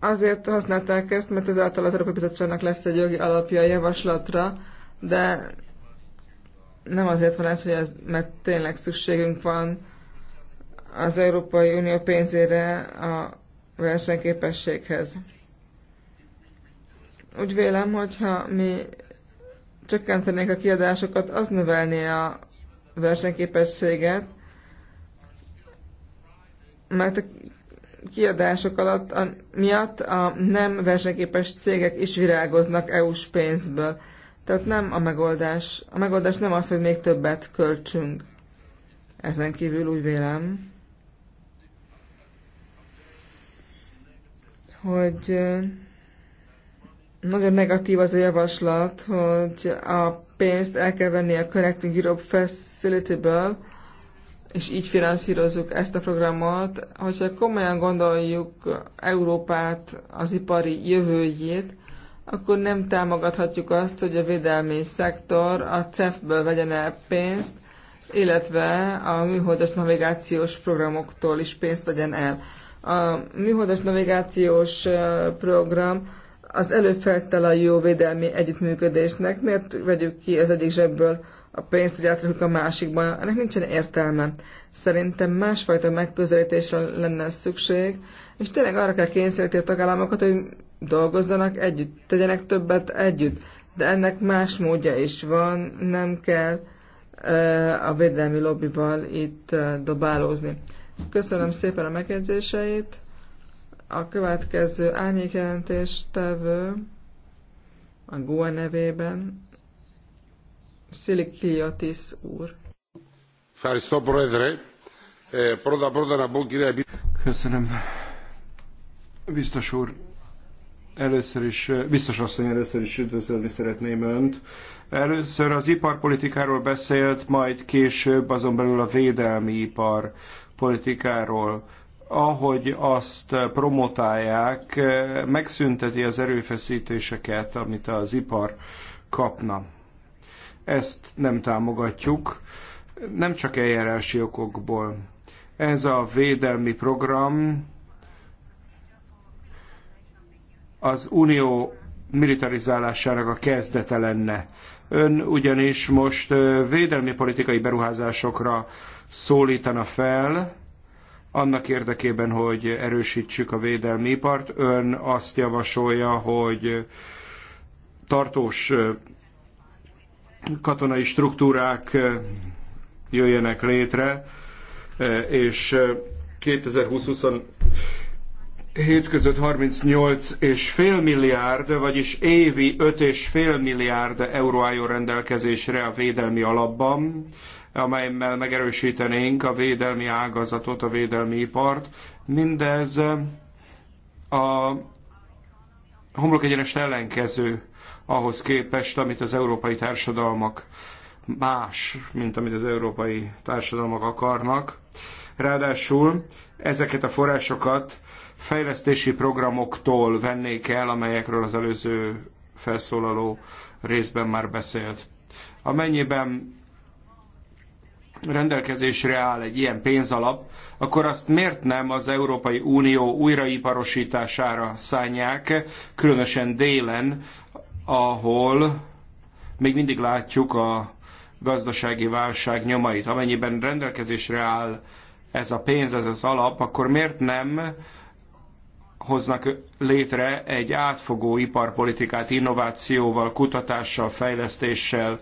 Azért használták ezt, mert ezáltal az Európai Bizottságnak lesz egy jogi alapja a javaslatra, de nem azért van ez, hogy ez, mert tényleg szükségünk van az Európai Unió pénzére a versenyképességhez. Úgy vélem, hogyha mi csökkentenénk a kiadásokat, az növelné a versenyképességet, mert a kiadások alatt a, miatt a nem versenyképes cégek is virágoznak EU-s pénzből. Tehát nem a megoldás, a megoldás nem az, hogy még többet költsünk. Ezen kívül úgy vélem, hogy nagyon negatív az a javaslat, hogy a pénzt el kell venni a Connecting Europe Facility-ből, és így finanszírozzuk ezt a programot. Hogyha komolyan gondoljuk Európát, az ipari jövőjét, akkor nem támogathatjuk azt, hogy a védelmi szektor a CEF-ből vegyen el pénzt, illetve a műholdas navigációs programoktól is pénzt vegyen el. A műholdas navigációs program az előfeltel a jó védelmi együttműködésnek. Miért vegyük ki az egyik zsebből a pénzt, hogy átrakjuk a másikba? Ennek nincsen értelme. Szerintem másfajta megközelítésre lenne szükség, és tényleg arra kell kényszeríteni a tagállamokat, hogy dolgozzanak együtt, tegyenek többet együtt. De ennek más módja is van, nem kell a védelmi lobbival itt dobálózni. Köszönöm szépen a megjegyzéseit. A következő árnyékjelentés tevő a GUA e nevében Szilikliotis úr.
Köszönöm. Biztos úr, Először is, biztos asszony, először is üdvözölni szeretném Önt. Először az iparpolitikáról beszélt, majd később azon belül a védelmi iparpolitikáról. Ahogy azt promotálják, megszünteti az erőfeszítéseket, amit az ipar kapna. Ezt nem támogatjuk, nem csak eljárási okokból. Ez a védelmi program az unió militarizálásának a kezdete lenne. Ön ugyanis most védelmi politikai beruházásokra szólítana fel, annak érdekében, hogy erősítsük a védelmi ipart. Ön azt javasolja, hogy tartós katonai struktúrák jöjjenek létre, és 2020 hét között 38 és fél milliárd, vagyis évi 5 és fél milliárd euró álljon rendelkezésre a védelmi alapban, amelyemmel megerősítenénk a védelmi ágazatot, a védelmi ipart. Mindez a homlok egyenest ellenkező ahhoz képest, amit az európai társadalmak más, mint amit az európai társadalmak akarnak. Ráadásul ezeket a forrásokat fejlesztési programoktól vennék el, amelyekről az előző felszólaló részben már beszélt. Amennyiben rendelkezésre áll egy ilyen pénzalap, akkor azt miért nem az Európai Unió újraiparosítására szánják, különösen délen, ahol még mindig látjuk a gazdasági válság nyomait. Amennyiben rendelkezésre áll ez a pénz, ez az alap, akkor miért nem hoznak létre egy átfogó iparpolitikát innovációval, kutatással, fejlesztéssel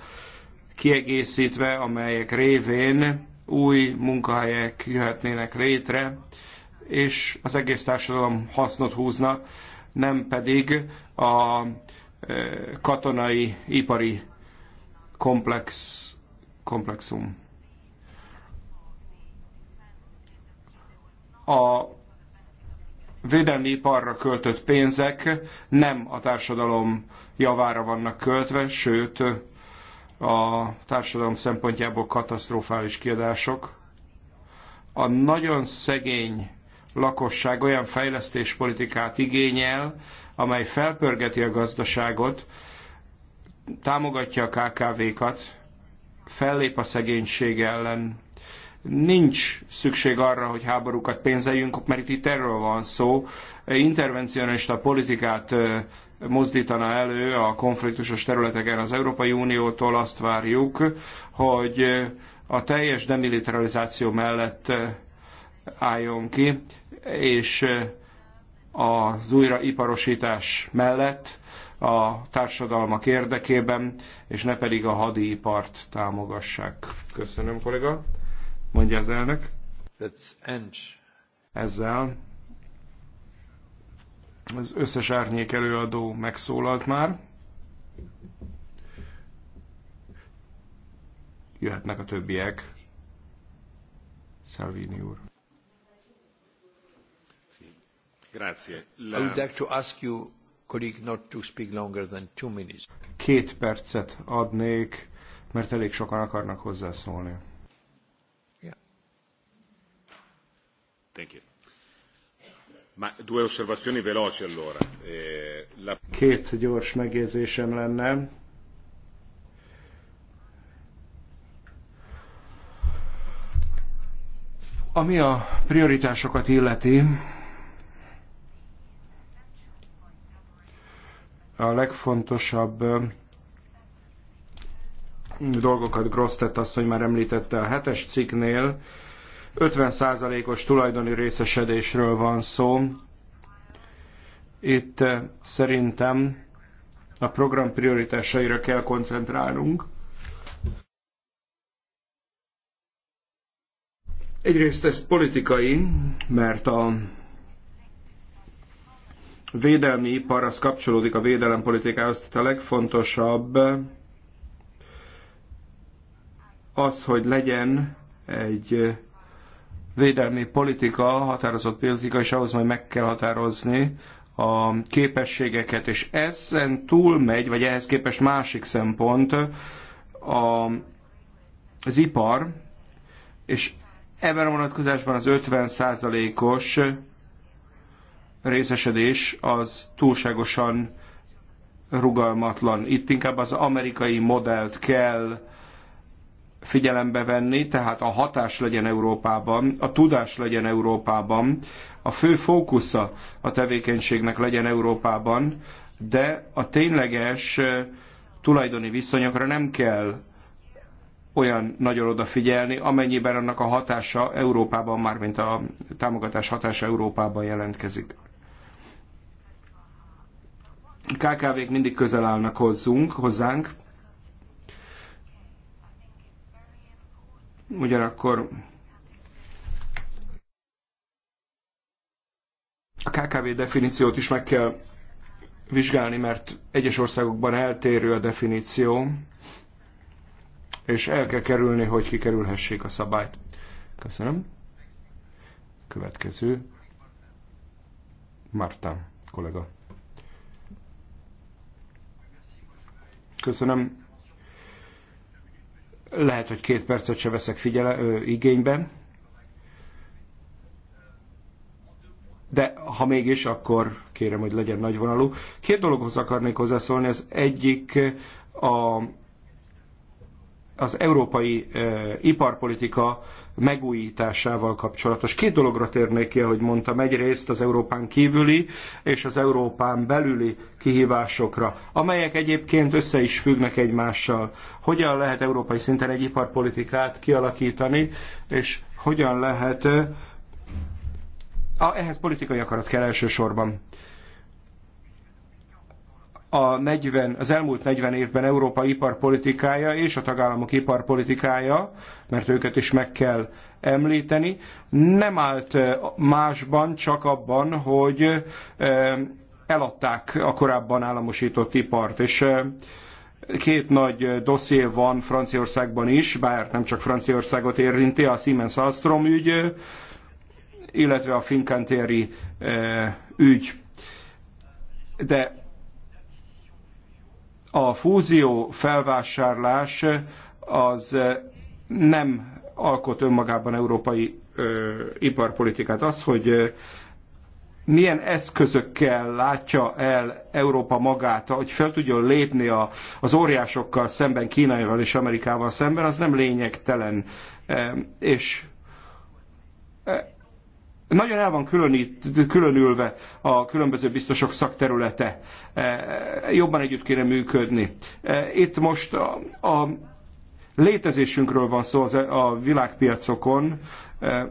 kiegészítve, amelyek révén új munkahelyek jöhetnének létre, és az egész társadalom hasznot húzna, nem pedig a e, katonai, ipari komplex, komplexum. A védelmi iparra költött pénzek nem a társadalom javára vannak költve, sőt a társadalom szempontjából katasztrofális kiadások. A nagyon szegény lakosság olyan fejlesztéspolitikát igényel, amely felpörgeti a gazdaságot, támogatja a KKV-kat, fellép a szegénység ellen, Nincs szükség arra, hogy háborúkat pénzeljünk, mert itt erről van szó. Intervencionista politikát mozdítana elő a konfliktusos területeken az Európai Uniótól, azt várjuk, hogy a teljes demilitarizáció mellett álljon ki, és az újraiparosítás mellett a társadalmak érdekében, és ne pedig a ipart támogassák. Köszönöm, kollega mondja az elnök. Ezzel az összes árnyék előadó megszólalt már. Jöhetnek a többiek. Salvini úr. Grazie. I would like
to ask you, colleague, not to speak longer than two minutes.
Két percet adnék, mert elég sokan akarnak hozzászólni. Thank you. Ma due osservazioni veloci allora. Eh, la... Két gyors megjegyzésem lenne. Ami a prioritásokat illeti, a legfontosabb eh, dolgokat azt, asszony már említette a hetes cikknél, 50%-os tulajdoni részesedésről van szó. Itt eh, szerintem a program prioritásaira kell koncentrálnunk. Egyrészt ez politikai, mert a védelmi ipar az kapcsolódik a védelempolitikához, tehát a legfontosabb az, hogy legyen egy védelmi politika, határozott politika, és ahhoz majd meg kell határozni a képességeket, és ezen túlmegy, vagy ehhez képest másik szempont a, az ipar, és ebben a vonatkozásban az 50%-os részesedés az túlságosan rugalmatlan. Itt inkább az amerikai modellt kell figyelembe venni, tehát a hatás legyen Európában, a tudás legyen Európában, a fő fókusza a tevékenységnek legyen Európában, de a tényleges tulajdoni viszonyokra nem kell olyan nagyon odafigyelni, amennyiben annak a hatása Európában, mármint a támogatás hatása Európában jelentkezik. KKV-k mindig közel állnak hozzunk, hozzánk, Ugyanakkor a KKV definíciót is meg kell vizsgálni, mert egyes országokban eltérő a definíció, és el kell kerülni, hogy kikerülhessék a szabályt. Köszönöm. Következő. Marta, kollega. Köszönöm. Lehet, hogy két percet se veszek figyele, ö, igénybe. De ha mégis, akkor kérem, hogy legyen nagyvonalú. Két dologhoz akarnék hozzászólni. Az egyik a, az európai e, iparpolitika megújításával kapcsolatos. Két dologra térnék ki, ahogy mondtam, egyrészt az Európán kívüli és az Európán belüli kihívásokra, amelyek egyébként össze is függnek egymással. Hogyan lehet európai szinten egy iparpolitikát kialakítani, és hogyan lehet eh, a, ehhez politikai akarat kell elsősorban a 40, az elmúlt 40 évben Európa iparpolitikája és a tagállamok iparpolitikája, mert őket is meg kell említeni, nem állt eh, másban, csak abban, hogy eh, eladták a korábban államosított ipart. És eh, két nagy dosszié van Franciaországban is, bár nem csak Franciaországot érinti, a Siemens Alstrom ügy, illetve a Fincantieri ügy. De a fúzió felvásárlás az nem alkot önmagában európai ö, iparpolitikát. Az, hogy milyen eszközökkel látja el Európa magát, hogy fel tudjon lépni a, az óriásokkal szemben, Kínaival és Amerikával szemben, az nem lényegtelen. E, és e, nagyon el van különít, különülve a különböző biztosok szakterülete. E, jobban együtt kéne működni. E, itt most a, a létezésünkről van szó a világpiacokon. E,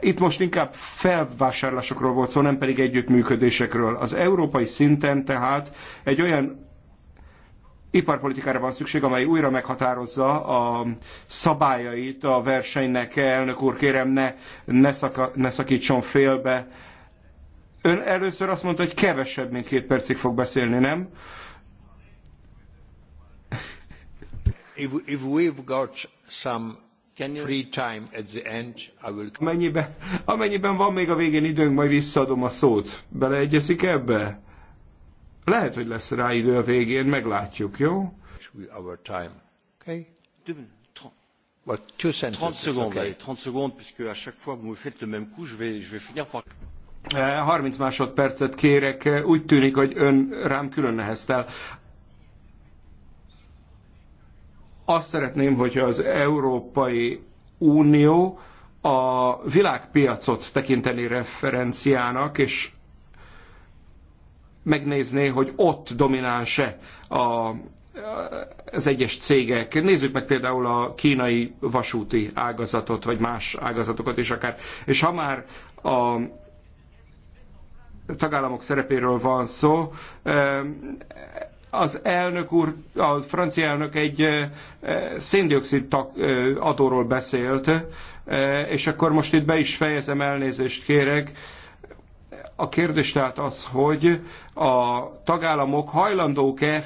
itt most inkább felvásárlásokról volt szó, nem pedig együttműködésekről. Az európai szinten tehát egy olyan iparpolitikára van szükség, amely újra meghatározza a szabályait a versenynek. Elnök úr, kérem, ne, ne, szaka, ne szakítson félbe. Ön először azt mondta, hogy kevesebb, mint két percig fog beszélni, nem? If, if we've got some free time at the end, I will... Amennyiben, amennyiben van még a végén időnk, majd visszaadom a szót. Beleegyezik ebbe? Lehet, hogy lesz rá idő a végén, meglátjuk, jó?
Our time, okay? What, two sentences, 30
30 eh, másodpercet kérek, eh, úgy tűnik, hogy ön rám külön neheztel. Azt szeretném, hogyha az Európai Unió a világpiacot tekinteni referenciának, és megnézni, hogy ott domináns-e a, az egyes cégek. Nézzük meg például a kínai vasúti ágazatot, vagy más ágazatokat is akár. És ha már a tagállamok szerepéről van szó, eh, az elnök úr, a francia elnök egy eh, széndiokszid eh, adóról beszélt, és akkor most itt be is fejezem, elnézést kérek, a kérdés tehát az, hogy a tagállamok hajlandók-e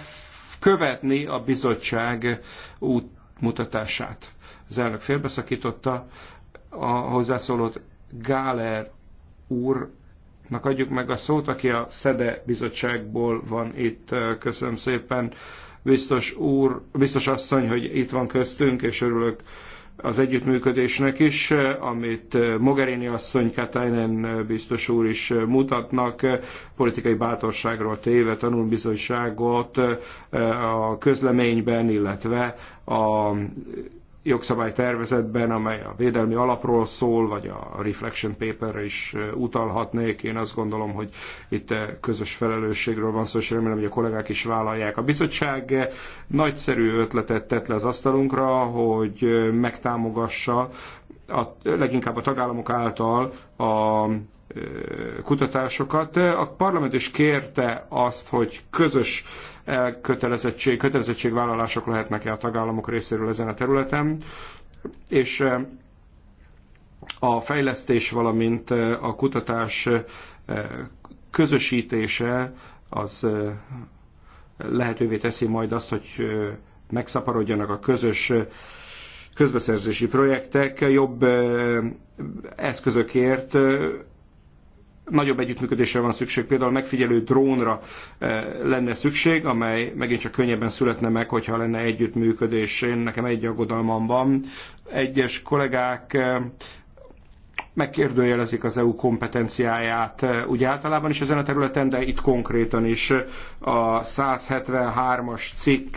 követni a bizottság útmutatását. Az elnök félbeszakította a hozzászólót Gáler úrnak adjuk meg a szót, aki a SZEDE bizottságból van itt. Köszönöm szépen, biztos úr, biztos asszony, hogy itt van köztünk, és örülök, az együttműködésnek is, amit Mogherini asszony, Katainen biztos úr is mutatnak, politikai bátorságról téve tanulbizonyságot a közleményben, illetve a jogszabálytervezetben, amely a védelmi alapról szól, vagy a reflection paper is utalhatnék. Én azt gondolom, hogy itt közös felelősségről van szó, és remélem, hogy a kollégák is vállalják. A bizottság nagyszerű ötletet tett le az asztalunkra, hogy megtámogassa a, leginkább a tagállamok által a kutatásokat. A parlament is kérte azt, hogy közös elkötelezettség, kötelezettségvállalások lehetnek-e a tagállamok részéről ezen a területen, és a fejlesztés, valamint a kutatás közösítése az lehetővé teszi majd azt, hogy megszaporodjanak a közös közbeszerzési projektek jobb eszközökért nagyobb együttműködésre van szükség. Például megfigyelő drónra eh, lenne szükség, amely megint csak könnyebben születne meg, hogyha lenne együttműködés. Én nekem egy aggodalmam van. Egyes kollégák eh, megkérdőjelezik az EU kompetenciáját úgy eh, általában is ezen a területen, de itt konkrétan is a 173-as cikk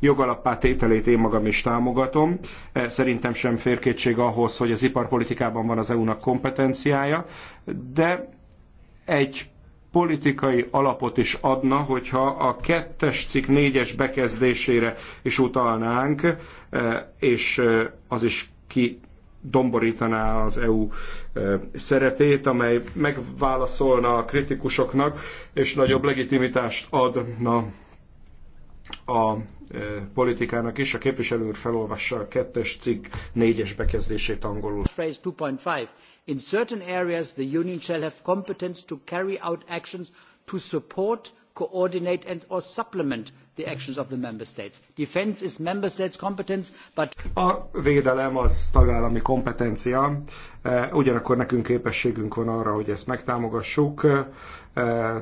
jogalapátételét én magam is támogatom. Szerintem sem fér kétség ahhoz, hogy az iparpolitikában van az EU-nak kompetenciája, de egy politikai alapot is adna, hogyha a kettes cikk négyes bekezdésére is utalnánk, e, és e, az is ki domborítaná az EU e, szerepét, amely megválaszolna a kritikusoknak, és nagyobb legitimitást adna a politikának is. A képviselő úr felolvassa a kettes cikk négyes bekezdését angolul in certain areas the union shall have
competence to carry out actions to support coordinate and or supplement the actions of the member states. Defense is member states competence,
but... A védelem az tagállami kompetencia, e, ugyanakkor nekünk képességünk van arra, hogy ezt megtámogassuk, e,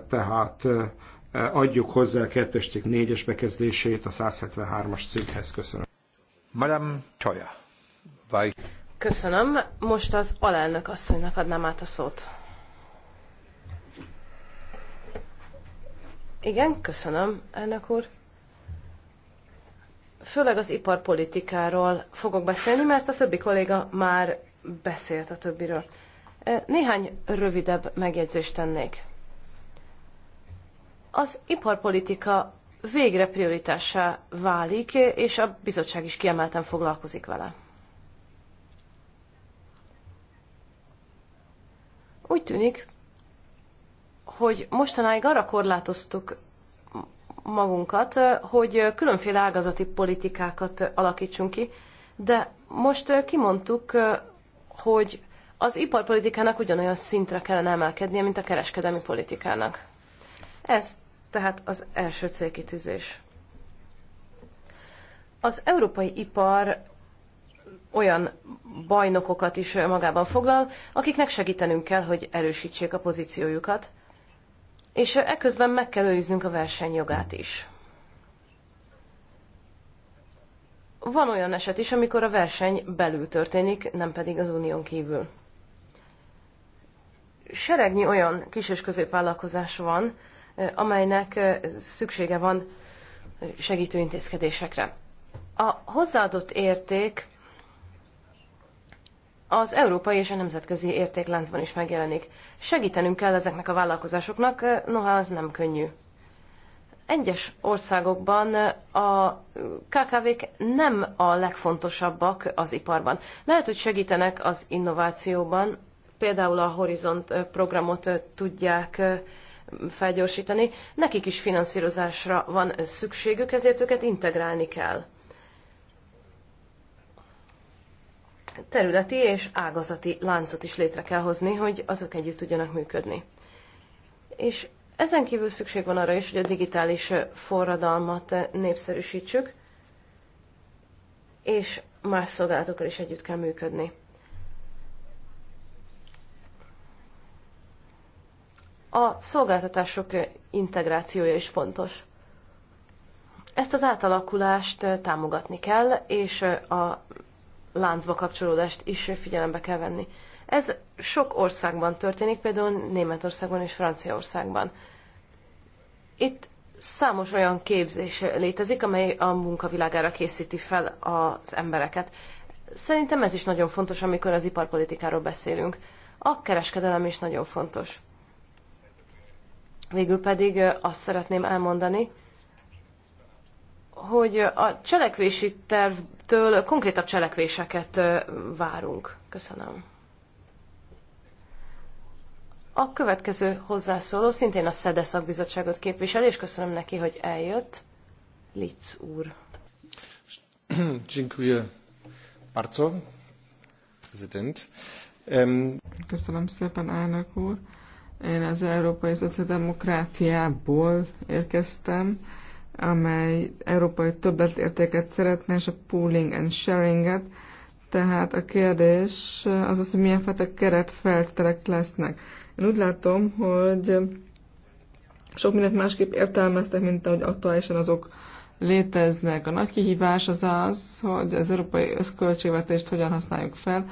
tehát e, adjuk hozzá a 2 cikk 4-es bekezdését a 173-as cikkhez. Köszönöm. Madame Toya. Bye.
Köszönöm. Most az alelnök asszonynak adnám át a szót. Igen, köszönöm, elnök úr. Főleg az iparpolitikáról fogok beszélni, mert a többi kolléga már beszélt a többiről. E, néhány rövidebb megjegyzést tennék. Az iparpolitika végre prioritássá válik, és a bizottság is kiemelten foglalkozik vele. Úgy tűnik, hogy mostanáig arra korlátoztuk magunkat, hogy különféle ágazati politikákat alakítsunk ki, de most kimondtuk, hogy az iparpolitikának ugyanolyan szintre kellene emelkednie, mint a kereskedelmi politikának. Ez tehát az első célkitűzés. Az európai ipar olyan bajnokokat is magában foglal, akiknek segítenünk kell, hogy erősítsék a pozíciójukat. És ekközben meg kell őriznünk a versenyjogát is. Van olyan eset is, amikor a verseny belül történik, nem pedig az unión kívül. Seregnyi olyan kis- és középvállalkozás van, eh, amelynek eh, szüksége van segítő intézkedésekre. A hozzáadott érték az európai és a nemzetközi értékláncban is megjelenik. Segítenünk kell ezeknek a vállalkozásoknak, noha az nem könnyű. Egyes országokban a KKV-k nem a legfontosabbak az iparban. Lehet, hogy segítenek az innovációban, például a Horizont programot tudják felgyorsítani. Nekik is finanszírozásra van szükségük, ezért őket integrálni kell. területi és ágazati láncot is létre kell hozni, hogy azok együtt tudjanak működni. És ezen kívül szükség van arra is, hogy a digitális forradalmat népszerűsítsük, és más szolgálatokkal is együtt kell működni. A szolgáltatások integrációja is fontos. Ezt az átalakulást támogatni kell, és a láncba kapcsolódást is figyelembe kell venni. Ez sok országban történik, például Németországban és Franciaországban. Itt számos olyan képzés létezik, amely a munkavilágára készíti fel az embereket. Szerintem ez is nagyon fontos, amikor az iparpolitikáról beszélünk. A kereskedelem is nagyon fontos. Végül pedig azt szeretném elmondani, hogy a cselekvési tervtől konkrétabb cselekvéseket várunk. Köszönöm. A következő hozzászóló szintén a SZEDE szakbizottságot képvisel, és köszönöm neki, hogy eljött.
Litz úr. Dziękuję bardzo,
prezydent. Köszönöm szépen, elnök úr. Én az Európai Szociáldemokráciából érkeztem amely európai többletértéket szeretne, és a pooling and et Tehát a kérdés az az, hogy milyen fajta keretfeltételek lesznek. Én úgy látom, hogy sok mindent másképp értelmeztek, mint ahogy aktuálisan azok léteznek. A nagy kihívás az az, hogy az európai összköltségvetést hogyan használjuk fel.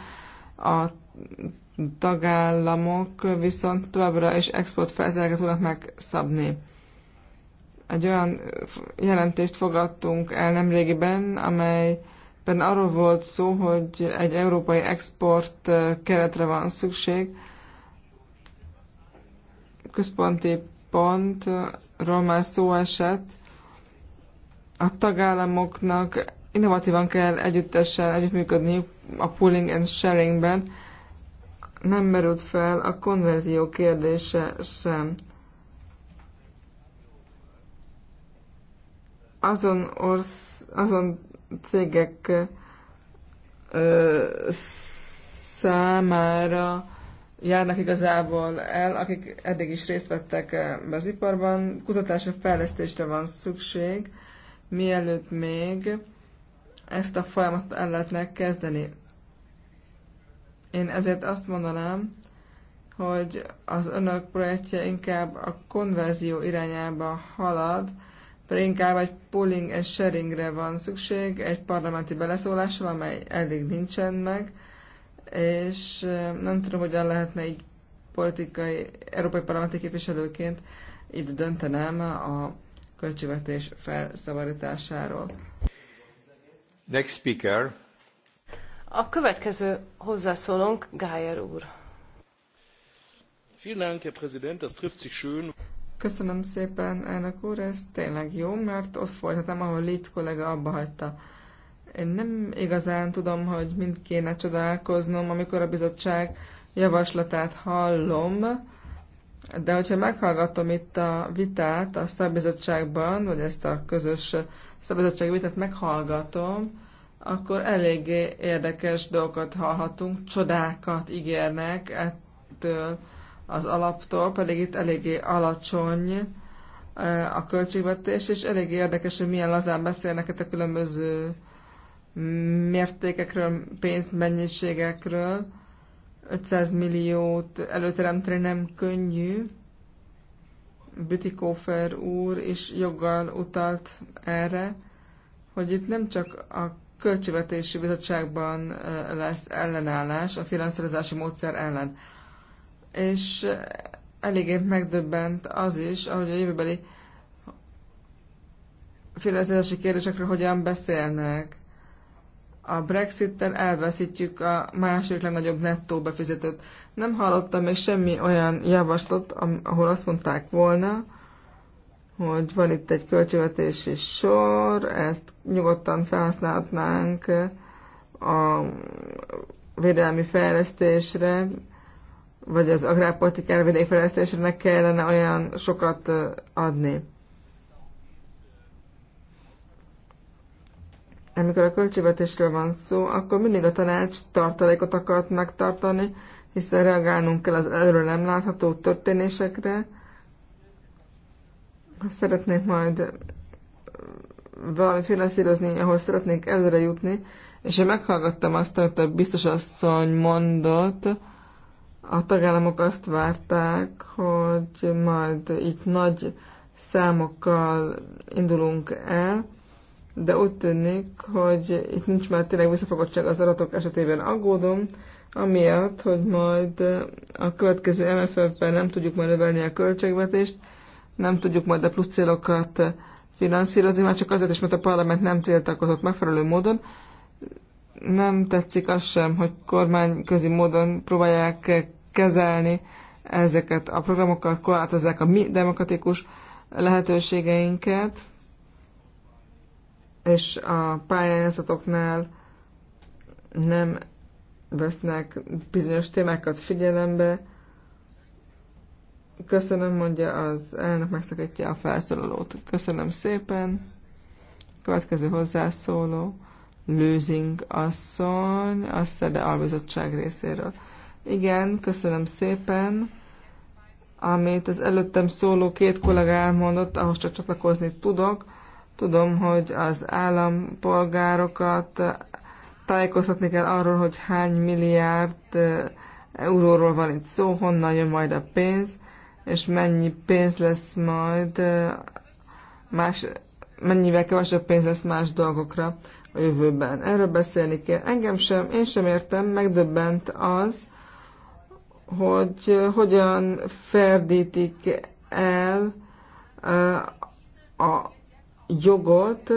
A tagállamok viszont továbbra is feltételeket tudnak megszabni egy olyan jelentést fogadtunk el nemrégiben, amelyben arról volt szó, hogy egy európai export keretre van szükség. Központi pontról már szó esett. A tagállamoknak innovatívan kell együttesen együttműködni a pooling and sharingben. Nem merült fel a konverzió kérdése sem. azon, orsz, azon cégek ö, számára járnak igazából el, akik eddig is részt vettek be az iparban. Kutatásra, fejlesztésre van szükség, mielőtt még ezt a folyamatot el lehetne kezdeni. Én ezért azt mondanám, hogy az önök projektje inkább a konverzió irányába halad, de inkább egy polling and sharingre van szükség, egy parlamenti beleszólással, amely eddig nincsen meg, és nem tudom, hogyan lehetne így politikai, európai parlamenti képviselőként itt döntenem a költségvetés
felszabadításáról.
Next speaker.
A következő hozzászólónk Gájer úr. Vielen Dank, Herr Präsident,
das trifft sich schön.
Köszönöm szépen, elnök úr, ez tényleg jó, mert ott folytatom, ahol Litz kollega abba hagyta. Én nem igazán tudom, hogy mind kéne csodálkoznom, amikor a bizottság javaslatát hallom, de hogyha meghallgatom itt a vitát a szabizottságban, vagy ezt a közös szabizottsági vitát meghallgatom, akkor eléggé érdekes dolgokat hallhatunk, csodákat ígérnek ettől az alaptól, pedig itt eléggé alacsony a költségvetés, és eléggé érdekes, hogy milyen lazán beszélnek itt a különböző mértékekről, pénzmennyiségekről. 500 milliót előteremteni nem könnyű. Bütikófer úr is joggal utalt erre, hogy itt nem csak a Költségvetési Bizottságban lesz ellenállás a finanszírozási módszer ellen és eléggé megdöbbent az is, ahogy a jövőbeli félrezelési kérdésekről hogyan beszélnek. A Brexit-tel elveszítjük a második legnagyobb nettó befizetőt. Nem hallottam még semmi olyan javaslatot, ahol azt mondták volna, hogy van itt egy költségvetési sor, ezt nyugodtan felhasználhatnánk a védelmi fejlesztésre, vagy az agrárpolitikára, vidékfejlesztésének kellene olyan sokat adni. Amikor a költségvetésről van szó, akkor mindig a tanács tartalékot akart megtartani, hiszen reagálnunk kell az előre nem látható történésekre. Ha szeretnék majd valamit finanszírozni, ahhoz szeretnénk előre jutni, és én meghallgattam azt, amit a biztos asszony mondott, a tagállamok azt várták, hogy majd itt nagy számokkal indulunk el, de úgy tűnik, hogy itt nincs már tényleg visszafogottság az adatok esetében aggódom, amiatt, hogy majd a következő MFF-ben nem tudjuk majd növelni a költségvetést, nem tudjuk majd a plusz célokat finanszírozni, már csak azért is, mert a parlament nem tiltakozott megfelelő módon. Nem tetszik az sem, hogy kormányközi módon próbálják kezelni ezeket a programokat, korlátozzák a mi demokratikus lehetőségeinket, és a pályázatoknál nem vesznek bizonyos témákat figyelembe. Köszönöm, mondja az elnök, megszakítja a felszólalót. Köszönöm szépen. Következő hozzászóló, Lőzing asszony, a SZEDE albizottság részéről. Igen, köszönöm szépen. Amit az előttem szóló két kollega elmondott, ahhoz csak csatlakozni tudok. Tudom, hogy az állampolgárokat tájékoztatni kell arról, hogy hány milliárd eh, euróról van itt szó, honnan jön majd a pénz, és mennyi pénz lesz majd eh, más, mennyivel kevesebb pénz lesz más dolgokra a jövőben. Erről beszélni kell. Engem sem, én sem értem, megdöbbent az, hogy eh, hogyan ferdítik el eh, a jogot,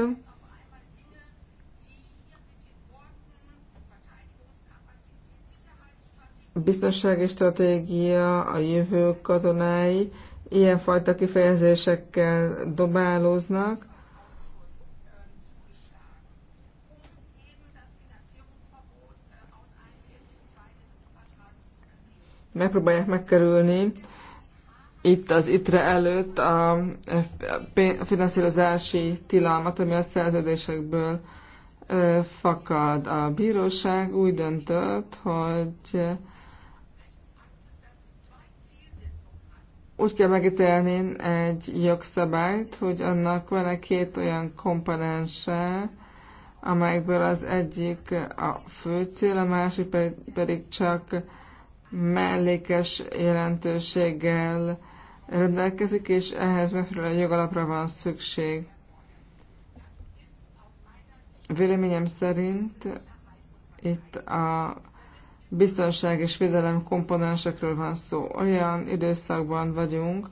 biztonsági stratégia, a jövő katonái ilyenfajta kifejezésekkel dobálóznak, megpróbálják megkerülni itt az ITRE előtt a finanszírozási tilalmat, ami a szerződésekből fakad. A bíróság úgy döntött, hogy úgy kell megítélni egy jogszabályt, hogy annak van-e két olyan komponense, amelyekből az egyik a fő cél, a másik pedig csak mellékes jelentőséggel rendelkezik, és ehhez megfelelő jogalapra van szükség. Véleményem szerint itt a biztonság és védelem komponensekről van szó. Olyan időszakban vagyunk,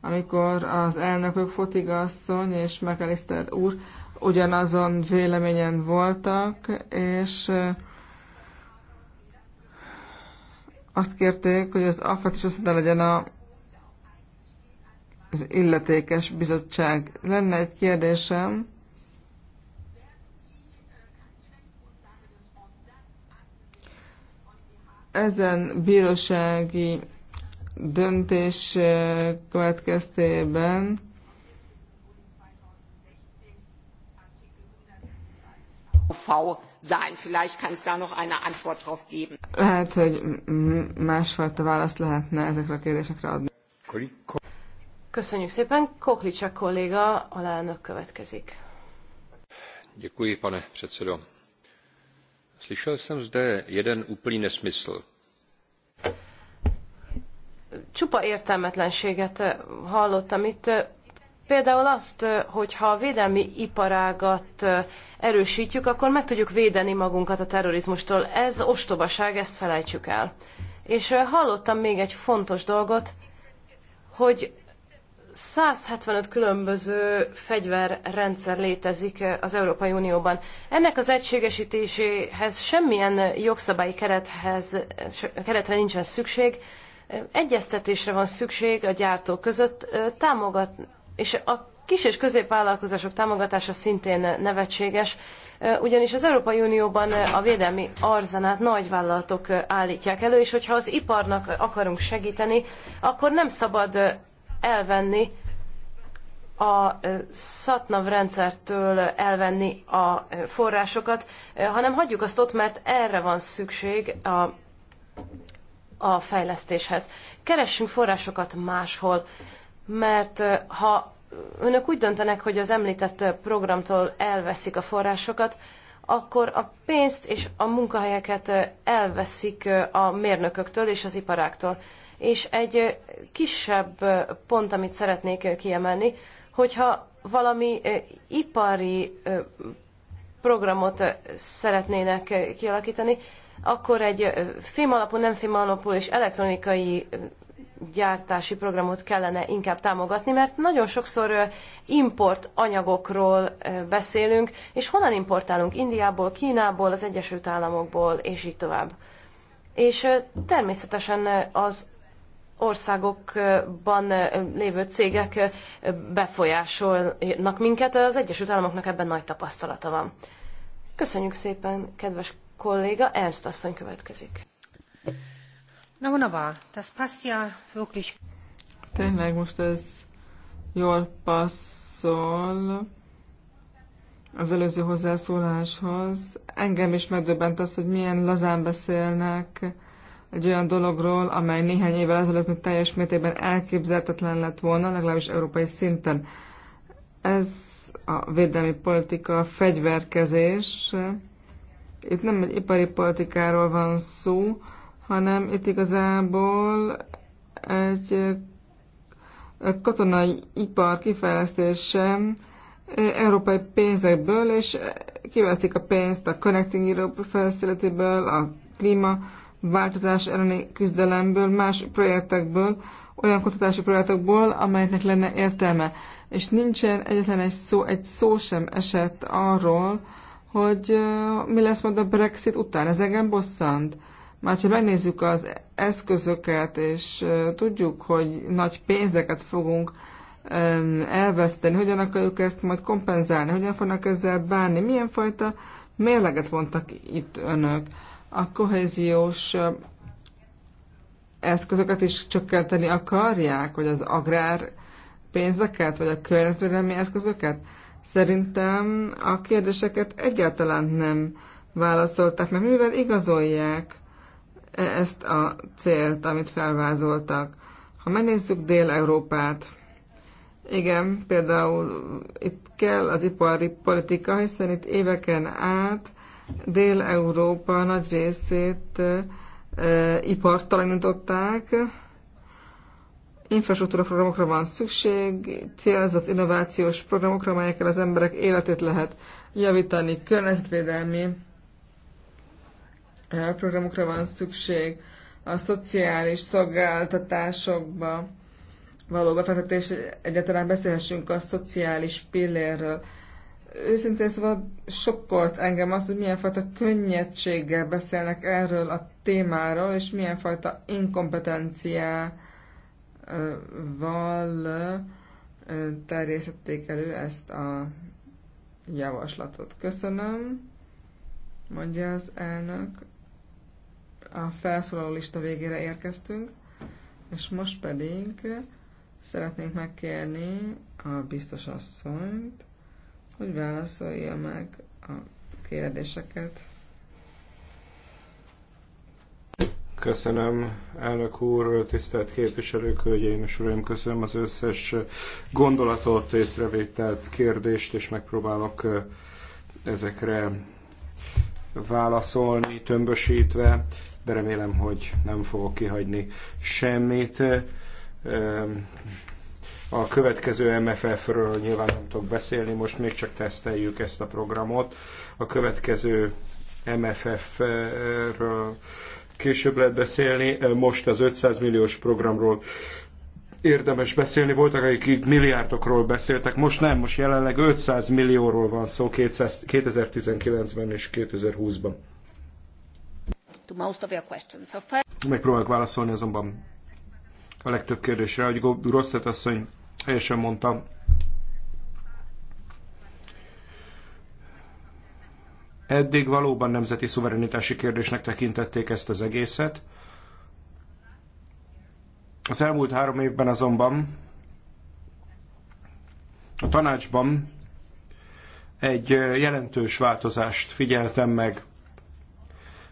amikor az elnökök Fotigasszony és McAllister úr ugyanazon véleményen voltak, és azt kérték, hogy az AFEX ne legyen a, az illetékes bizottság. Lenne egy kérdésem. Ezen bírósági döntés eh, következtében a sein. Vielleicht kann es da noch eine Antwort drauf geben. Lehet, hogy másfajta választ lehetne ezekre a kérdésekre adni.
Köszönjük szépen. Koklicsak kolléga, alelnök következik.
Děkuji, pane předsedo. Slyšel jsem zde jeden úplný nesmysl.
Csupa értelmetlenséget hallottam itt, Például azt, hogyha a védelmi iparágat erősítjük, akkor meg tudjuk védeni magunkat a terrorizmustól. Ez ostobaság, ezt felejtsük el. És hallottam még egy fontos dolgot, hogy 175 különböző fegyverrendszer létezik az Európai Unióban. Ennek az egységesítéséhez semmilyen jogszabályi kerethez, keretre nincsen szükség. Egyeztetésre van szükség a gyártók között. Támogat, és a kis és középvállalkozások támogatása szintén nevetséges, ugyanis az Európai Unióban a védelmi arzenát nagyvállalatok állítják elő, és hogyha az iparnak akarunk segíteni, akkor nem szabad elvenni a szatnav rendszertől elvenni a forrásokat, hanem hagyjuk azt ott, mert erre van szükség a, a fejlesztéshez. Keressünk forrásokat máshol mert ha önök úgy döntenek, hogy az említett programtól elveszik a forrásokat, akkor a pénzt és a munkahelyeket elveszik a mérnököktől és az iparáktól. És egy kisebb pont, amit szeretnék kiemelni, hogyha valami ipari programot szeretnének kialakítani, akkor egy fémalapú, nem fémalapú és elektronikai gyártási programot kellene inkább támogatni, mert nagyon sokszor import anyagokról beszélünk, és honnan importálunk? Indiából, Kínából, az Egyesült Államokból, és így tovább. És természetesen az országokban lévő cégek befolyásolnak minket, az Egyesült Államoknak ebben nagy tapasztalata van. Köszönjük szépen, kedves kolléga, Ernst asszony következik. Na wunderbar, das passt ja wirklich.
Tényleg most ez jól passzol az előző hozzászóláshoz. Engem is megdöbbent az, hogy milyen lazán beszélnek egy olyan dologról, amely néhány évvel ezelőtt még teljes mértékben elképzelhetetlen lett volna, legalábbis európai szinten. Ez a védelmi politika, a fegyverkezés. Itt nem egy ipari politikáról van szó, hanem itt igazából egy katonai ipar kifejlesztése európai pénzekből, és kiveszik a pénzt a Connecting Europe felszületéből, a klímaváltozás elleni küzdelemből, más projektekből, olyan kutatási projektekből, amelyeknek lenne értelme. És nincsen egyetlen egy szó, egy szó sem esett arról, hogy mi lesz majd a Brexit után. Ez engem bosszant. Már ha megnézzük az eszközöket, és tudjuk, hogy nagy pénzeket fogunk elveszteni, hogyan akarjuk ezt majd kompenzálni, hogyan fognak ezzel bánni, milyen fajta mérleget vontak itt önök. A kohéziós eszközöket is csökkenteni akarják, vagy az agrár pénzeket, vagy a környezetvédelmi eszközöket? Szerintem a kérdéseket egyáltalán nem válaszolták, mert mivel igazolják E-, ezt a célt, amit felvázoltak. Ha megnézzük Dél-Európát, igen, például itt kell az ipari politika, hiszen itt éveken át Dél-Európa nagy részét e, e ipartalanították, infrastruktúra programokra van szükség, célzott innovációs programokra, amelyekkel az emberek életét lehet javítani, környezetvédelmi programokra van szükség, a szociális szolgáltatásokba való befektetés, egyáltalán beszélhessünk a szociális pillérről. Őszintén szóval sokkolt engem az, hogy milyen fajta könnyedséggel beszélnek erről a témáról, és milyen fajta inkompetenciával terjesztették elő ezt a javaslatot. Köszönöm, mondja az elnök a felszólaló lista végére érkeztünk, és most pedig szeretnénk megkérni a biztos asszonyt, hogy válaszolja meg a kérdéseket.
Köszönöm, elnök úr, tisztelt képviselők, hölgyeim és uraim, köszönöm az összes gondolatot, észrevételt, kérdést, és megpróbálok ezekre válaszolni, tömbösítve de remélem, hogy nem fogok kihagyni semmit. A következő MFF-ről nyilván nem tudok beszélni, most még csak teszteljük ezt a programot. A következő MFF-ről később lehet beszélni, most az 500 milliós programról érdemes beszélni. Voltak, akik milliárdokról beszéltek, most nem, most jelenleg 500 millióról van szó 2019-ben és 2020-ban
to most of your questions. So first...
Megpróbálok válaszolni azonban a legtöbb kérdésre, hogy Grosztet asszony helyesen mondta, Eddig valóban nemzeti szuverenitási kérdésnek tekintették ezt az egészet. Az elmúlt három évben azonban a tanácsban egy jelentős változást figyeltem meg.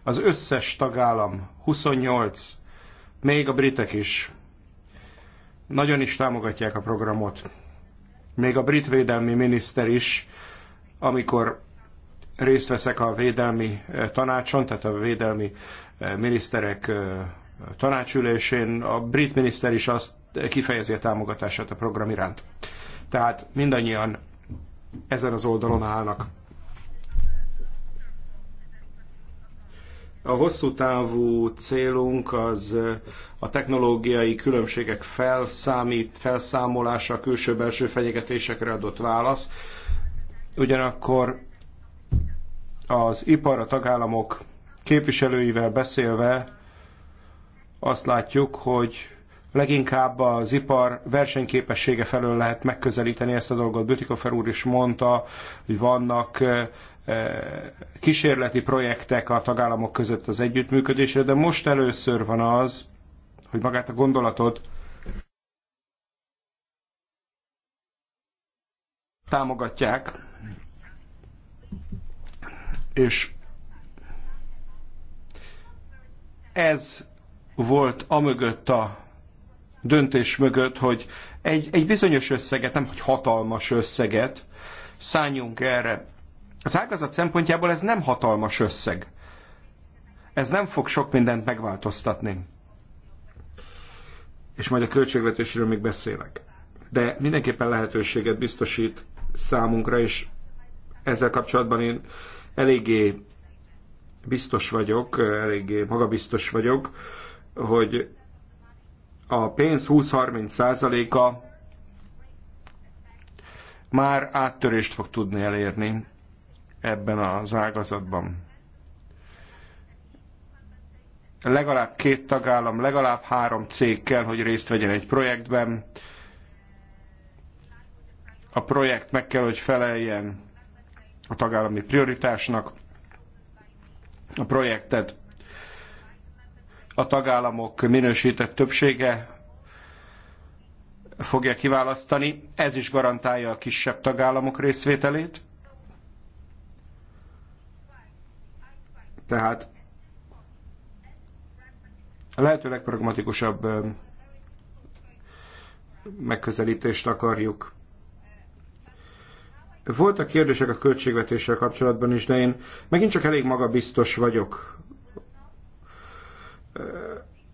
Az összes tagállam, 28, még a britek is nagyon is támogatják a programot. Még a brit védelmi miniszter is, amikor részt veszek a védelmi eh, tanácson, tehát a védelmi eh, miniszterek eh, tanácsülésén, a brit miniszter is azt kifejezi a támogatását a program iránt. Tehát mindannyian ezen az oldalon állnak. A hosszú távú célunk az a technológiai különbségek felszámít, felszámolása, külső-belső fenyegetésekre adott válasz. Ugyanakkor az ipar, a tagállamok képviselőivel beszélve azt látjuk, hogy leginkább az ipar versenyképessége felől lehet megközelíteni ezt a dolgot. Bütikofer úr is mondta, hogy vannak kísérleti projektek a tagállamok között az együttműködésre, de most először van az, hogy magát a gondolatot támogatják, és ez volt amögött a döntés mögött, hogy egy, egy bizonyos összeget, nem hogy hatalmas összeget szálljunk erre. Az ágazat szempontjából ez nem hatalmas összeg. Ez nem fog sok mindent megváltoztatni. És majd a költségvetésről még beszélek. De mindenképpen lehetőséget biztosít számunkra, és ezzel kapcsolatban én eléggé biztos vagyok, eléggé magabiztos vagyok, hogy a pénz 20-30%-a már áttörést fog tudni elérni ebben az ágazatban. Legalább két tagállam, legalább három cég kell, hogy részt vegyen egy projektben. A projekt meg kell, hogy feleljen a tagállami prioritásnak. A projektet a tagállamok minősített többsége fogja kiválasztani. Ez is garantálja a kisebb tagállamok részvételét. Tehát a lehető legpragmatikusabb megközelítést akarjuk. Voltak kérdések a költségvetéssel kapcsolatban is, de én megint csak elég magabiztos vagyok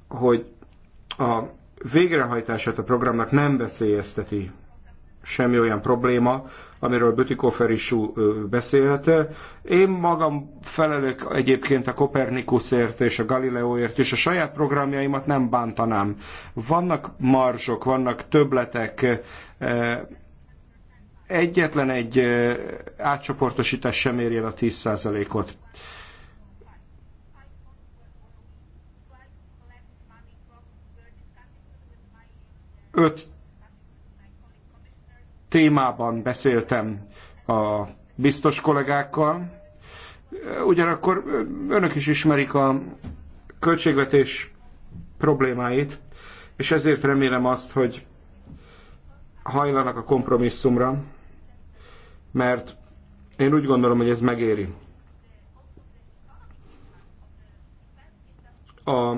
hogy a végrehajtását a programnak nem veszélyezteti semmi olyan probléma, amiről Bütikofer is beszélt. Én magam felelök egyébként a Kopernikusért és a Galileóért, és a saját programjaimat nem bántanám. Vannak marzsok, vannak töbletek, egyetlen egy átcsoportosítás sem éri el a 10%-ot. Öt témában beszéltem a biztos kollégákkal, ugyanakkor önök is ismerik a költségvetés problémáit, és ezért remélem azt, hogy hajlanak a kompromisszumra, mert én úgy gondolom, hogy ez megéri. A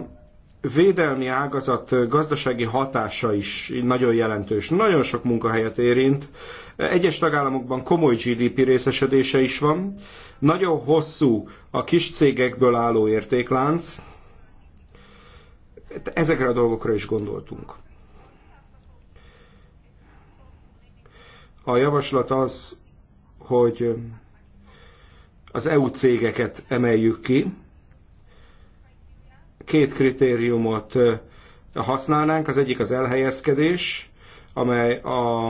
védelmi ágazat gazdasági hatása is nagyon jelentős. Nagyon sok munkahelyet érint. Egyes tagállamokban komoly GDP részesedése is van. Nagyon hosszú a kis cégekből álló értéklánc. Ezekre a dolgokra is gondoltunk. A javaslat az, hogy az EU cégeket emeljük ki, két kritériumot használnánk, az egyik az elhelyezkedés, amely a,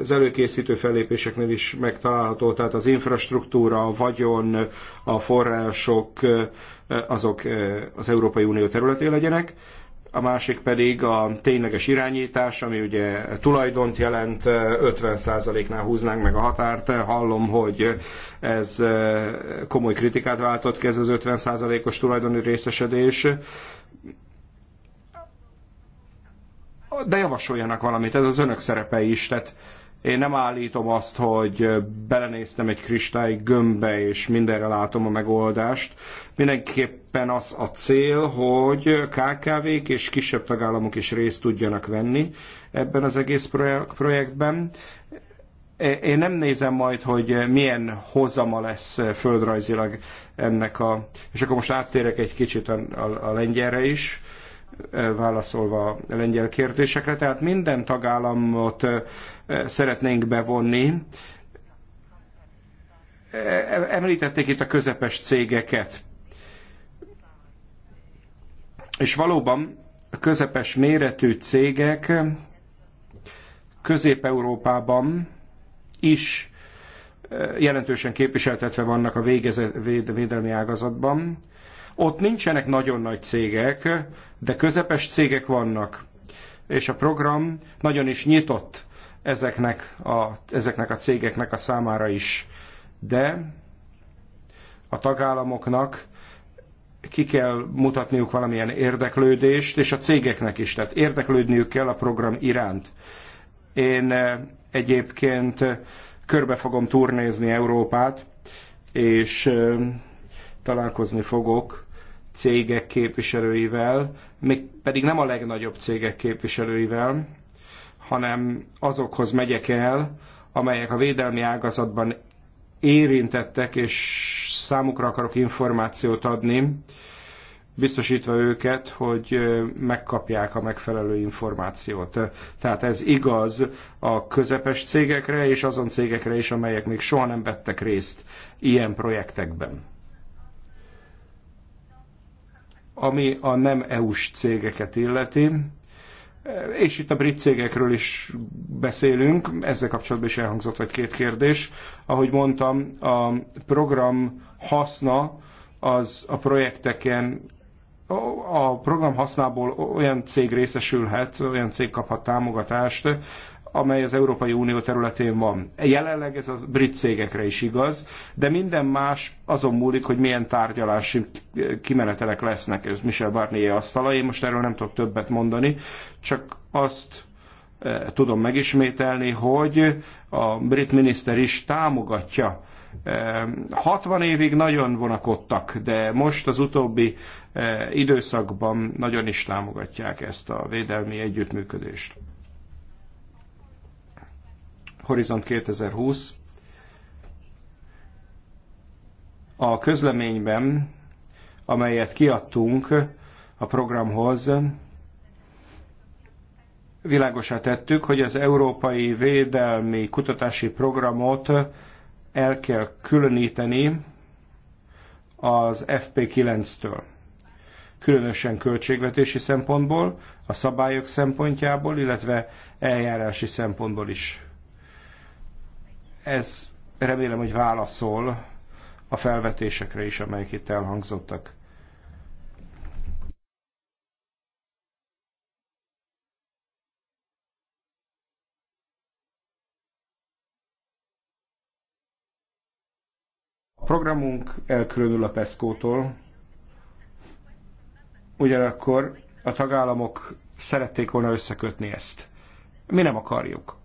az előkészítő fellépéseknél is megtalálható, tehát az infrastruktúra, a vagyon, a források, azok az Európai Unió területén legyenek a másik pedig a tényleges irányítás, ami ugye tulajdont jelent, 50%-nál húznánk meg a határt. Hallom, hogy ez komoly kritikát váltott ki, ez az 50%-os tulajdoni részesedés. De javasoljanak valamit, ez az önök szerepe is, tehát én nem állítom azt, hogy belenéztem egy kristály gömbbe, és mindenre látom a megoldást. Mindenképpen az a cél, hogy KKV-k és kisebb tagállamok is részt tudjanak venni ebben az egész projektben. Én nem nézem majd, hogy milyen hozama lesz földrajzilag ennek a... És akkor most áttérek egy kicsit a, a, a lengyelre is válaszolva a lengyel kérdésekre. Tehát minden tagállamot szeretnénk bevonni. E, e, említették itt a közepes cégeket. És valóban a közepes méretű cégek Közép-Európában is jelentősen képviseltetve vannak a végeze, véd, védelmi ágazatban. Ott nincsenek nagyon nagy cégek, de közepes cégek vannak. És a program nagyon is nyitott ezeknek a, ezeknek a cégeknek a számára is. De a tagállamoknak ki kell mutatniuk valamilyen érdeklődést, és a cégeknek is, tehát érdeklődniük kell a program iránt. Én eh, egyébként körbe fogom turnézni Európát, és találkozni fogok cégek képviselőivel, még pedig nem a legnagyobb cégek képviselőivel, hanem azokhoz megyek el, amelyek a védelmi ágazatban érintettek, és számukra akarok információt adni biztosítva őket, hogy megkapják a megfelelő információt. Tehát ez igaz a közepes cégekre és azon cégekre is, amelyek még soha nem vettek részt ilyen projektekben. Ami a nem EU-s cégeket illeti, és itt a brit cégekről is beszélünk, ezzel kapcsolatban is elhangzott vagy két kérdés. Ahogy mondtam, a program haszna az a projekteken a program hasznából olyan cég részesülhet, olyan cég kaphat támogatást, amely az Európai Unió területén van. Jelenleg ez a brit cégekre is igaz, de minden más azon múlik, hogy milyen tárgyalási kimenetelek lesznek. Ez Michel Barnier asztala, én most erről nem tudok többet mondani, csak azt eh, tudom megismételni, hogy a brit miniszter is támogatja 60 évig nagyon vonakodtak, de most az utóbbi eh, időszakban nagyon is támogatják ezt a védelmi együttműködést. Horizont 2020. A közleményben, amelyet kiadtunk a programhoz, világosá tettük, hogy az Európai Védelmi Kutatási Programot el kell különíteni az FP9-től. Különösen költségvetési szempontból, a szabályok szempontjából, illetve eljárási szempontból is. Ez remélem, hogy válaszol a felvetésekre is, amelyek itt elhangzottak. A programunk elkülönül a PESCO-tól, ugyanakkor a tagállamok szerették volna összekötni ezt. Mi nem akarjuk.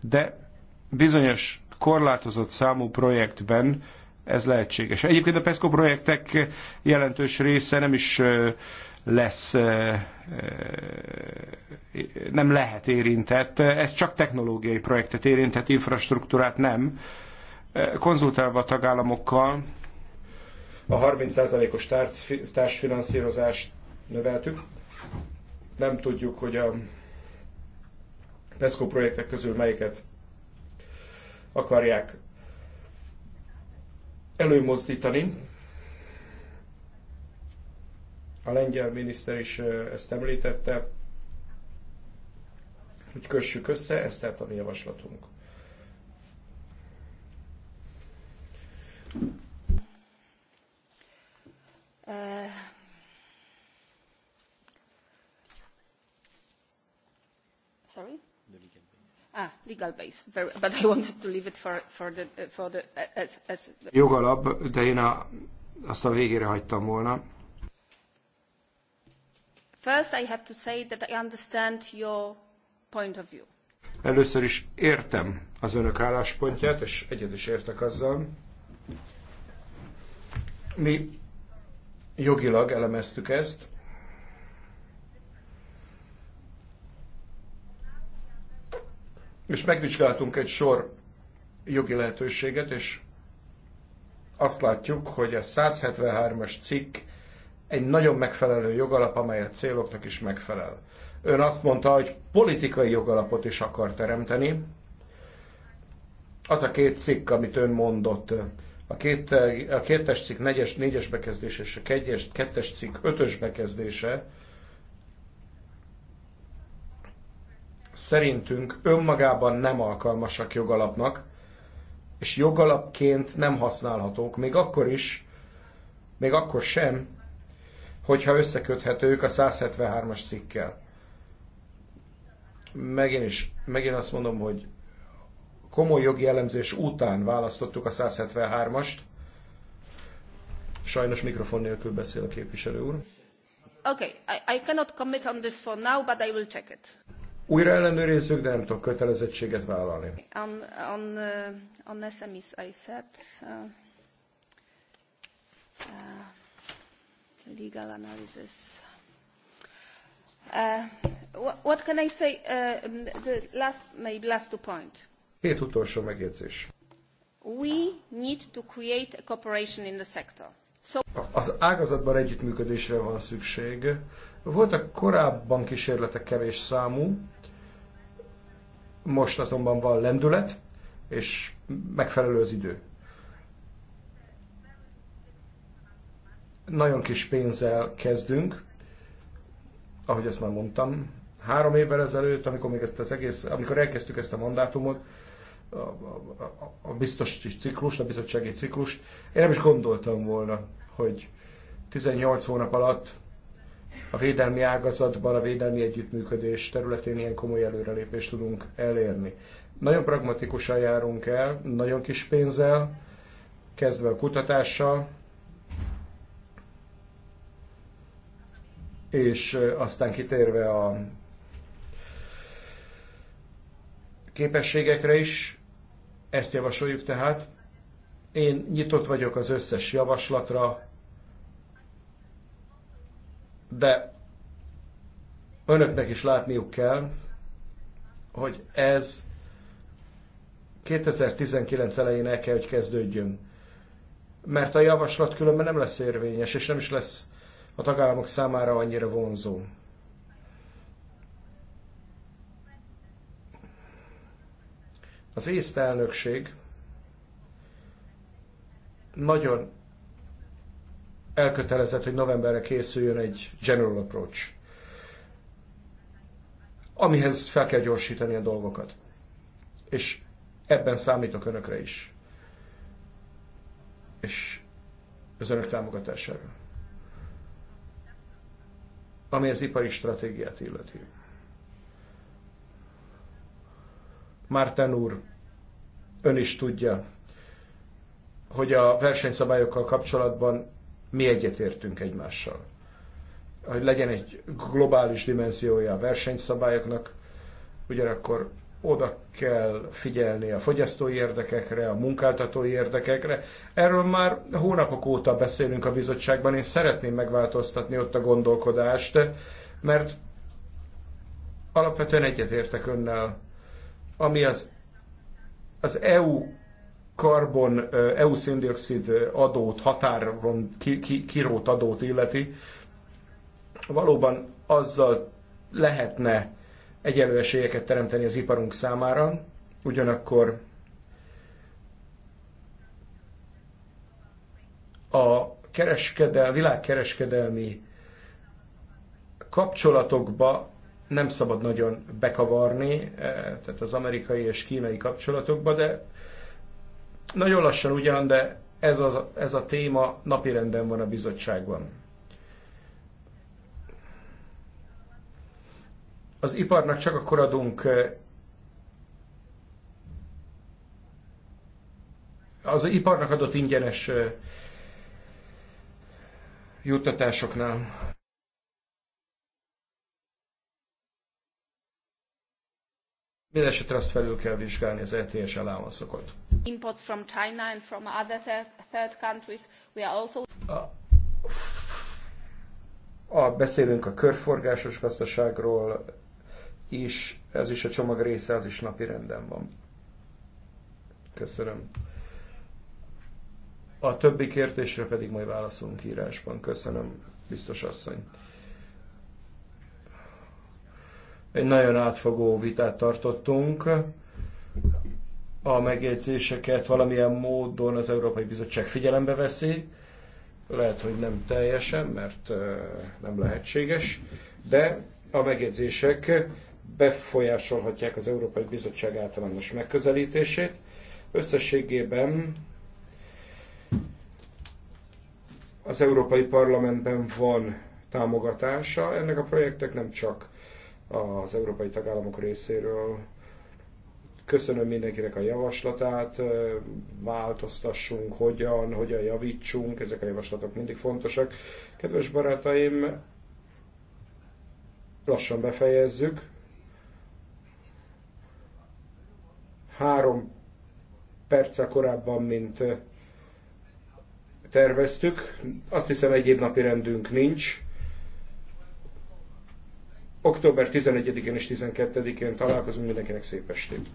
De bizonyos korlátozott számú projektben ez lehetséges. Egyébként a PESCO projektek jelentős része nem is lesz, nem lehet érintett. Ez csak technológiai projektet érintett, infrastruktúrát nem konzultálva a tagállamokkal a 30%-os társfinanszírozást növeltük. Nem tudjuk, hogy a PESCO projektek közül melyiket akarják előmozdítani. A lengyel miniszter is ezt említette, hogy kössük össze, ez tehát a mi javaslatunk.
Uh, sorry? legal base. Ah, legal base. Very, but I wanted to leave it for, for the, for the, as, as the... Jogalap,
de én a, azt a végére hagytam volna.
First I have to say that I understand your point of view.
Először is értem az önök álláspontját, és egyet is értek azzal. Mi jogilag elemeztük ezt, és megvizsgáltunk egy sor jogi lehetőséget, és azt látjuk, hogy a 173-as cikk egy nagyon megfelelő jogalap, amely a céloknak is megfelel. Ön azt mondta, hogy politikai jogalapot is akar teremteni. Az a két cikk, amit ön mondott, a, két, a kettes cikk negyes, négyes bekezdése és a kettes, kettes cikk ötös bekezdése szerintünk önmagában nem alkalmasak jogalapnak, és jogalapként nem használhatók, még akkor is, még akkor sem, hogyha összeköthetők a 173-as cikkkel. Megint is, megint azt mondom, hogy komoly jogi elemzés után választottuk a 173-ast. Sajnos mikrofon nélkül beszél a képviselő úr.
Okay, I, I cannot commit on this for now, but I will check it.
Újra ellenőrizzük, de nem tudok kötelezettséget vállalni.
On, on, uh, on SMEs I said, uh, uh, legal analysis. Uh, what, what can I say? Uh, the last, maybe last two point.
Két utolsó megjegyzés.
We need to create a cooperation in the sector. So...
Az ágazatban együttműködésre van szükség. Voltak korábban kísérletek kevés számú, most azonban van lendület, és megfelelő az idő. Nagyon kis pénzzel kezdünk, ahogy ezt már mondtam, három évvel ezelőtt, amikor még ezt az egész, amikor elkezdtük ezt a mandátumot, a biztos ciklus, a bizottsági ciklus. Én nem is gondoltam volna, hogy 18 hónap alatt a védelmi ágazatban, a védelmi együttműködés területén ilyen komoly előrelépést tudunk elérni. Nagyon pragmatikusan járunk el, nagyon kis pénzzel, kezdve a kutatással, és aztán kitérve a képességekre is, ezt javasoljuk tehát. Én nyitott vagyok az összes javaslatra, de önöknek is látniuk kell, hogy ez 2019 elején el kell, hogy kezdődjön. Mert a javaslat különben nem lesz érvényes, és nem is lesz a tagállamok számára annyira vonzó. Az észt elnökség nagyon elkötelezett, hogy novemberre készüljön egy general approach, amihez fel kell gyorsítani a dolgokat. És ebben számítok önökre is. És az önök támogatására. Ami az ipari stratégiát illeti. Márten úr, ön is tudja, hogy a versenyszabályokkal kapcsolatban mi egyetértünk egymással. Hogy legyen egy globális dimenziója a versenyszabályoknak, ugyanakkor oda kell figyelni a fogyasztói érdekekre, a munkáltatói érdekekre. Erről már hónapok óta beszélünk a bizottságban, én szeretném megváltoztatni ott a gondolkodást, mert alapvetően egyetértek önnel ami az, az EU karbon, EU széndiokszid adót, határon ki, ki, kirót adót illeti, valóban azzal lehetne egyenlő esélyeket teremteni az iparunk számára, ugyanakkor a kereskedel, világkereskedelmi kapcsolatokba nem szabad nagyon bekavarni, eh, tehát az amerikai és kínai kapcsolatokba, de nagyon lassan ugyan, de ez, az, ez a téma napirenden van a bizottságban. Az iparnak csak akkor adunk eh, az iparnak adott ingyenes eh, juttatásoknál Mindenesetre azt felül kell vizsgálni az ETS allowance
Imports from China and from other third countries, we are also... A,
a, beszélünk a körforgásos gazdaságról, is, ez is a csomag része, az is napi renden van. Köszönöm. A többi kérdésre pedig majd válaszolunk írásban. Köszönöm, biztos asszony. Egy nagyon átfogó vitát tartottunk. A megjegyzéseket valamilyen módon az Európai Bizottság figyelembe veszi. Lehet, hogy nem teljesen, mert nem lehetséges, de a megjegyzések befolyásolhatják az Európai Bizottság általános megközelítését. Összességében az Európai Parlamentben van támogatása ennek a projektek nem csak az európai tagállamok részéről. Köszönöm mindenkinek a javaslatát, változtassunk hogyan, hogyan javítsunk, ezek a javaslatok mindig fontosak. Kedves barátaim, lassan befejezzük. Három perccel korábban, mint terveztük. Azt hiszem egyéb napi rendünk nincs. Október 11-én és 12-én találkozunk, mindenkinek szép estét!